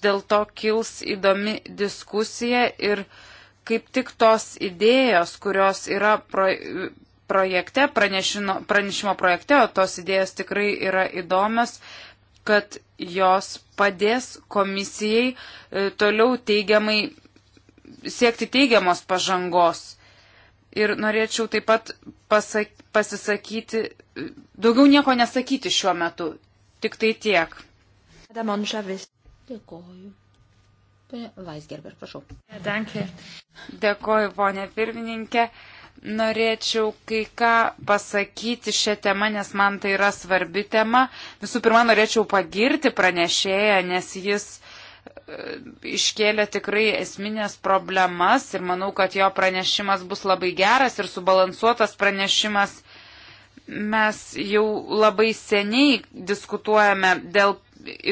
dėl to kils įdomi diskusija ir kaip tik tos idėjos, kurios yra pro, projekte, pranešimo projekte, o tos idėjos tikrai yra įdomios, kad jos padės komisijai e, toliau teigiamai siekti teigiamos pažangos. Ir norėčiau taip pat pasak, pasisakyti, daugiau nieko nesakyti šiuo metu. Tik tai tiek. Damon Žavis. Dėkoju. Vaisgerber, prašau. Dėkoju, ponė pirmininkė. Uh, Norėčiau kai ką pasakyti šią temą, nes man tai yra svarbi tema. Visų pirma, norėčiau pagirti pranešėją, nes jis e, iškėlė tikrai esminės problemas ir manau, kad jo pranešimas bus labai geras ir subalansuotas pranešimas. Mes jau labai seniai diskutuojame dėl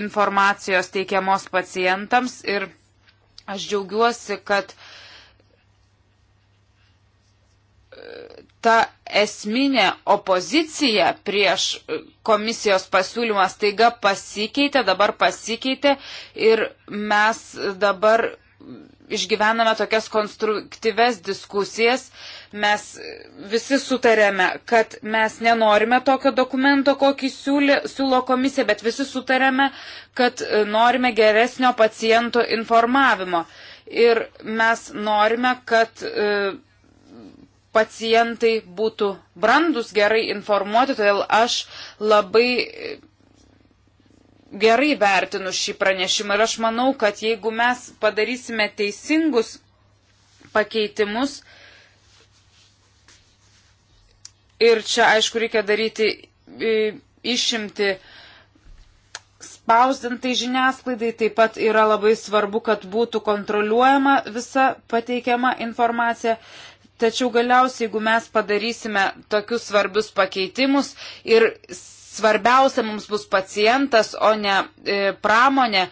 informacijos teikiamos pacientams ir aš džiaugiuosi, kad uh, ta esminė opozicija prieš e, komisijos pasiūlymą staiga pasikeitė, dabar pasikeitė ir mes dabar išgyvename tokias konstruktyves diskusijas, mes visi sutarėme, kad mes nenorime tokio dokumento, kokį siūlė, siūlo komisija, bet visi sutarėme, kad norime geresnio paciento informavimo. Ir mes norime, kad e, pacientai būtų brandus, gerai informuoti, todėl aš labai e, gerai vertinu šį pranešimą ir aš manau, kad jeigu mes padarysime teisingus pakeitimus, ir čia aišku reikia daryti e, išimti spausdintai žiniasklaidai, taip pat yra labai svarbu, kad būtų kontroliuojama visa pateikiama informacija. Tačiau galiausiai, jeigu mes padarysime tokius svarbius pakeitimus ir svarbiausia mums bus pacientas, o ne e, pramonė,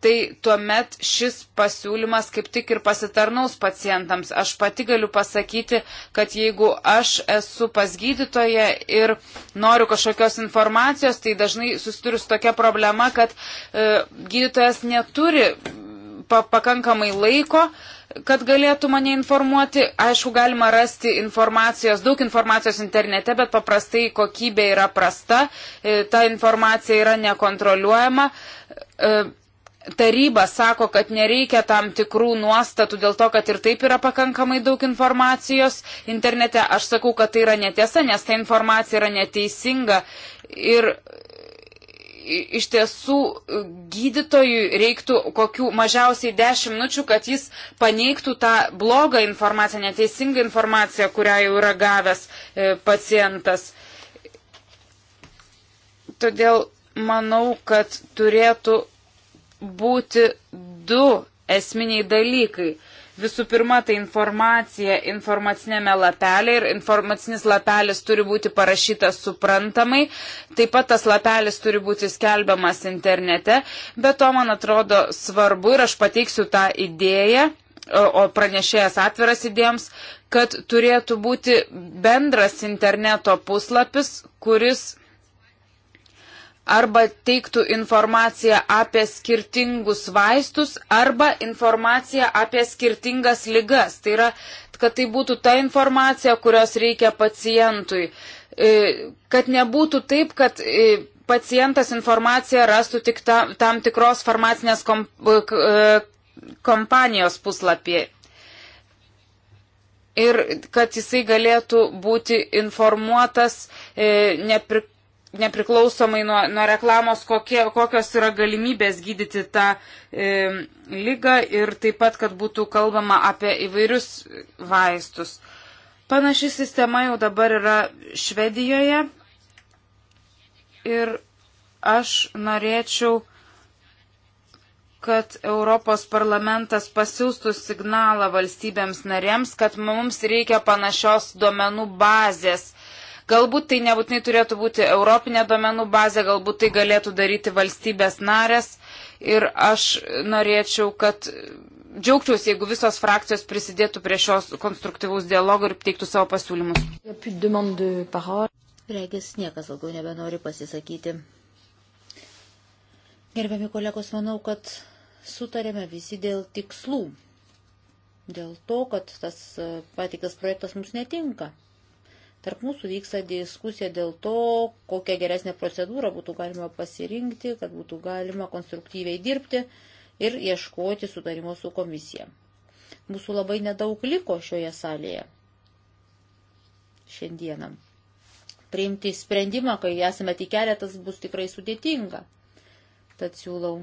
tai tuomet šis pasiūlymas kaip tik ir pasitarnaus pacientams. Aš pati galiu pasakyti, kad jeigu aš esu pas gydytoje ir noriu kažkokios informacijos, tai dažnai susiduriu su tokia problema, kad e, gydytojas neturi mm, pa pakankamai laiko. E, kad galėtų mane informuoti. Aišku, galima rasti informacijos, daug informacijos internete, bet paprastai kokybė yra prasta, e, ta informacija yra nekontroliuojama. E, taryba sako, kad nereikia tam tikrų nuostatų dėl to, kad ir taip yra pakankamai daug informacijos internete. Aš sakau, kad tai yra netiesa, nes ta informacija yra neteisinga ir iš tiesų e, gydytojui reiktų kokių mažiausiai 10 minučių, kad jis paneigtų tą blogą informaciją, neteisingą informaciją, kurią jau yra gavęs e, pacientas. Todėl manau, kad turėtų būti du esminiai dalykai. Visų pirma, tai informacija informacinėme lapelė ir informacinis lapelis turi būti parašytas suprantamai. Taip pat tas lapelis turi būti skelbiamas internete. Bet to, man atrodo, svarbu ir aš pateiksiu tą idėją o pranešėjas atviras idėjams, kad turėtų būti bendras interneto puslapis, kuris arba teiktų informaciją apie skirtingus vaistus arba informaciją apie skirtingas lygas. Tai yra, kad tai būtų ta informacija, kurios reikia pacientui. E, kad nebūtų taip, kad e, pacientas informaciją rastų tik tam tikros farmacinės e, kompanijos puslapyje. Ir kad jisai galėtų būti informuotas nepriklausomai nepriklausomai nuo, nuo reklamos, kokie, kokios yra galimybės gydyti tą e, lygą ir taip pat, kad būtų kalbama apie įvairius vaistus. Panaši sistema jau dabar yra Švedijoje ir aš norėčiau, kad Europos parlamentas pasiūstų signalą valstybėms narėms, kad mums reikia panašios duomenų bazės Galbūt tai nebūtinai turėtų būti Europinė domenų bazė, galbūt tai galėtų daryti valstybės narės. Ir aš norėčiau, kad džiaugčiausi, jeigu visos frakcijos prisidėtų prie šios konstruktyvaus dialogo ir teiktų savo pasiūlymus. Regis, niekas daugiau nebenori pasisakyti. Gerbiami kolegos, manau, kad sutarėme visi dėl tikslų. Dėl to, kad tas e, patiktas projektas mums netinka. Tarp mūsų vyksta diskusija dėl to, kokią geresnę procedūrą būtų galima pasirinkti, kad būtų galima konstruktyviai dirbti ir ieškoti sutarimo su komisija. Mūsų labai nedaug liko šioje salėje šiandieną. Priimti sprendimą, kai esame tik keletas, bus tikrai sudėtinga. Tad siūlau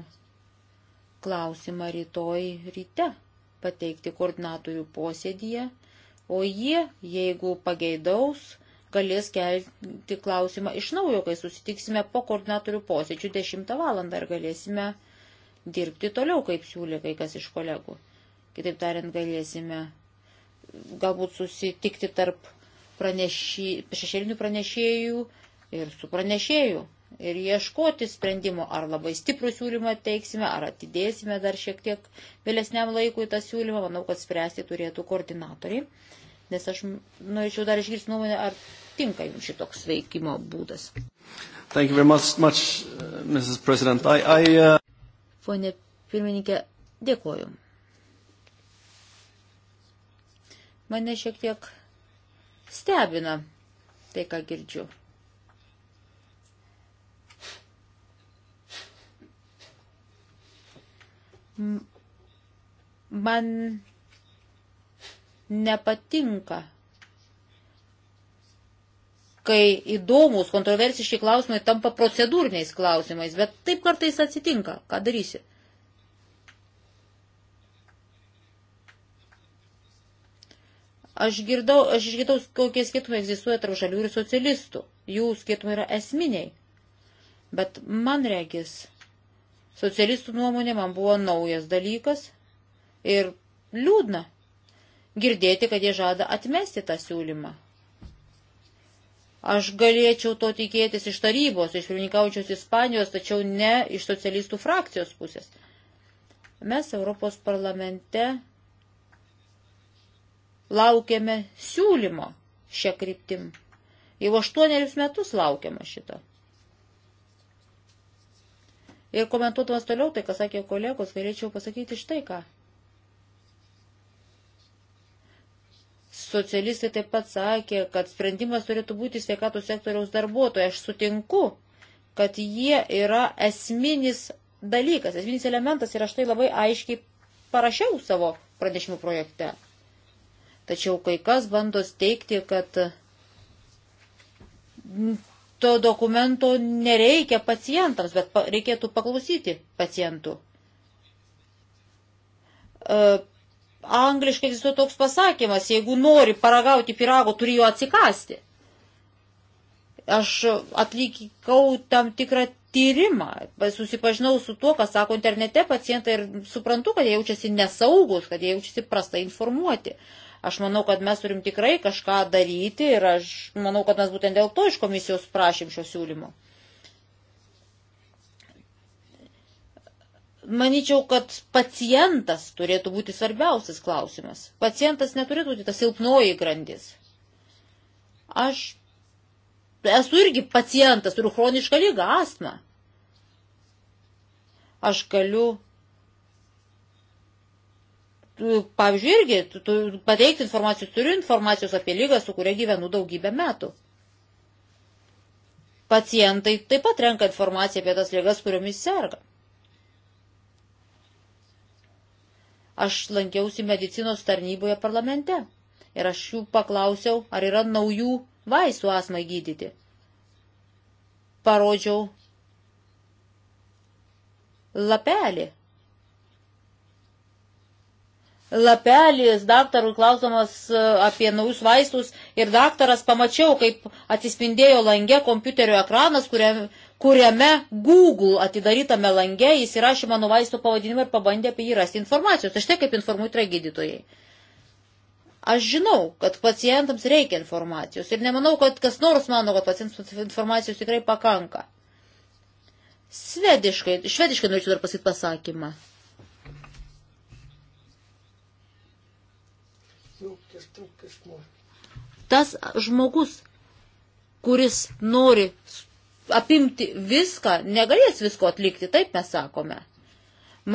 klausimą rytoj ryte pateikti koordinatorių posėdyje o jie, jeigu pageidaus, galės kelti klausimą iš naujo, kai susitiksime po koordinatorių posėdžių 10 val. ir galėsime dirbti toliau, kaip siūlė kai kas iš kolegų. Kitaip tariant, galėsime galbūt susitikti tarp praneši, šešėlinių pranešėjų ir su pranešėjų ir ieškoti sprendimo, ar labai stiprų siūlymą teiksime, ar atidėsime dar šiek tiek vėlesniam laikui tą siūlymą. Manau, kad spręsti turėtų koordinatoriai, nes aš norėčiau dar išgirsti nuomonę, ar tinka jums šitoks veikimo būdas. Thank you very much, much uh, Mrs. President. I, I, uh... Pone pirmininkė, dėkoju. Mane šiek tiek stebina tai, ką girdžiu. man nepatinka, kai įdomus, kontroversiški klausimai tampa procedūriniais klausimais, bet taip kartais atsitinka, ką darysi. Aš, girdau, aš išgirdau, kokie skirtumai egzistuoja tarp žalių ir socialistų. Jų skirtumai yra esminiai. Bet man regis, Socialistų nuomonė man buvo naujas dalykas ir liūdna girdėti, kad jie žada atmesti tą siūlymą. Aš galėčiau to tikėtis iš tarybos, iš pirmininkaučios Ispanijos, tačiau ne iš socialistų frakcijos pusės. Mes Europos parlamente laukiame siūlymo šią kryptim. Jau aštuonerius metus laukiama šito. Ir komentuodamas toliau tai, ką sakė kolegos, galėčiau pasakyti štai ką. Socialistai taip pat sakė, kad sprendimas turėtų būti sveikatos sektoriaus darbuotojai. Aš sutinku, kad jie yra esminis dalykas, esminis elementas ir aš tai labai aiškiai parašiau savo pranešimų projekte. Tačiau kai kas bando steigti, kad to dokumento nereikia pacientams, bet reikėtų paklausyti pacientų. Uh, angliškai egzistuoja toks pasakymas, jeigu nori paragauti pirago, turi jo atsikasti. Aš atlikau tam tikrą tyrimą, susipažinau su tuo, kas sako internete pacientai ir suprantu, kad jie jaučiasi nesaugus, kad jie jaučiasi prastai informuoti. Uh, Aš manau, kad mes turim tikrai kažką daryti ir aš manau, kad mes būtent dėl to iš komisijos prašym šio siūlymo. Maničiau, kad pacientas turėtų būti svarbiausias klausimas. Pacientas neturėtų būti ta silpnoji grandis. Aš esu irgi pacientas, turiu chronišką lygą astmą. Aš galiu pavyzdžiui, irgi tu, tu, pateikti informacijos, turiu informacijos apie lygą, su kuria gyvenu daugybę metų. Pacientai taip pat renka informaciją apie tas lygas, kuriomis serga. Aš lankiausi medicinos tarnyboje parlamente ir aš jų paklausiau, ar yra naujų vaistų asmai gydyti. Parodžiau lapelį lapelis daktarų klausomas e, apie naujus vaistus ir daktaras pamačiau, kaip atsispindėjo langė kompiuterio ekranas, kuriame, kuriame Google atidarytame langė jis įrašė mano vaistų pavadinimą ir pabandė apie jį rasti informacijos. Tai štai kaip informuotra gydytojai. Aš žinau, kad pacientams reikia informacijos ir nemanau, kad kas nors mano, kad pacientams informacijos tikrai pakanka. Svediškai, švediškai norėčiau dar pasakyti pasakymą. Tas žmogus, kuris nori apimti viską, negalės visko atlikti, taip mes sakome.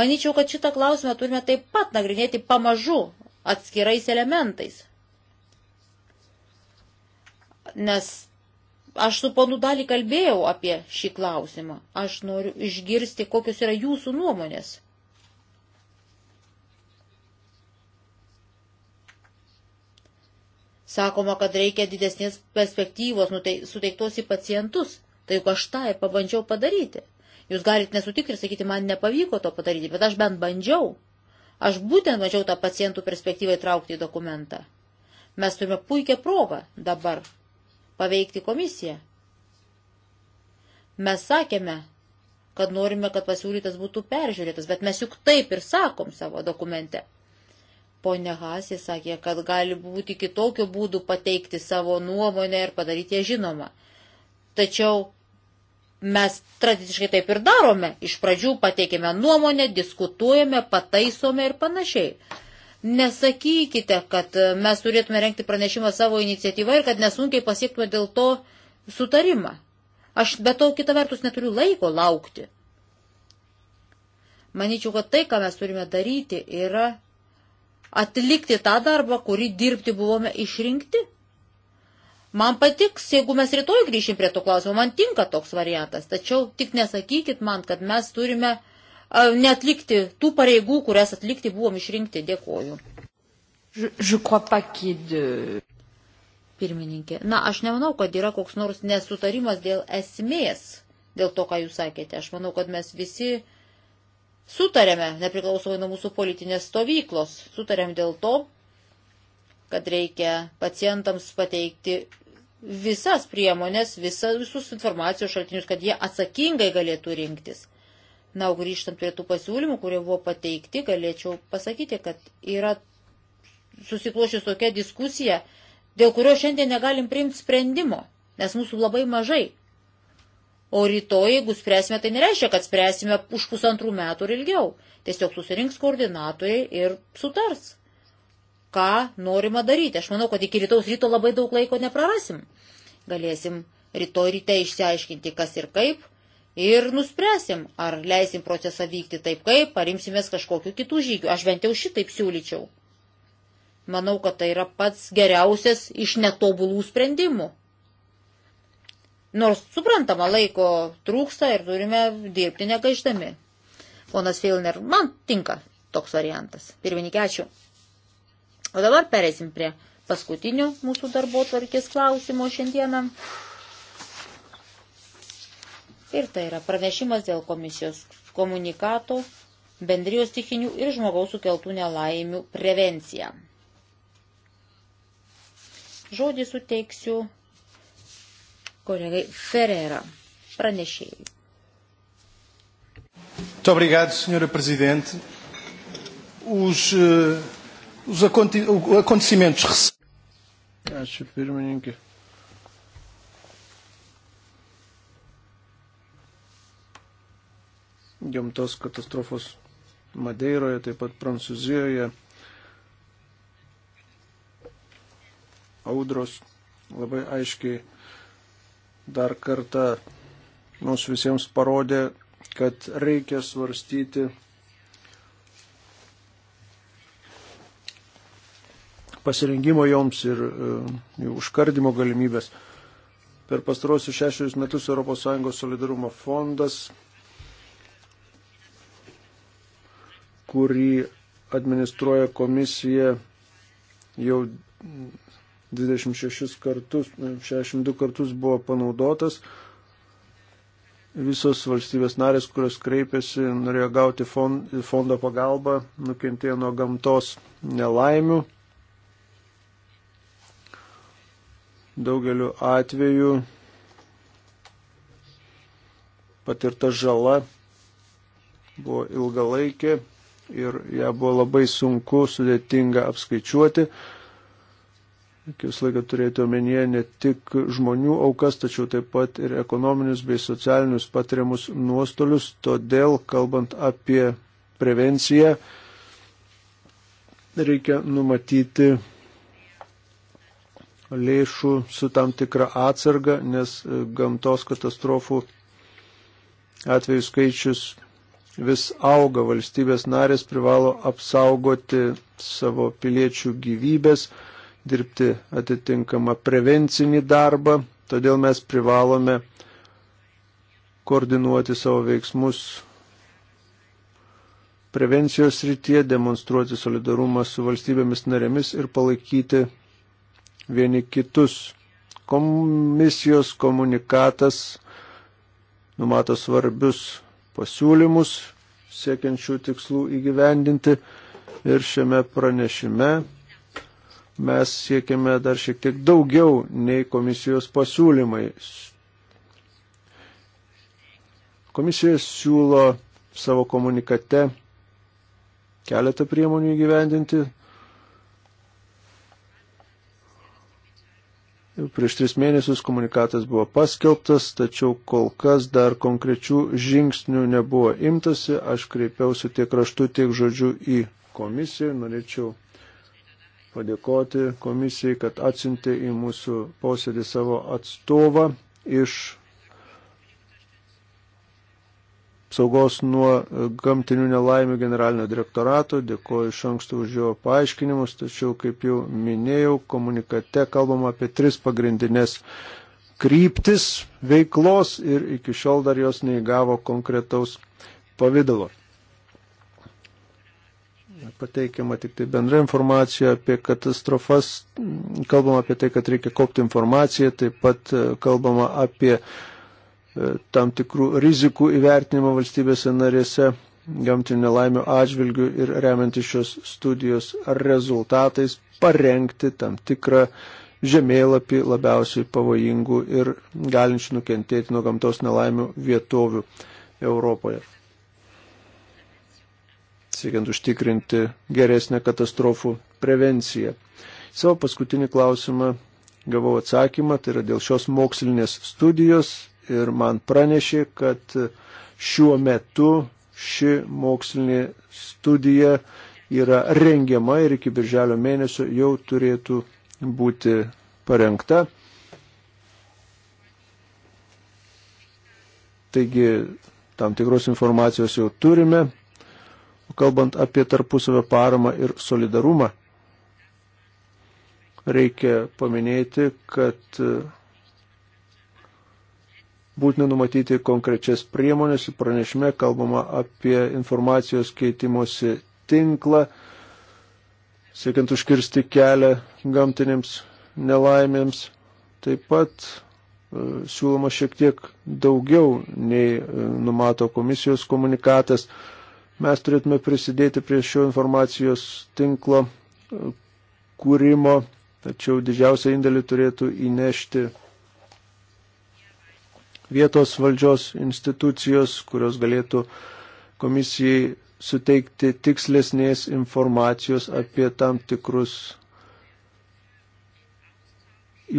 Maničiau, kad šitą klausimą turime taip pat nagrinėti pamažu atskirais elementais. Nes aš su ponu dalį kalbėjau apie šį klausimą. Aš noriu išgirsti, kokios yra jūsų nuomonės. sakoma, kad reikia didesnės perspektyvos nutei, suteiktos į pacientus. Tai juk aš tą ir pabandžiau padaryti. Jūs galite nesutikti ir sakyti, man nepavyko to padaryti, bet aš bent bandžiau. Aš būtent bandžiau tą pacientų perspektyvą įtraukti į dokumentą. Mes turime puikią progą dabar paveikti komisiją. Mes sakėme, kad norime, kad pasiūlytas būtų peržiūrėtas, bet mes juk taip ir sakom savo dokumente. Pone Hasė sakė, kad gali būti kitokio būdų pateikti savo nuomonę ir padaryti ją žinomą. Tačiau mes tradiciškai taip ir darome. Iš pradžių pateikėme nuomonę, diskutuojame, pataisome ir panašiai. Nesakykite, kad mes turėtume renkti pranešimą savo iniciatyvą ir kad nesunkiai pasiektume dėl to sutarimą. Aš be to kitą vertus neturiu laiko laukti. Maničiau, kad tai, ką mes turime daryti, yra atlikti tą darbą, kurį dirbti buvome išrinkti. Man patiks, jeigu mes rytoj grįšim prie to klausimo, man tinka toks variantas, tačiau tik nesakykit man, kad mes turime netlikti tų pareigų, kurias atlikti buvom išrinkti. Dėkoju. Je, je de... Pirmininkė. Na, aš nemanau, kad yra koks nors nesutarimas dėl esmės, dėl to, ką jūs sakėte. Aš manau, kad mes visi sutarėme, nepriklausomai nuo mūsų politinės stovyklos, sutarėm dėl to, kad reikia pacientams pateikti visas priemonės, visa, visus informacijos šaltinius, kad jie atsakingai galėtų rinktis. Na, o grįžtant prie tų pasiūlymų, kurie buvo pateikti, galėčiau pasakyti, kad yra susiklošius tokia diskusija, dėl kurio šiandien negalim priimti sprendimo, nes mūsų labai mažai. O rytoj, jeigu spręsime, tai nereiškia, kad spręsime už pusantrų metų ir ilgiau. Tiesiog susirinks koordinatoriai ir sutars, ką norima daryti. Aš manau, kad iki rytaus ryto labai daug laiko neprarasim. Galėsim rytoj ryte išsiaiškinti, kas ir kaip, ir nuspręsim, ar leisim procesą vykti taip kaip, ar imsimės kažkokiu kitų žygių. Aš bent jau šitaip siūlyčiau. Manau, kad tai yra pats geriausias iš netobulų sprendimų. Nors suprantama, laiko trūksta ir turime dirbti negaiždami. Ponas Filner, man tinka toks variantas. Pirmininkė, ačiū. O dabar pereisim prie paskutinio mūsų darbo tvarkės klausimo šiandieną. Ir tai yra pranešimas dėl komisijos komunikato bendrijos stichinių ir žmogaus sukeltų nelaimių prevencija. Žodį suteiksiu kolegai Ferrera, pranešėjai. Obrigado, senhora Presidente. Os, uh, os acontecimentos recentes. Ačiū pirmininkė. Gamtos katastrofos Madeiroje, taip pat Prancūzijoje. Audros labai aiškiai dar kartą mums visiems parodė, kad reikia svarstyti pasirengimo joms ir uh, užkardimo galimybės. Per pastarosius šešius metus ES solidarumo fondas, kurį administruoja komisija, jau 26 kartus, 62 kartus buvo panaudotas. Visos valstybės narės, kurios kreipėsi, norėjo gauti fondo pagalbą, nukentėjo nuo gamtos nelaimių. Daugeliu atveju patirta žala buvo ilgalaikė ir ją buvo labai sunku, sudėtinga apskaičiuoti reikia visą laiką turėti omenyje ne tik žmonių aukas, tačiau taip pat ir ekonominius bei socialinius patiriamus nuostolius. Todėl, kalbant apie prevenciją, reikia numatyti lėšų su tam tikra atsarga, nes e, gamtos katastrofų atvejų skaičius vis auga. Valstybės narės privalo apsaugoti savo piliečių gyvybės dirbti atitinkamą prevencinį darbą, todėl mes privalome koordinuoti savo veiksmus prevencijos rytie, demonstruoti solidarumą su valstybėmis narėmis ir palaikyti vieni kitus. Komisijos komunikatas numato svarbius pasiūlymus siekiančių tikslų įgyvendinti ir šiame pranešime mes siekiame dar šiek tiek daugiau nei komisijos pasiūlymai. Komisija siūlo savo komunikate keletą priemonių įgyvendinti. Prieš tris mėnesius komunikatas buvo paskelbtas, tačiau kol kas dar konkrečių žingsnių nebuvo imtasi. Aš kreipiausi tiek raštu, tiek žodžiu į komisiją. Norėčiau padėkoti komisijai, kad atsinti į mūsų posėdį savo atstovą iš saugos nuo gamtinių nelaimių generalinio direktorato. Dėkoju iš anksto už jo paaiškinimus, tačiau, kaip jau minėjau, komunikate kalbam apie tris pagrindinės kryptis veiklos ir iki šiol dar jos neįgavo konkretaus pavydalo pateikiama tik tai bendra informacija apie katastrofas, kalbama apie tai, kad reikia kaupti informaciją, taip pat e, kalbama apie e, tam tikrų rizikų įvertinimą valstybėse narėse gamtinių nelaimių atžvilgių ir remianti šios studijos rezultatais parengti tam tikrą žemėlapį labiausiai pavojingų ir galinčių nukentėti nuo gamtos nelaimių vietovių Europoje siekiant užtikrinti geresnę katastrofų prevenciją. Savo paskutinį klausimą gavau atsakymą, tai yra dėl šios mokslinės studijos ir man pranešė, kad šiuo metu ši mokslinė studija yra rengiama ir iki birželio mėnesio jau turėtų būti parengta. Taigi tam tikros informacijos jau turime. O kalbant apie tarpusavę paramą ir solidarumą, reikia paminėti, kad e, būtina numatyti konkrečias priemonės. Pranešime kalbama apie informacijos keitimosi tinklą, siekiant užkirsti kelią gamtinėms nelaimėms. Taip pat e, siūloma šiek tiek daugiau nei e, numato komisijos komunikatas. Mes turėtume prisidėti prie šio informacijos tinklo e, kūrimo, tačiau didžiausią indėlį turėtų įnešti vietos valdžios institucijos, kurios galėtų komisijai suteikti tikslesnės informacijos apie tam tikrus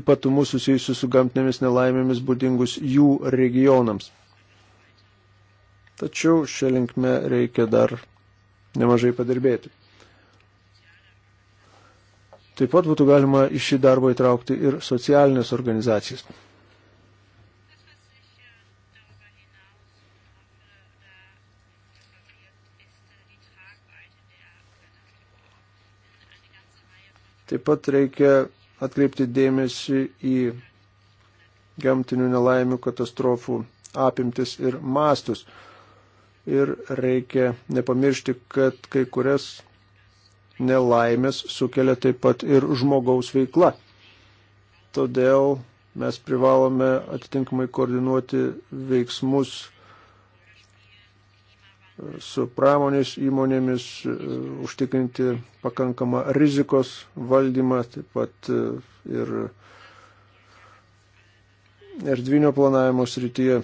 ypatumus susijusius su gamtinėmis nelaimėmis būdingus jų regionams. Tačiau šią linkme reikia dar nemažai padirbėti. Taip pat būtų galima į šį darbą įtraukti ir socialinės organizacijas. Taip pat reikia atkreipti dėmesį į gamtinių nelaimių katastrofų apimtis ir mastus ir reikia nepamiršti, kad kai kurias nelaimės sukelia taip pat ir žmogaus veikla. Todėl mes privalome atitinkamai koordinuoti veiksmus su pramonės įmonėmis, užtikrinti pakankamą rizikos valdymą, taip pat ir erdvinio planavimo srityje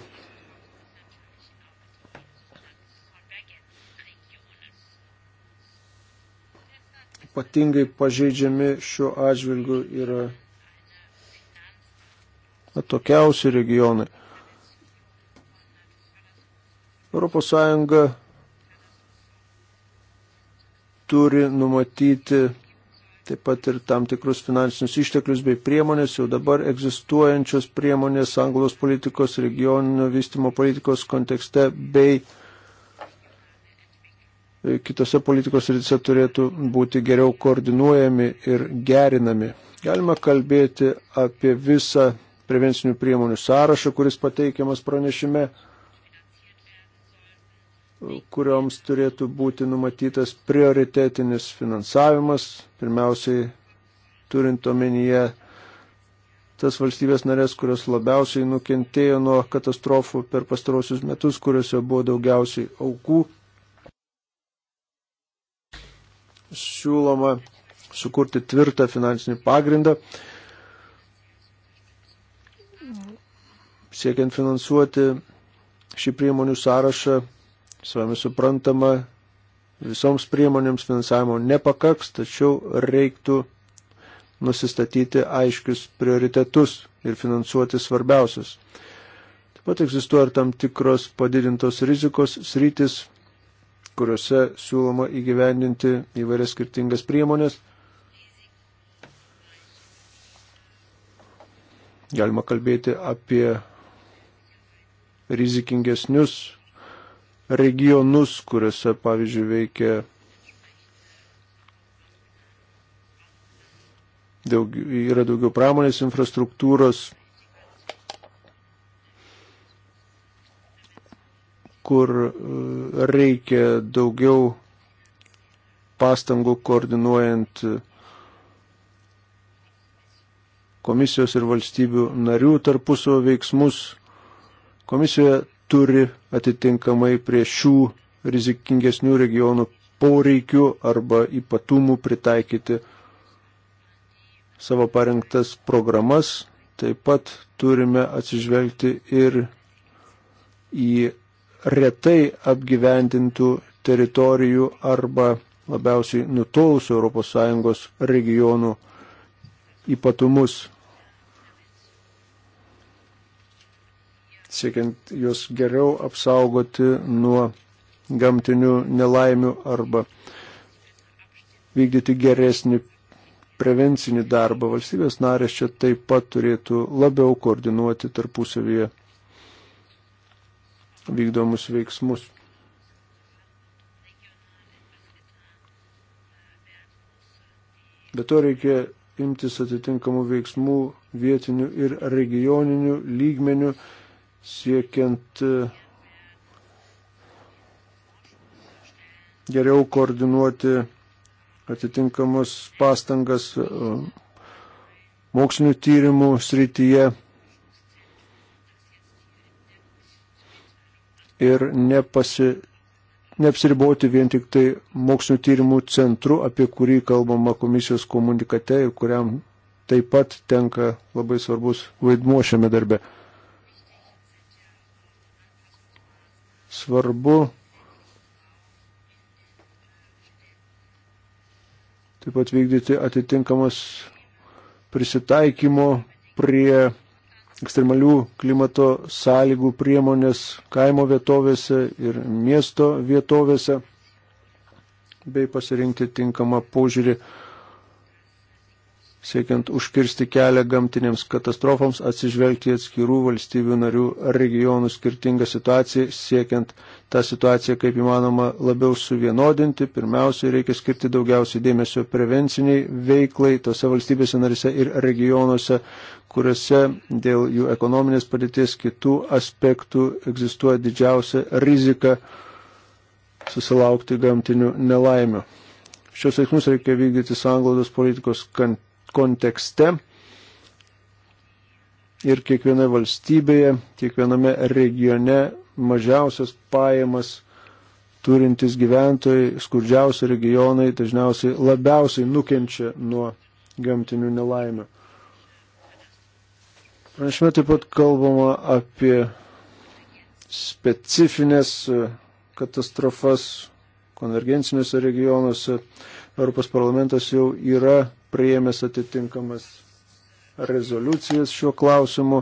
ypatingai pažeidžiami šiuo atžvilgiu yra atokiausi regionai. Europos Sąjunga turi numatyti taip pat ir tam tikrus finansinius išteklius bei priemonės, jau dabar egzistuojančios priemonės anglos politikos, regioninio vystimo politikos kontekste bei E, kitose politikos rytise turėtų būti geriau koordinuojami ir gerinami. Galima kalbėti apie visą prevencinių priemonių sąrašą, kuris pateikiamas pranešime, kurioms turėtų būti numatytas prioritetinis finansavimas, pirmiausiai turint omenyje tas valstybės narės, kurios labiausiai nukentėjo nuo katastrofų per pastarosius metus, kuriuose buvo daugiausiai aukų siūloma sukurti tvirtą finansinį pagrindą, siekiant finansuoti šį priemonių sąrašą, savami suprantama, visoms priemonėms finansavimo nepakaks, tačiau reiktų nusistatyti aiškius prioritetus ir finansuoti svarbiausius. Taip pat egzistuoja ir tam tikros padidintos rizikos sritis, kuriuose siūloma įgyvendinti įvairias skirtingas priemonės. Galima kalbėti apie rizikingesnius regionus, kuriuose, pavyzdžiui, veikia daug, yra daugiau pramonės infrastruktūros kur e, reikia daugiau pastangų koordinuojant e, komisijos ir valstybių narių tarpusio veiksmus. Komisija turi atitinkamai prie šių rizikingesnių regionų poreikių arba ypatumų pritaikyti savo parengtas programas. Taip pat turime atsižvelgti ir į retai apgyvendintų teritorijų arba labiausiai nutolusių ES regionų ypatumus, siekiant juos geriau apsaugoti nuo gamtinių nelaimių arba vykdyti geresnį prevencinį darbą. Valstybės narės čia taip pat turėtų labiau koordinuoti tarpusavyje vykdomus veiksmus. Be to reikia imtis atitinkamų veiksmų vietinių ir regioninių lygmenių, siekiant e, geriau koordinuoti atitinkamus pastangas e, mokslinių tyrimų srityje ir nepasi, neapsiriboti vien tik tai mokslinio tyrimų centru, apie kurį kalbama komisijos komunikate ir kuriam taip pat tenka labai svarbus vaidmuo šiame darbe. Svarbu taip pat vykdyti atitinkamas prisitaikymo prie ekstremalių klimato sąlygų priemonės kaimo vietovėse ir miesto vietovėse bei pasirinkti tinkamą požiūrį siekiant užkirsti kelią gamtinėms katastrofoms, atsižvelgti atskirų valstybių narių ar regionų skirtingą situaciją, siekiant tą situaciją kaip įmanoma labiau suvienodinti. Pirmiausiai reikia skirti daugiausiai dėmesio prevenciniai veiklai tose valstybėse narise ir regionuose, kuriuose dėl jų ekonominės padėties kitų aspektų egzistuoja didžiausia rizika susilaukti gamtinių nelaimių. Šios veiksmus reikia vykdyti sanglaudos politikos kant kontekste ir kiekvienoje valstybėje, kiekviename regione mažiausias pajamas turintys gyventojai, skurdžiausi regionai dažniausiai labiausiai nukenčia nuo gamtinių nelaimių. Pranešime taip pat kalbama apie specifines e, katastrofas konvergenciniuose regionuose. Europos parlamentas jau yra priėmęs atitinkamas rezoliucijas šiuo klausimu,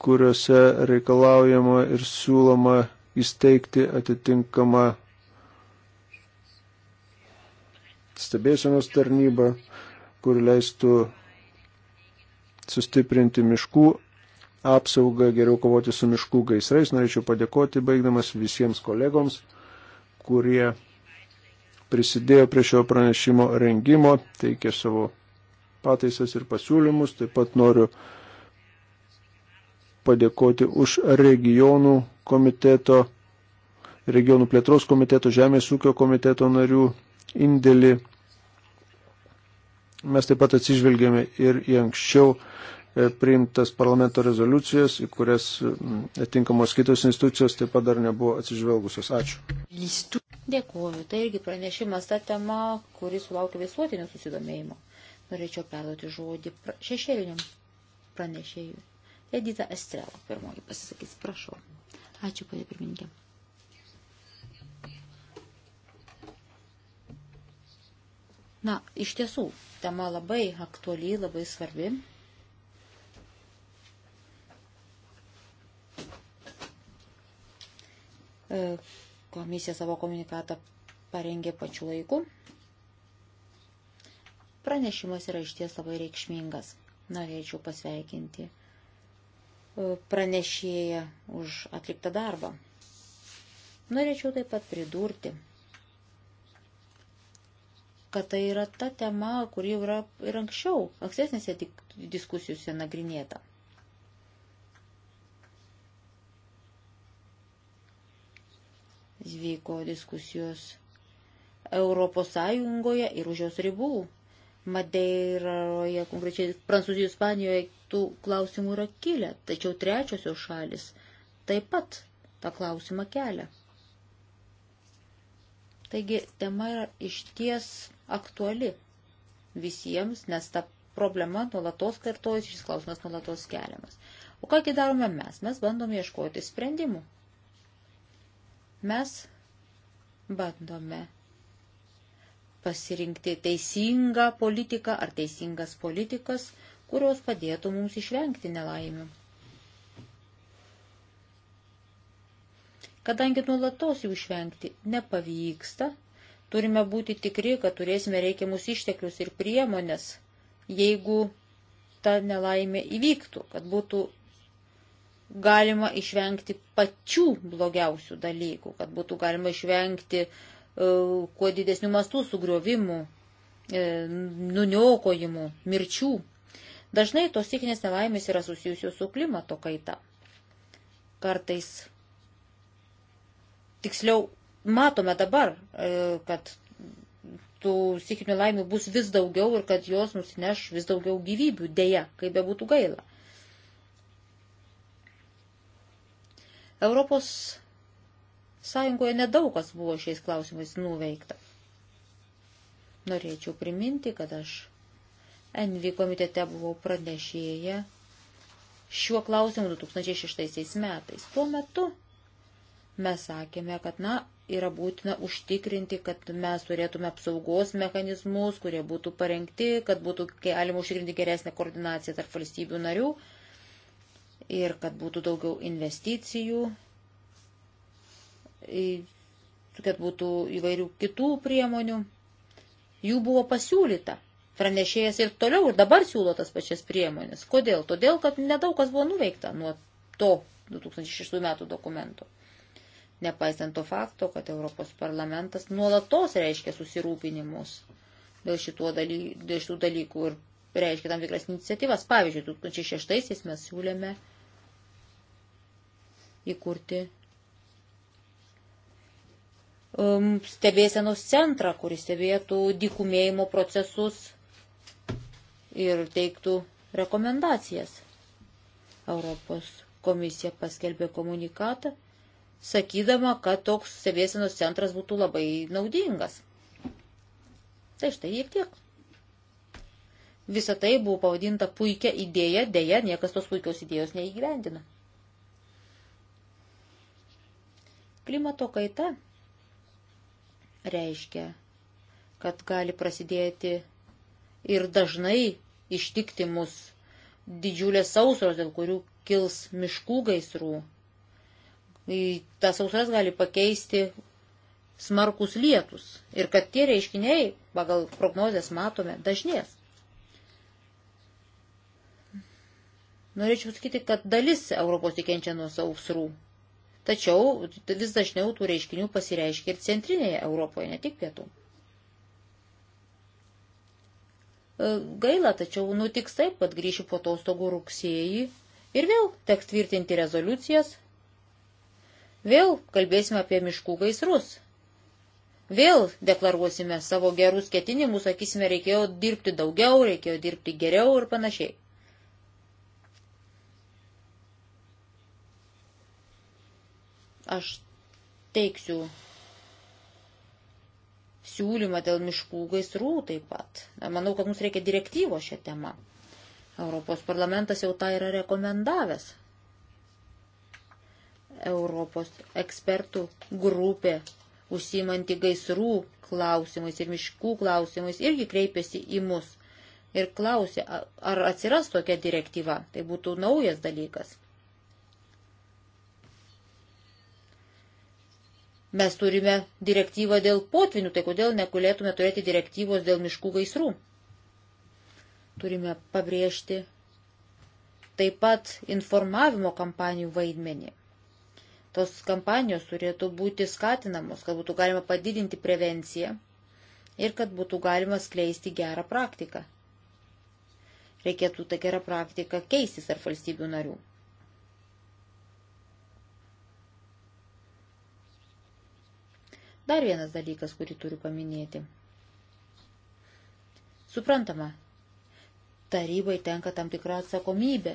kuriuose reikalaujama ir siūloma įsteigti atitinkamą stebėsenos tarnybą, kuri leistų sustiprinti miškų apsaugą, geriau kovoti su miškų gaisrais. Norėčiau padėkoti baigdamas visiems kolegoms, kurie prisidėjo prie šio pranešimo rengimo, teikė savo pataisas ir pasiūlymus. Taip pat noriu padėkoti už regionų komiteto, regionų plėtros komiteto, žemės ūkio komiteto narių indėlį. Mes taip pat atsižvelgėme ir į anksčiau E, priimtas parlamento rezoliucijas, į kurias atinkamos kitos institucijos taip pat dar nebuvo atsižvelgusios. Ačiū. Dėkuoju. Tai irgi pranešimas ta tema, kuris sulaukia visuotinio susidomėjimo. Norėčiau perduoti žodį pra... šešėliniam pranešėjui. Edita Estrela pirmoji pasisakys. Prašau. Ačiū, ponė pirmininkė. Na, iš tiesų, tema labai aktuali, labai svarbi. E, komisija savo komunikatą parengė pačiu laiku. Pranešimas yra išties labai reikšmingas. Norėčiau pasveikinti e, pranešėją už atliktą darbą. Norėčiau taip pat pridurti, kad tai yra ta tema, kuri yra ir anksčiau, ankstesnėse diskusijose nagrinėta. vyko diskusijos Europos Sąjungoje ir už jos ribų. Madeiroje, konkrečiai Prancūzijoje, Ispanijoje tų klausimų yra kilę, tačiau trečiosios šalis taip pat tą klausimą kelia. Taigi tema yra išties aktuali visiems, nes ta problema nuolatos kartojasi, šis klausimas nuolatos keliamas. O kągi darome mes? Mes bandom ieškoti sprendimų. Mes bandome pasirinkti teisingą politiką ar teisingas politikas, kurios padėtų mums išvengti nelaimių. Kadangi nuolatos jų išvengti nepavyksta, turime būti tikri, kad turėsime reikiamus išteklius ir priemonės, jeigu ta nelaimė įvyktų, kad būtų galima išvengti pačių blogiausių dalykų, kad būtų galima išvengti e, kuo didesnių mastų sugriovimų, e, nuniokojimų, mirčių. Dažnai tos sėkinės nelaimės yra susijusios su klimato kaita. Kartais, tiksliau, matome dabar, e, kad tų sėkinių laimių bus vis daugiau ir kad jos nusineš vis daugiau gyvybių, dėja, kaip be būtų gaila. Europos Sąjungoje nedaug kas buvo šiais klausimais nuveikta. Norėčiau priminti, kad aš Envi komitete buvau pranešėję šiuo klausimu 2006 metais. Tuo metu mes sakėme, kad, na, yra būtina užtikrinti, kad mes turėtume apsaugos mechanizmus, kurie būtų parengti, kad būtų galima užtikrinti geresnę koordinaciją tarp valstybių narių ir kad būtų daugiau investicijų, kad būtų įvairių kitų priemonių. Jų buvo pasiūlyta. Pranešėjas ir toliau ir dabar siūlo tas pačias priemonės. Kodėl? Todėl, kad nedaug kas buvo nuveikta nuo to 2006 metų dokumento. Nepaisant to fakto, kad Europos parlamentas nuolatos reiškia susirūpinimus dėl, daly, dėl šitų dalykų ir reiškia tam tikras iniciatyvas. Pavyzdžiui, 2006 mes siūlėme uh, įkurti um, stebėsenos centrą, kuris stebėtų dikumėjimo procesus ir teiktų rekomendacijas. Europos komisija paskelbė komunikatą, sakydama, kad toks stebėsenos centras būtų labai naudingas. Tai štai ir tiek. Visą tai buvo pavadinta puikia idėja, dėja niekas tos puikios idėjos neįgyvendina. Klimato kaita reiškia, kad gali prasidėti ir dažnai ištikti mus didžiulės sausros, dėl kurių kils miškų gaisrų. Tas sausras gali pakeisti smarkus lietus ir kad tie reiškiniai, pagal prognozes matome, dažnės. Norėčiau sakyti, kad dalis Europos tikenčia nuo sausrų. Tačiau vis dažniau tų reiškinių pasireiškia ir centrinėje Europoje, ne tik pietų. E, gaila, tačiau nutiks taip, kad grįšiu po atostogų rugsėjį ir vėl teks tvirtinti rezoliucijas. Vėl kalbėsime apie miškų gaisrus. Vėl deklaruosime savo gerus ketinimus, sakysime, reikėjo dirbti daugiau, reikėjo dirbti geriau ir panašiai. Aš teiksiu siūlymą dėl miškų gaisrų taip pat. Manau, kad mums reikia direktyvo šią temą. Europos parlamentas jau tą yra rekomendavęs. Europos ekspertų grupė užsimanti gaisrų klausimais ir miškų klausimais irgi kreipėsi į mus ir klausė, ar atsiras tokia direktyva. Tai būtų naujas dalykas. Mes turime direktyvą dėl potvinių, tai kodėl negalėtume turėti direktyvos dėl miškų gaisrų? Turime pabrėžti taip pat informavimo kampanijų vaidmenį. Tos kampanijos turėtų būti skatinamos, kad būtų galima padidinti prevenciją ir kad būtų galima skleisti gerą praktiką. Reikėtų tą gerą praktiką keistis ar valstybių narių. Dar vienas dalykas, kurį turiu paminėti. Suprantama, tarybai tenka tam tikrą atsakomybę.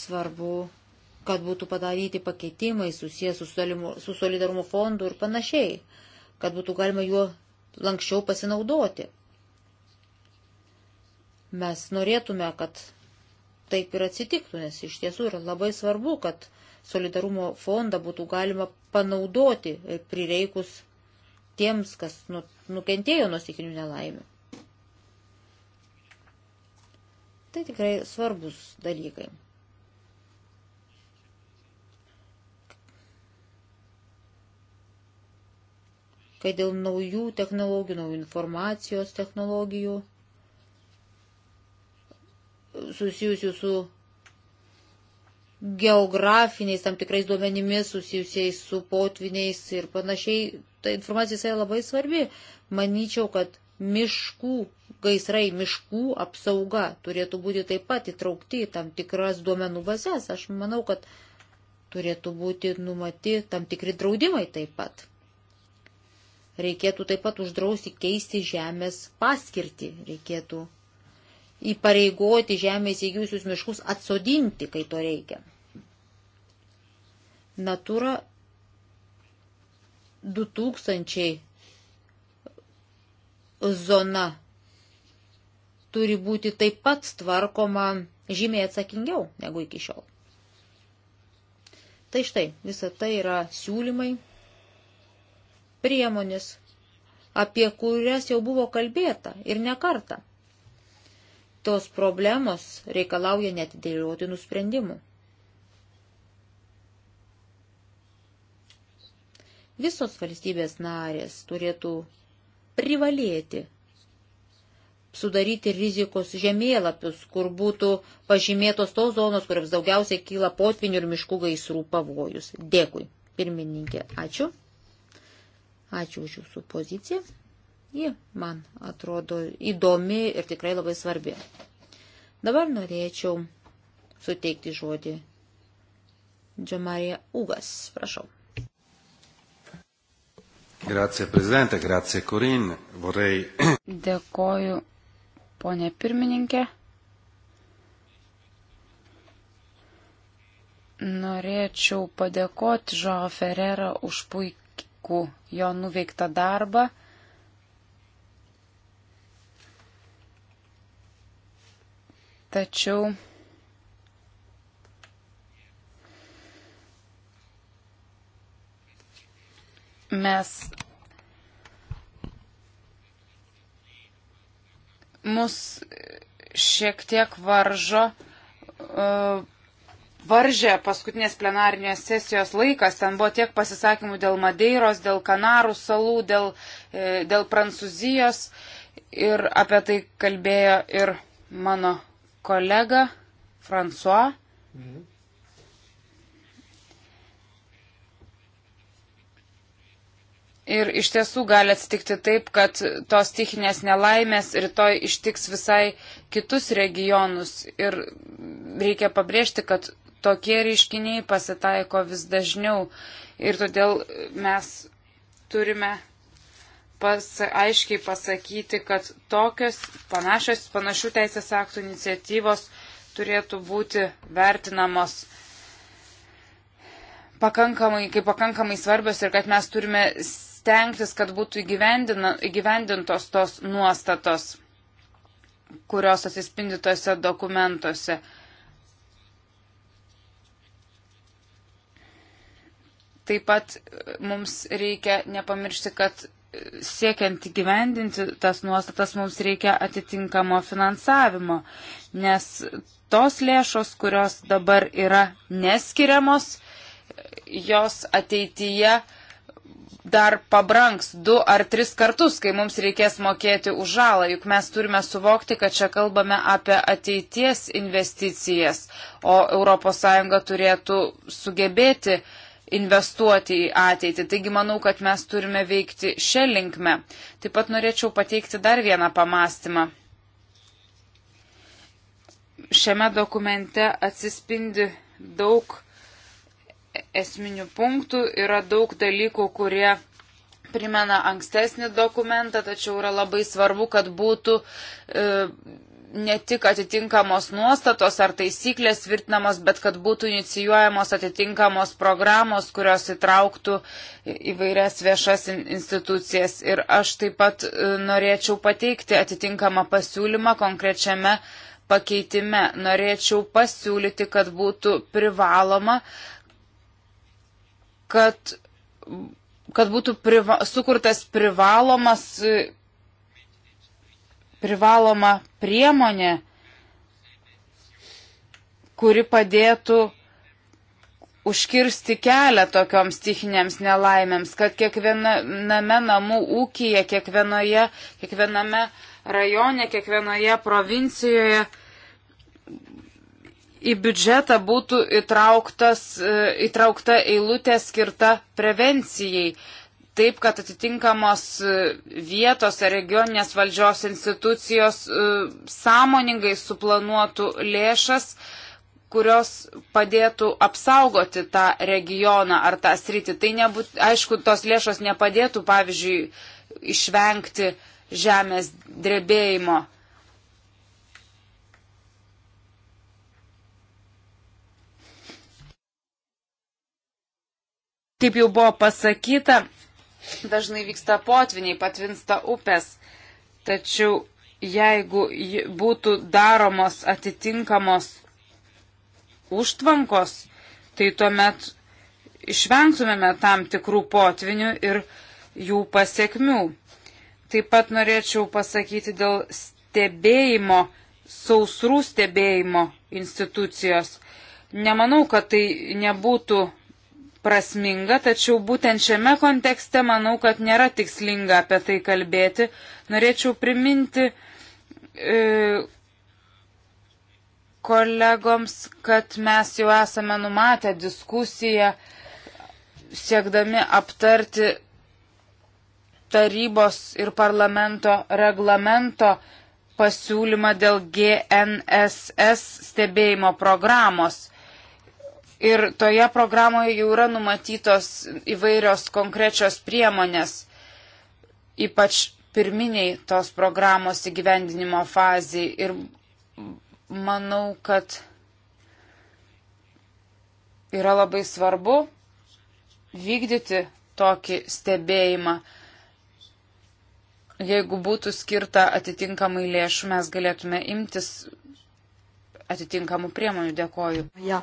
Svarbu, kad būtų padaryti pakeitimai susijęs su, su solidarumo fondu ir panašiai, kad būtų galima juo lankščiau pasinaudoti. Mes norėtume, kad taip ir atsitiktų, nes iš tiesų yra labai svarbu, kad solidarumo fondą būtų galima panaudoti prireikus tiems, kas nu, nukentėjo nuo stikinių nelaimių. Tai tikrai svarbus dalykai. Kai dėl naujų technologijų, naujų informacijos technologijų, susijusių su geografiniais tam tikrais duomenimis susijusiais su potviniais ir panašiai. Ta informacija yra labai svarbi. Manyčiau, kad miškų gaisrai, miškų apsauga turėtų būti taip pat įtraukti į tam tikras duomenų bazės. Aš manau, kad turėtų būti numati tam tikri draudimai taip pat. Reikėtų taip pat uždrausti keisti žemės paskirtį, reikėtų įpareigoti žemės įgyjusius miškus atsodinti, kai to reikia. Natura 2000 zona turi būti taip pat tvarkoma žymiai atsakingiau negu iki šiol. Tai štai, visa tai yra siūlymai, priemonės, apie kurias jau buvo kalbėta ir ne kartą tos problemos reikalauja netidėliotinų sprendimų. Visos valstybės narės turėtų privalėti sudaryti rizikos žemėlapius, kur būtų pažymėtos tos zonos, kuriams daugiausiai kyla potvinių ir miškų gaisrų pavojus. Dėkui, pirmininkė. Ačiū. Ačiū už jūsų poziciją. Ji man atrodo įdomi ir tikrai labai svarbi. Dabar norėčiau suteikti žodį Džamarija Ugas. Prašau. Grazie, prezidente, grazie, Korin. Vorrei... Dėkoju, ponė pirmininkė. Norėčiau padėkoti Žao Ferrerą už puikų jo nuveiktą darbą Tačiau mes mus šiek tiek varžo, e, varžė paskutinės plenarinės sesijos laikas, ten buvo tiek pasisakymų dėl Madeiros, dėl Kanarų salų, dėl, e, dėl Prancūzijos ir apie tai kalbėjo ir mano kolegą François. Mhm. Ir iš tiesų gali atsitikti taip, kad tos stichinės nelaimės rytoj ištiks visai kitus regionus. Ir reikia pabrėžti, kad tokie reiškiniai pasitaiko vis dažniau. Ir todėl mes turime pas, aiškiai pasakyti, kad tokios panašios, panašių teisės aktų iniciatyvos turėtų būti vertinamos pakankamai, kaip pakankamai svarbios ir kad mes turime stengtis, kad būtų įgyvendintos tos nuostatos, kurios atsispindi tose dokumentuose. Taip pat mums reikia nepamiršti, kad siekiant gyvendinti tas nuostatas mums reikia atitinkamo finansavimo, nes tos lėšos, kurios dabar yra neskiriamos, jos ateityje dar pabranks du ar tris kartus, kai mums reikės mokėti už žalą, juk mes turime suvokti, kad čia kalbame apie ateities investicijas, o ES turėtų sugebėti uh, investuoti į ateitį. Taigi manau, kad mes turime veikti šią linkmę. Taip pat norėčiau pateikti dar vieną pamastymą. Šiame dokumente atsispindi daug esminių punktų, yra daug dalykų, kurie primena ankstesnį dokumentą, tačiau yra labai svarbu, kad būtų e, ne tik atitinkamos nuostatos ar taisyklės tvirtinamos, bet kad būtų inicijuojamos atitinkamos programos, kurios įtrauktų įvairias viešas institucijas. Ir aš taip pat e, norėčiau pateikti atitinkamą pasiūlymą konkrečiame pakeitime. Norėčiau pasiūlyti, kad būtų privaloma, kad, kad būtų priva, sukurtas privalomas privaloma priemonė, kuri padėtų užkirsti kelią tokioms stichinėms nelaimėms, kad kiekviename namų ūkyje, kiekvienoje, kiekviename rajone, kiekvienoje provincijoje į biudžetą būtų įtrauktas, e, įtraukta eilutė skirta prevencijai taip, kad atitinkamos e, vietos ar regioninės valdžios institucijos e, sąmoningai suplanuotų lėšas, kurios padėtų apsaugoti tą regioną ar tą sritį. Tai nebūt, aišku, tos lėšos nepadėtų, pavyzdžiui, išvengti žemės drebėjimo. Kaip jau buvo pasakyta, dažnai vyksta potviniai, patvinsta upės. Tačiau jeigu būtų daromos atitinkamos užtvankos, tai tuomet išvengtumėme tam tikrų potvinių ir jų pasiekmių. Taip pat norėčiau pasakyti dėl stebėjimo, sausrų stebėjimo institucijos. Nemanau, kad tai nebūtų prasminga, tačiau būtent šiame kontekste manau, kad nėra tikslinga apie tai kalbėti. Norėčiau priminti e, kolegoms, kad mes jau esame numatę diskusiją siekdami aptarti tarybos ir parlamento reglamento pasiūlymą dėl GNSS stebėjimo programos. Ir toje programoje jau yra numatytos įvairios konkrečios priemonės, ypač pirminiai tos programos įgyvendinimo fazai. Ir manau, kad yra labai svarbu vykdyti tokį stebėjimą. Jeigu būtų skirta atitinkamai lėšų, mes galėtume imtis atitinkamų priemonių. Dėkoju. Ja.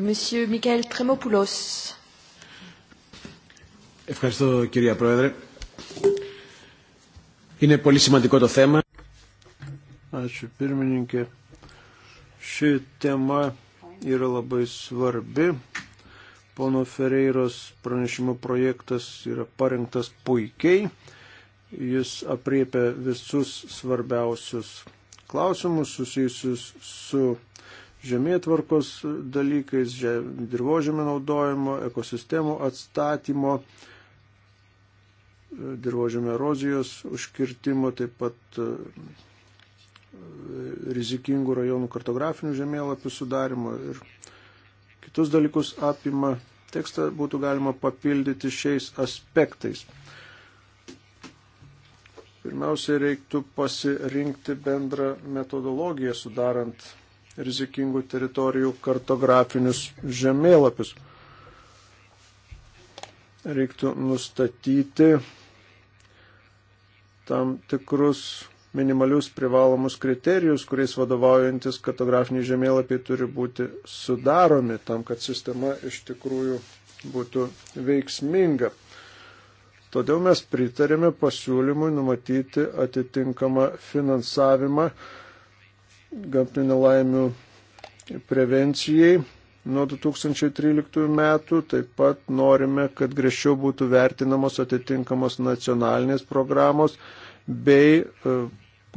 Monsieur Michael Tremopoulos. Ευχαριστώ κυρία Πρόεδρε. Είναι πολύ σημαντικό το θέμα. Ačiū pirmininkė. Ši tema yra labai svarbi. Pono Ferreiros pranešimo projektas yra parengtas puikiai. Jis apriepia visus svarbiausius klausimus susijusius su žemėtvarkos dalykais, dirbožėmio naudojimo, ekosistemų atstatymo, dirbožėmio erozijos užkirtimo, taip pat e, rizikingų rajonų kartografinių žemėlapių sudarimo ir kitus dalykus apima. Tekstą būtų galima papildyti šiais aspektais. Pirmiausia, reiktų pasirinkti bendrą metodologiją sudarant rizikingų teritorijų kartografinius žemėlapius. Reiktų nustatyti tam tikrus minimalius privalomus kriterijus, kuriais vadovaujantis kartografiniai žemėlapiai turi būti sudaromi tam, kad sistema iš tikrųjų būtų veiksminga. Todėl mes pritarėme pasiūlymui numatyti atitinkamą finansavimą gamtinių nelaimių prevencijai nuo 2013 metų. Taip pat norime, kad griežčiau būtų vertinamos atitinkamos nacionalinės programos bei e,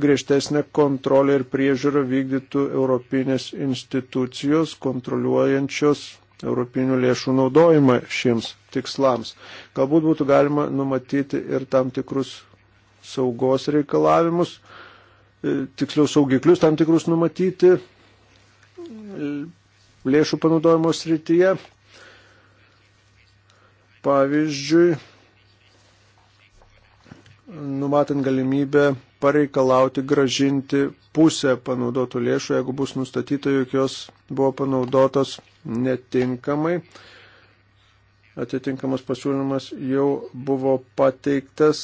griežtesnė kontrolė ir priežiūra vykdytų Europinės institucijos kontroliuojančios Europinių lėšų naudojimą šiems tikslams. Galbūt būtų galima numatyti ir tam tikrus saugos reikalavimus, E, tiksliau saugiklius tam tikrus numatyti e, lėšų panaudojimo srityje. Pavyzdžiui, numatant galimybę pareikalauti gražinti pusę panaudotų lėšų, jeigu bus nustatyta, jog jos buvo panaudotos netinkamai. Atitinkamas pasiūlymas jau buvo pateiktas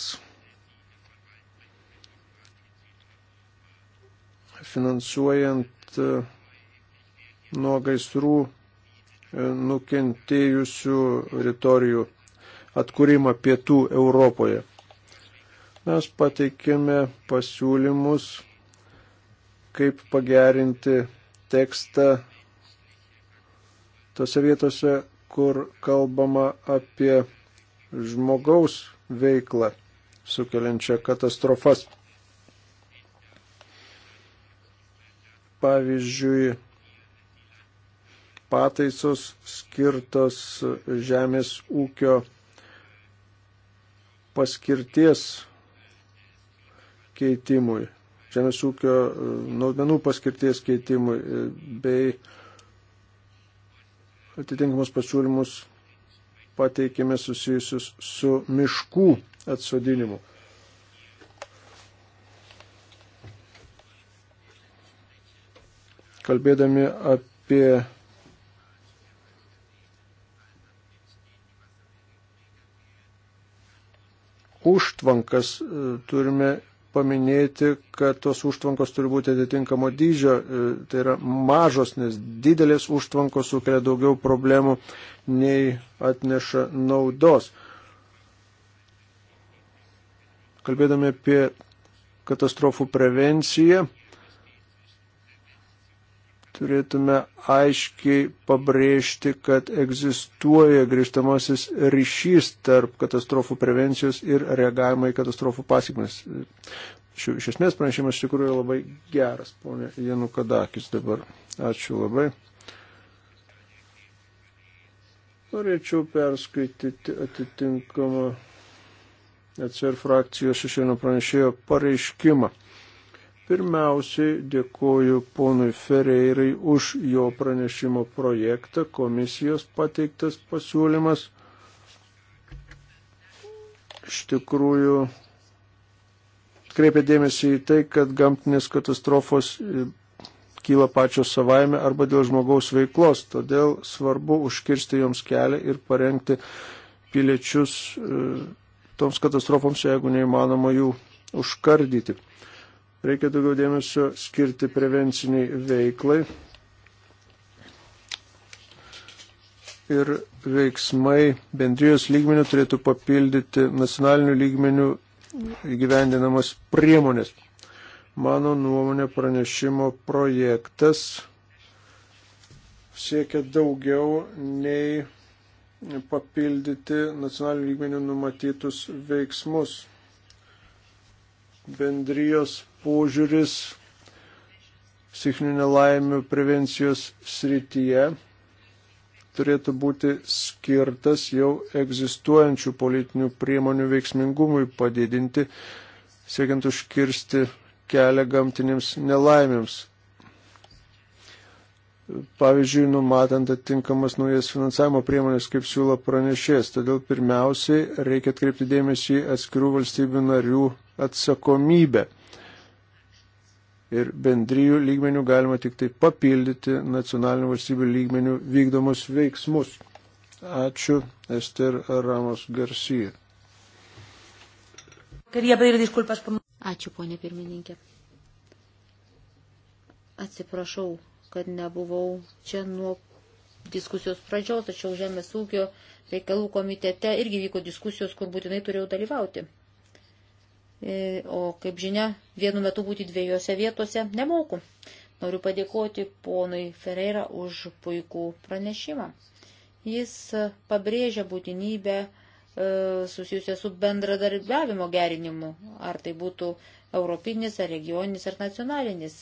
finansuojant e, nuo gaisrų e, nukentėjusių teritorijų atkūrimą pietų Europoje. Mes pateikėme pasiūlymus, kaip pagerinti tekstą tose vietose, kur kalbama apie žmogaus veiklą sukeliančią katastrofas. pavyzdžiui, pataisos skirtos žemės ūkio paskirties keitimui, žemės ūkio e, naudmenų paskirties keitimui e, bei atitinkamus pasiūlymus pateikėme susijusius su miškų atsodinimu. kalbėdami apie užtvankas, e, turime paminėti, kad tos užtvankos turi būti atitinkamo dydžio, e, tai yra mažos, nes didelės užtvankos sukelia daugiau problemų nei atneša naudos. Kalbėdami apie katastrofų prevenciją, turėtume aiškiai pabrėžti, kad egzistuoja grįžtamasis ryšys tarp katastrofų prevencijos ir reagavimo į katastrofų pasiekmes. Iš esmės pranešimas iš tikrųjų labai geras, ponė Janu Kadakis dabar. Ačiū labai. Norėčiau perskaityti atitinkamą ECR frakcijos šešėlio pranešėjo pareiškimą. Pirmiausiai dėkoju ponui Ferreirai už jo pranešimo projektą, komisijos pateiktas pasiūlymas. Iš tikrųjų, kreipia dėmesį į tai, kad gamtinės katastrofos e, kyla pačios savaime arba dėl žmogaus veiklos. Todėl svarbu užkirsti joms kelią ir parengti piliečius e, toms katastrofoms, jeigu neįmanoma jų užkardyti. Reikia daugiau dėmesio skirti prevenciniai veiklai. Ir veiksmai bendrijos lygmenių turėtų papildyti nacionalinių lygmenių įgyvendinamas priemonės. Mano nuomonė pranešimo projektas siekia daugiau nei papildyti nacionalinių lygmenių numatytus veiksmus. Bendrijos požiūris psichinių nelaimių prevencijos srityje turėtų būti skirtas jau egzistuojančių politinių priemonių veiksmingumui padidinti, siekiant užkirsti kelią gamtinėms nelaimėms. Pavyzdžiui, numatant atitinkamas naujas finansavimo priemonės, kaip siūlo pranešės. Todėl pirmiausiai reikia atkreipti dėmesį į atskirų valstybių narių atsakomybę ir bendryjų lygmenių galima tik tai papildyti nacionalinių valstybių lygmenių vykdomus veiksmus. Ačiū, Ester Ramos Garcija. Ačiū, ponė pirmininkė. Atsiprašau, kad nebuvau čia nuo diskusijos pradžios, tačiau Žemės ūkio reikalų komitete irgi vyko diskusijos, kur būtinai turėjau dalyvauti. E, o kaip žinia, vienu metu būti dviejose vietose nemoku. Noriu padėkoti ponui Ferreira už puikų pranešimą. Jis pabrėžia būtinybę e, susijusia su bendradarbiavimo gerinimu, ar tai būtų europinis, ar regioninis, ar nacionalinis.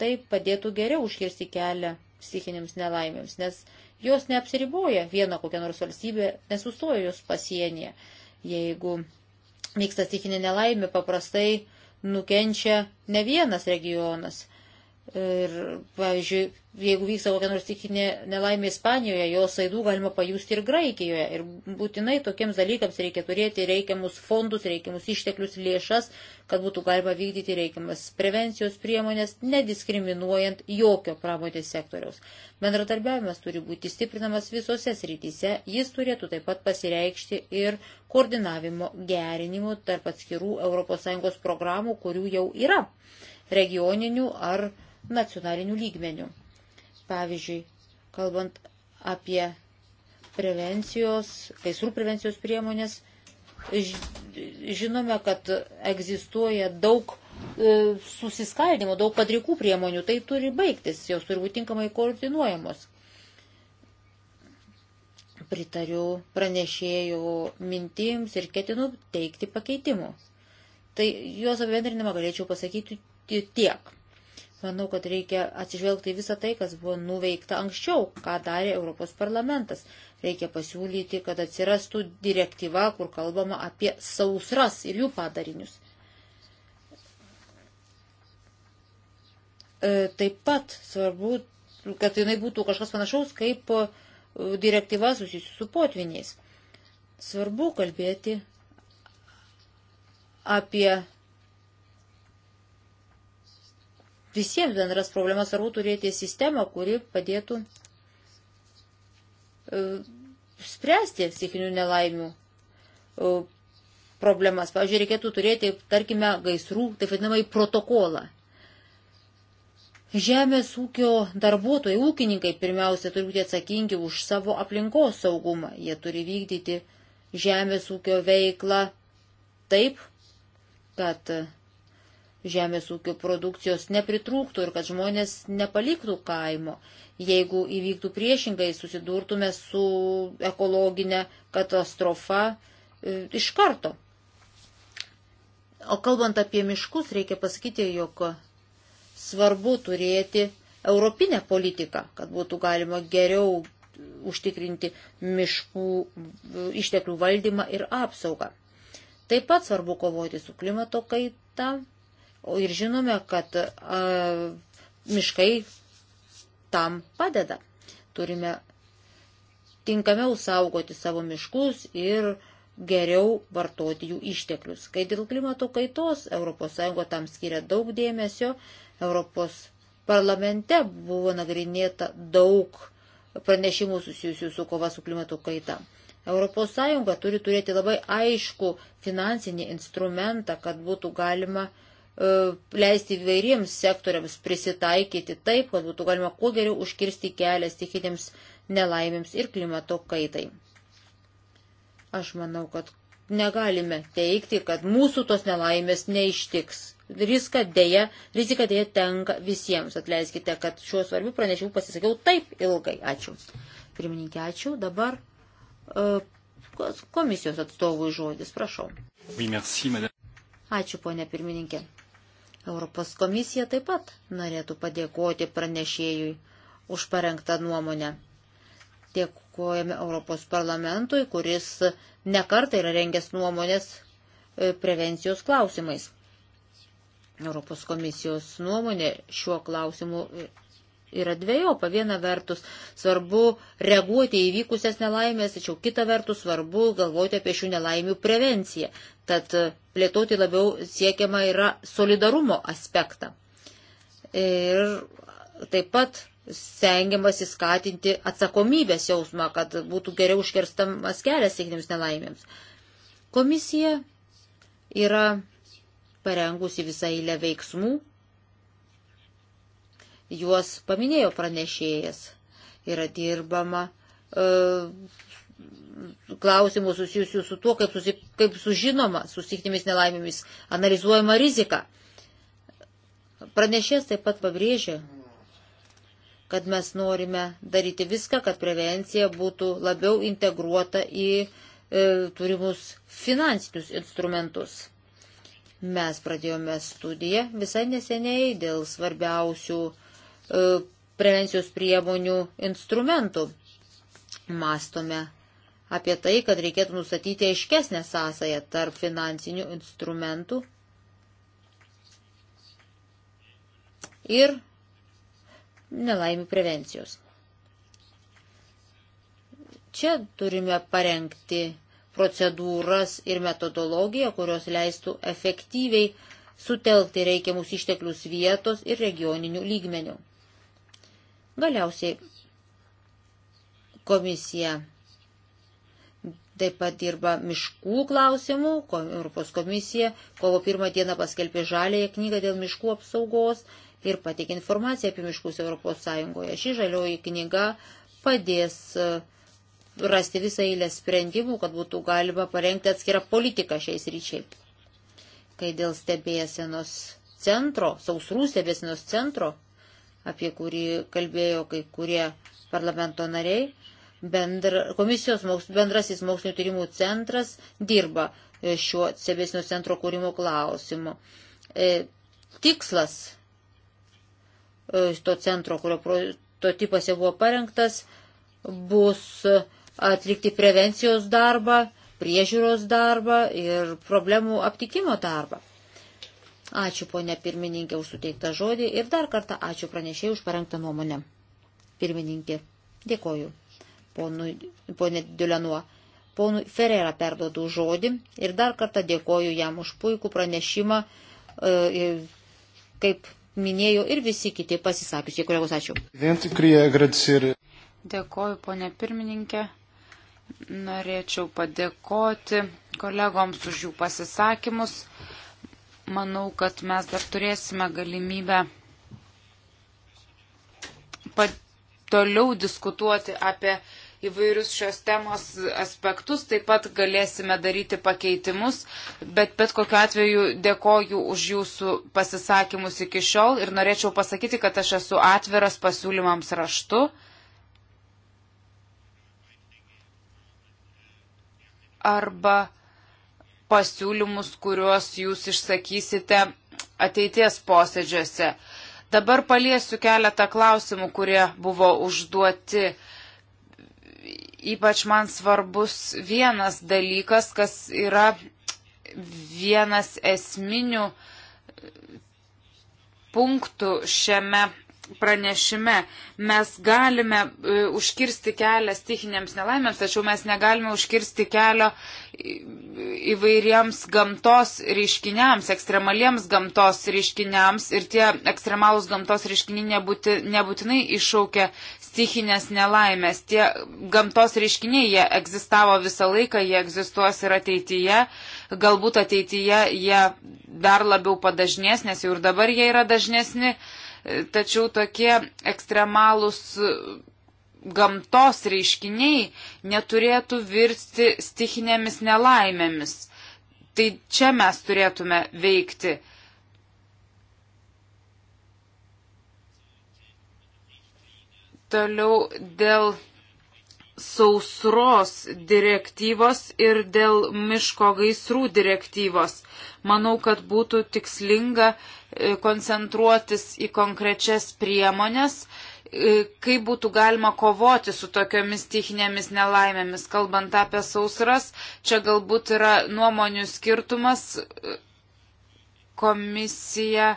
Tai padėtų geriau užkirsti kelią psichinėms nelaimėms, nes jos neapsiriboja viena kokia nors valstybė, nesustoja jos pasienyje. Jeigu vyksta stikinė nelaimė, paprastai nukenčia ne vienas regionas. Ir, pavyzdžiui, jeigu vyksta kokia nors tikinė nelaimė Ispanijoje, jos saidų galima pajusti ir Graikijoje. Ir būtinai tokiems dalykams reikia turėti reikiamus fondus, reikiamus išteklius, lėšas, kad būtų galima vykdyti reikiamas prevencijos priemonės, nediskriminuojant jokio pramonės sektoriaus. Bendradarbiavimas turi būti stiprinamas visose srityse, jis turėtų taip pat pasireikšti ir koordinavimo gerinimu tarp atskirų ES programų, kurių jau yra regioninių ar nacionalinių lygmenių. Pavyzdžiui, kalbant apie prevencijos, gaisrų prevencijos priemonės, žinome, kad egzistuoja daug e, susiskaldimo, daug padrikų priemonių, tai turi baigtis, jos turi būti tinkamai koordinuojamos. Pritariu pranešėjų mintims ir ketinu teikti pakeitimų. Tai juos apibendrinimą galėčiau pasakyti tiek. Manau, kad reikia atsižvelgti visą tai, kas buvo nuveikta anksčiau, ką darė Europos parlamentas. Reikia pasiūlyti, kad atsirastų direktyva, kur kalbama apie sausras ir jų padarinius. E, taip pat svarbu, kad jinai būtų kažkas panašaus kaip e, direktyva susijusi su potviniais. Svarbu kalbėti apie visiems bendras problemas, svarbu turėti sistemą, kuri padėtų e, spręsti psichinių nelaimių e, problemas. Pavyzdžiui, reikėtų turėti, tarkime, gaisrų, taip vadinamai, protokolą. Žemės ūkio darbuotojai, ūkininkai pirmiausia turi būti atsakingi už savo aplinkos saugumą. Jie turi vykdyti žemės ūkio veiklą taip, kad žemės ūkio produkcijos nepritrūktų ir kad žmonės nepaliktų kaimo. Jeigu įvyktų priešingai, susidurtume su ekologinė katastrofa e, iš karto. O kalbant apie miškus, reikia pasakyti, jog svarbu turėti europinę politiką, kad būtų galima geriau užtikrinti miškų e, išteklių valdymą ir apsaugą. Taip pat svarbu kovoti su klimato kaita ir žinome, kad a, miškai tam padeda. Turime tinkamiau saugoti savo miškus ir geriau vartoti jų išteklius. Kai dėl klimato kaitos ES tam skiria daug dėmesio, Europos parlamente buvo nagrinėta daug pranešimų susijusių su kova su klimato kaita. ES turi turėti labai aišku finansinį instrumentą, kad būtų galima uh, E, leisti įvairiems sektoriams prisitaikyti taip, kad būtų galima kuo geriau užkirsti kelią stikidėms nelaimėms ir klimato kaitai. Aš manau, kad negalime teikti, kad mūsų tos nelaimės neištiks. Riska dėja, rizika dėja tenka visiems. Atleiskite, kad šiuo svarbiu pranešimu pasisakiau taip ilgai. Ačiū. Pirmininkė, ačiū. Dabar uh, komisijos atstovui žodis. Prašau. Oui, merci, Ačiū, ponė pirmininkė. Europos komisija taip pat norėtų padėkoti pranešėjui už parengtą nuomonę. Dėkojame Europos parlamentui, kuris nekartai yra rengęs nuomonės e, prevencijos klausimais. Europos komisijos nuomonė šiuo klausimu e, yra dviejopa. Viena vertus svarbu reaguoti į vykusias nelaimės, tačiau kita vertus svarbu galvoti apie šių nelaimių prevenciją. Tad e, plėtoti labiau siekiama yra solidarumo aspektą. Ir taip pat stengiamas įskatinti atsakomybės jausmą, kad būtų geriau užkerstamas kelias sėkmėms nelaimėms. Komisija yra parengusi visą eilę veiksmų, juos paminėjo pranešėjas, yra dirbama e, klausimų susijusių su tuo, kaip, susi, kaip sužinoma susitiktimis nelaimėmis, analizuojama rizika. Pranešės taip pat pabrėžė, kad mes norime daryti viską, kad prevencija būtų labiau integruota į e, turimus finansinius instrumentus. Mes pradėjome studiją visai neseniai dėl svarbiausių e, prevencijos priemonių instrumentų. Mastome apie tai, kad reikėtų nustatyti aiškesnę sąsąją tarp finansinių instrumentų ir nelaimių prevencijos. Čia turime parengti procedūras ir metodologiją, kurios leistų efektyviai sutelkti reikiamus išteklius vietos ir regioninių lygmenių. Galiausiai komisija taip pat dirba miškų klausimų. Europos komisija kovo pirmą dieną paskelbė žalėje knygą dėl miškų apsaugos ir pateikė informaciją apie miškus Europos Sąjungoje. Ši žalioji knyga padės e, rasti visą eilę sprendimų, kad būtų galima parengti atskirą politiką šiais ryčiai. Kai dėl stebėsenos centro, sausrų stebėsenos centro, apie kurį kalbėjo kai kurie parlamento nariai, bendra, komisijos moks, bendrasis mokslinio tyrimų centras dirba e, šiuo stebėsinio centro kūrimo klausimu. E, tikslas e, to centro, kurio prototipas jau buvo parengtas, bus atlikti prevencijos darbą, priežiūros darbą ir problemų aptikimo darbą. Ačiū ponė pirmininkė už suteiktą žodį ir dar kartą ačiū pranešėjai už parengtą nuomonę. Pirmininkė, dėkoju ponė Diulenuo. Ponui Ferreira perduodu žodį ir dar kartą dėkoju jam už puikų pranešimą, e, kaip minėjo ir visi kiti pasisakiusiai kolegos. Ačiū. Dėkoju, ponė pirmininkė. Norėčiau padėkoti kolegoms už jų pasisakymus. Manau, kad mes dar turėsime galimybę toliau diskutuoti apie įvairius šios temos aspektus, taip pat galėsime daryti pakeitimus, bet bet kokiu atveju dėkoju už jūsų pasisakymus iki šiol ir norėčiau pasakyti, kad aš esu atviras pasiūlymams raštu. Arba pasiūlymus, kuriuos jūs išsakysite ateities posėdžiuose. Dabar paliesiu keletą klausimų, kurie buvo užduoti. Uh, ypač man svarbus vienas dalykas, kas yra vienas esminių punktų šiame pranešime. Mes galime e, užkirsti kelią stichinėms nelaimėms, tačiau mes negalime užkirsti kelio įvairiems gamtos reiškiniams, ekstremaliems gamtos reiškiniams ir tie ekstremalūs gamtos reiškiniai nebūti, nebūtinai iššaukia stichinės nelaimės. Tie gamtos reiškiniai, jie egzistavo visą laiką, jie egzistuos ir ateityje. Galbūt ateityje jie dar labiau padažnės, nes jau ir dabar jie yra dažnesni. Tačiau tokie ekstremalūs gamtos reiškiniai neturėtų virsti stichinėmis nelaimėmis. Tai čia mes turėtume veikti Toliau dėl sausros direktyvos ir dėl miško gaisrų direktyvos. Manau, kad būtų tikslinga e, koncentruotis į konkrečias priemonės, e, kaip būtų galima kovoti su tokiomis stichinėmis nelaimėmis. Kalbant apie sausras, čia galbūt yra nuomonių skirtumas. E, komisija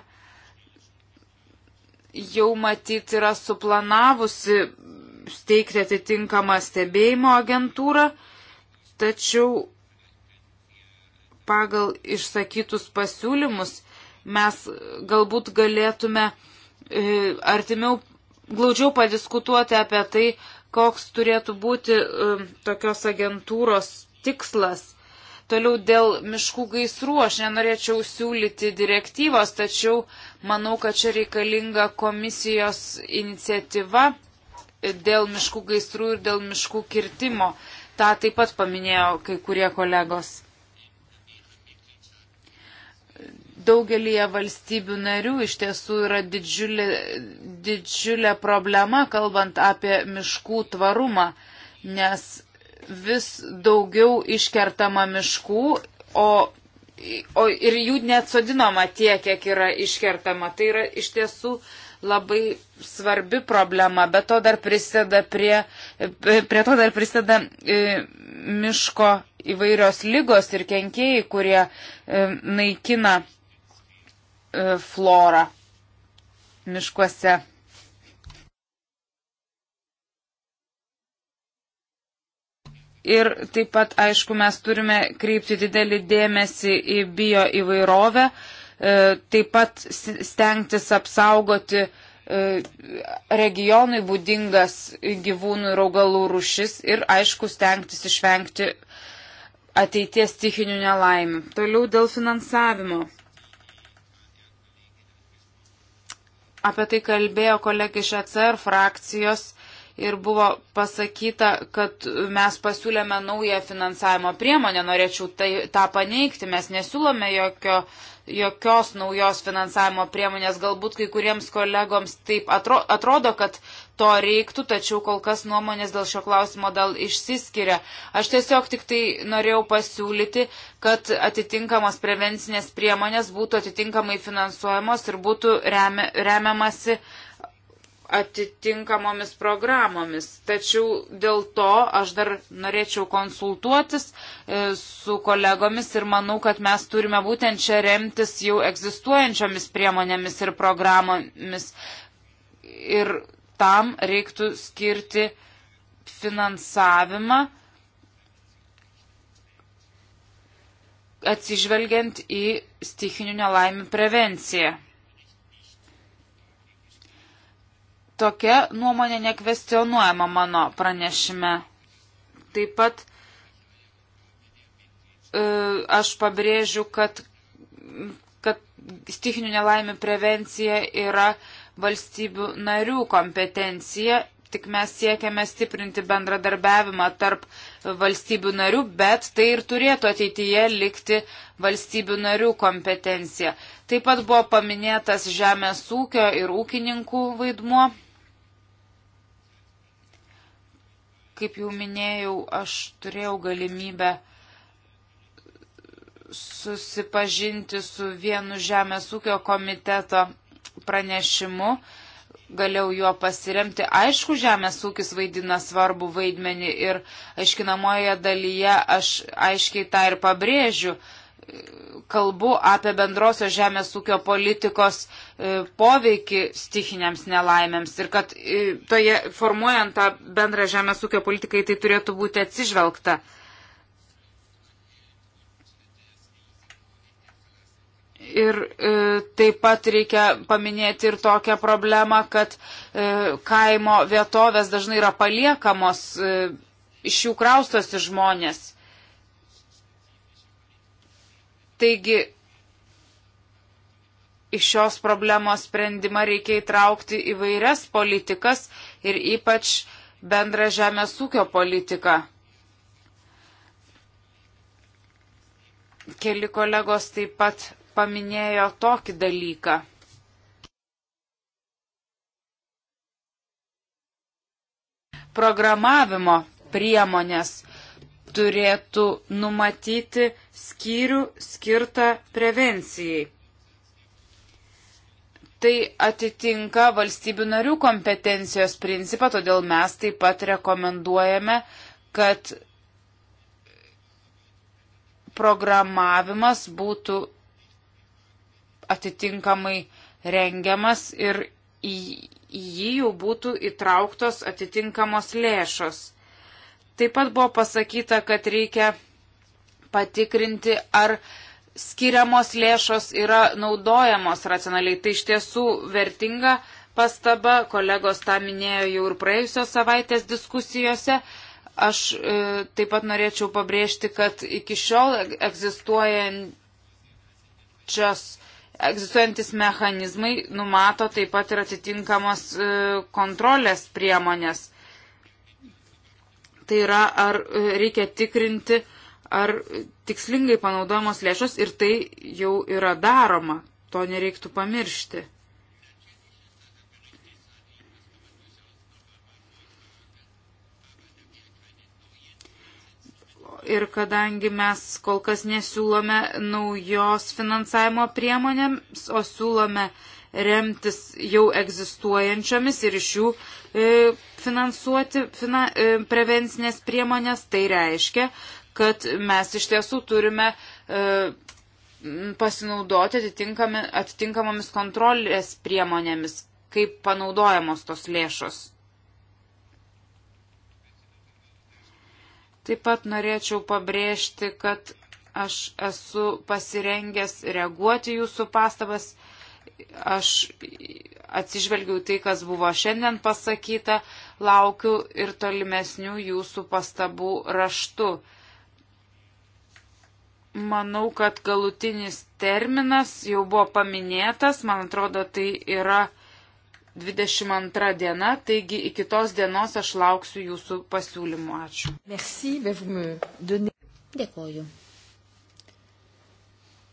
jau matyt yra suplanavusi steigti atitinkamą stebėjimo agentūrą, tačiau pagal išsakytus pasiūlymus mes galbūt galėtume e, artimiau, glaudžiau padiskutuoti apie tai, koks turėtų būti e, tokios agentūros tikslas Toliau dėl miškų gaisrų aš nenorėčiau siūlyti direktyvos, tačiau manau, kad čia reikalinga komisijos iniciatyva dėl miškų gaisrų ir dėl miškų kirtimo. Ta taip pat paminėjo kai kurie kolegos. Daugelį valstybių narių iš tiesų yra didžiulė, didžiulė problema, kalbant apie miškų tvarumą, nes vis daugiau iškertama miškų, o, o ir jų neatsodinama tiek, kiek yra iškertama. Tai yra iš tiesų labai svarbi problema, bet to dar prisideda prie, prie to dar prisideda e, miško įvairios lygos ir kenkėjai, kurie e, naikina e, florą miškuose. Ir taip pat, aišku, mes turime kreipti didelį dėmesį į bio įvairovę, e, taip pat stengtis apsaugoti e, regionui būdingas gyvūnų ir augalų rušis ir, aišku, stengtis išvengti ateities stichinių nelaimių. Toliau dėl finansavimo. Apie tai kalbėjo kolegė iš ACR e frakcijos ir buvo pasakyta, kad mes pasiūlėme naują finansavimo priemonę. Norėčiau tai, tą paneigti. Mes nesiūlome jokio, jokios naujos finansavimo priemonės. Galbūt kai kuriems kolegoms taip atro, atrodo, kad to reiktų, tačiau kol kas nuomonės dėl šio klausimo dal išsiskiria. Aš tiesiog tik tai norėjau pasiūlyti, kad atitinkamos prevencinės priemonės būtų atitinkamai finansuojamos ir būtų remi, remiamasi. Remia atitinkamomis programomis. Tačiau dėl to aš dar norėčiau konsultuotis e, su kolegomis ir manau, kad mes turime būtent čia remtis jau egzistuojančiomis priemonėmis ir programomis. Ir tam reiktų skirti finansavimą atsižvelgiant į stichinių nelaimių prevenciją. Tokia nuomonė nekvestionuojama mano pranešime. Taip pat e, aš pabrėžiu, kad, kad stichinių nelaimių prevencija yra valstybių narių kompetencija, tik mes siekiame stiprinti bendradarbiavimą tarp valstybių narių, bet tai ir turėtų ateityje likti valstybių narių kompetencija. Taip pat buvo paminėtas žemės ūkio ir ūkininkų vaidmuo. Kaip jau minėjau, aš turėjau galimybę susipažinti su vienu Žemės ūkio komiteto pranešimu, galėjau juo pasiremti. Aišku, žemės ūkis vaidina svarbu vaidmenį ir aiškinamoje dalyje aš aiškiai tą ir pabrėžiu. Kalbu apie bendrosios žemės ūkio politikos E, poveikį stichiniams nelaimėms ir kad e, toje formuojant tą bendrą žemės ūkio politikai tai turėtų būti atsižvelgta. Ir e, taip pat reikia paminėti ir tokią problemą, kad e, kaimo vietovės dažnai yra paliekamos, e, iš jų kraustosi žmonės. Taigi į šios problemos sprendimą reikia įtraukti įvairias politikas ir ypač bendrą žemės ūkio politiką. Keli kolegos taip pat paminėjo tokį dalyką. Programavimo priemonės turėtų numatyti skyrių skirtą prevencijai tai atitinka valstybių narių kompetencijos principą, todėl mes taip pat rekomenduojame, kad programavimas būtų atitinkamai rengiamas ir į jį jau būtų įtrauktos atitinkamos lėšos. Taip pat buvo pasakyta, kad reikia patikrinti, ar skiriamos lėšos yra naudojamos racionaliai. Tai iš tiesų vertinga pastaba, kolegos tą minėjo jau ir praėjusios savaitės diskusijose. Aš e, taip pat norėčiau pabrėžti, kad iki šiol egzistuojančios egzistuojantis mechanizmai numato taip pat ir atitinkamos e, kontrolės priemonės. Tai yra, ar e, reikia tikrinti, ar tikslingai panaudojamos lėšos ir tai jau yra daroma. To nereiktų pamiršti. ir kadangi mes kol kas nesiūlome naujos finansavimo priemonėms, o siūlome remtis jau egzistuojančiomis ir iš jų e, finansuoti fina, e, prevencinės priemonės. Tai reiškia, kad mes iš tiesų turime e, pasinaudoti atitinkamomis kontrolės priemonėmis, kaip panaudojamos tos lėšos. Taip pat norėčiau pabrėžti, kad aš esu pasirengęs reaguoti jūsų pastabas aš atsižvelgiau tai, kas buvo šiandien pasakyta, laukiu ir tolimesnių jūsų pastabų raštu. Manau, kad galutinis terminas jau buvo paminėtas, man atrodo, tai yra 22 diena, taigi iki tos dienos aš lauksiu jūsų pasiūlymų. Ačiū. Merci, Dėkoju.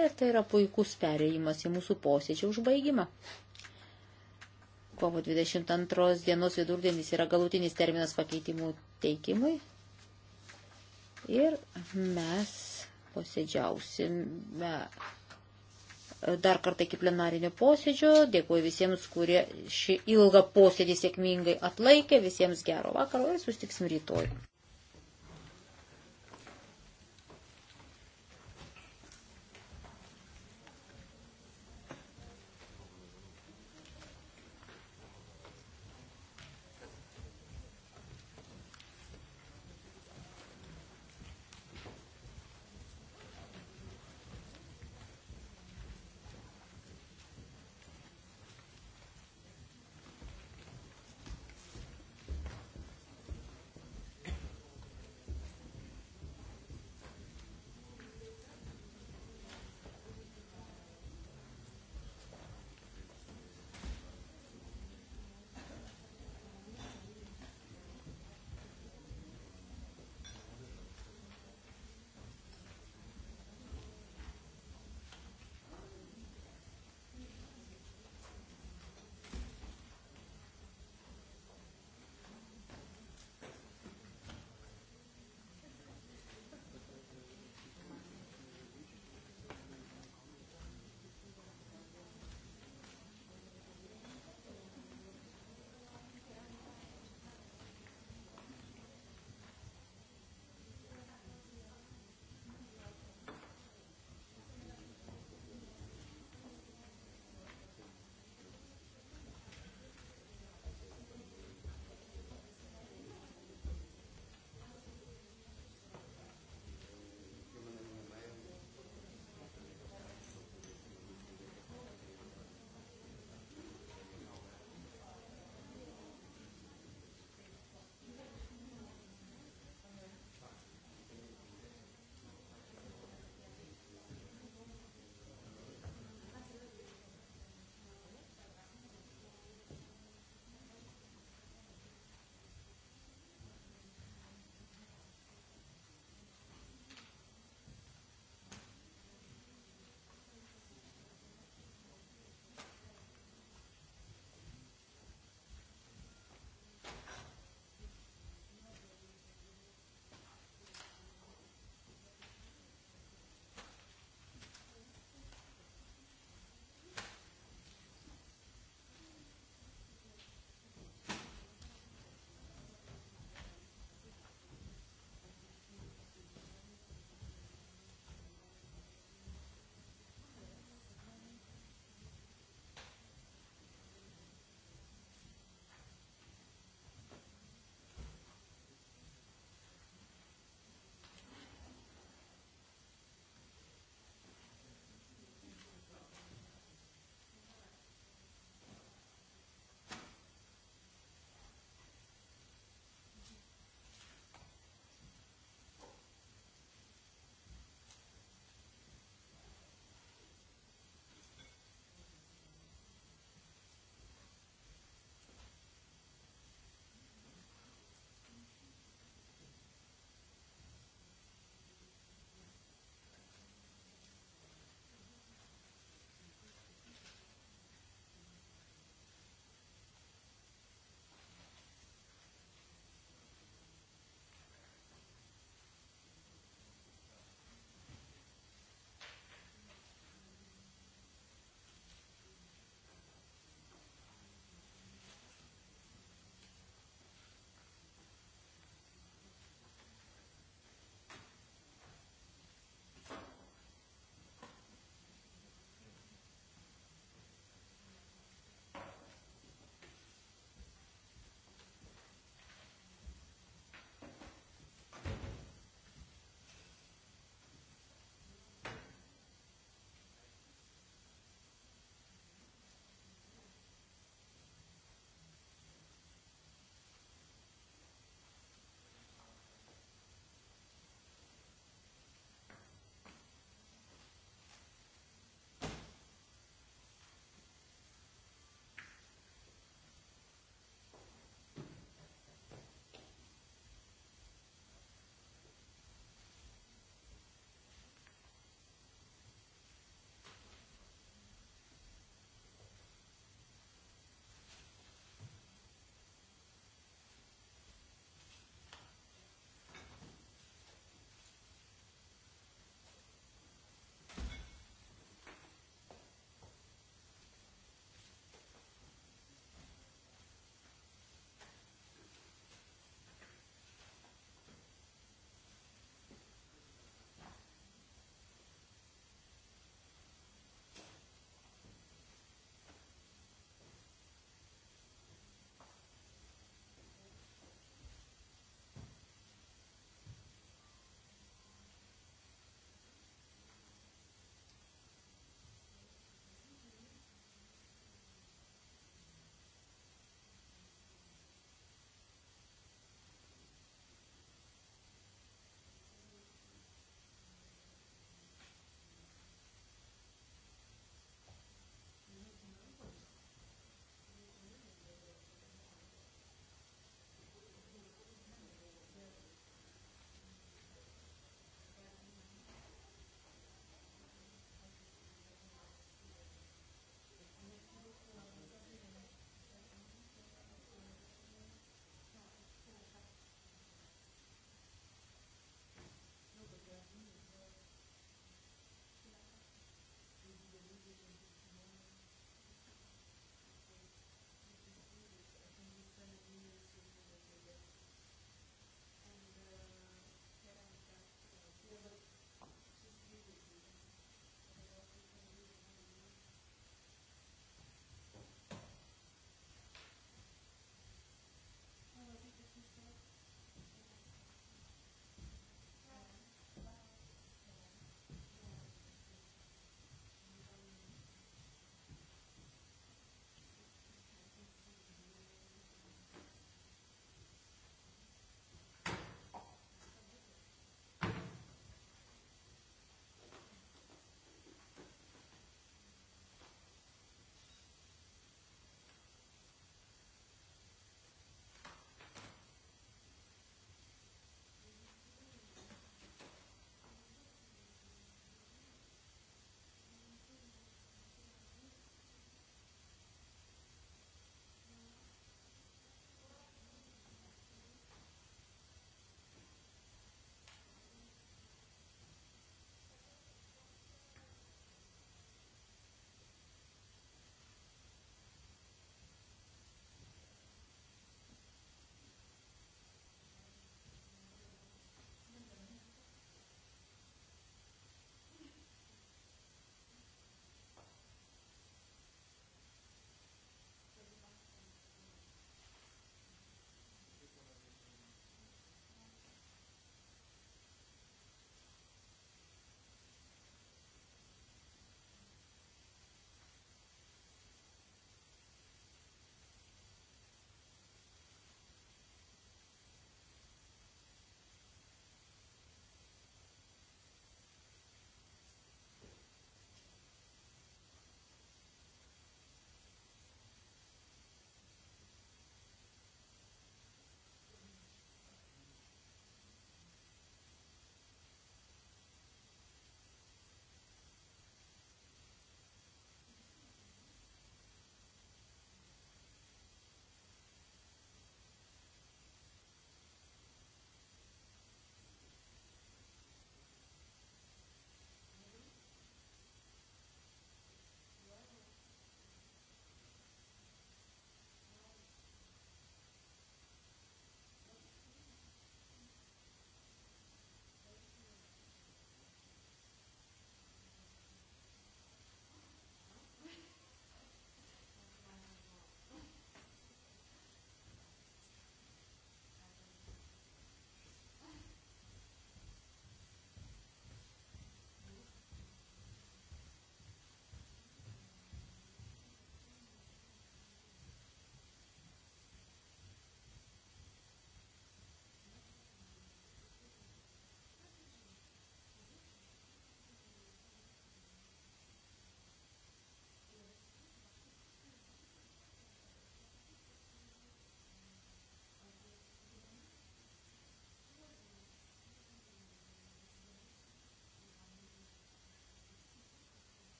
Ir tai yra puikus perėjimas į mūsų posėdžio užbaigimą. Kovo 22 dienos vidurdienis yra galutinis terminas pakeitimų teikimui. Ir mes posėdžiausime dar kartą iki plenarinio posėdžio. Dėkuoju visiems, kurie šį ilgą posėdį sėkmingai atlaikė. Visiems gero vakaro ir sustiksim rytoj.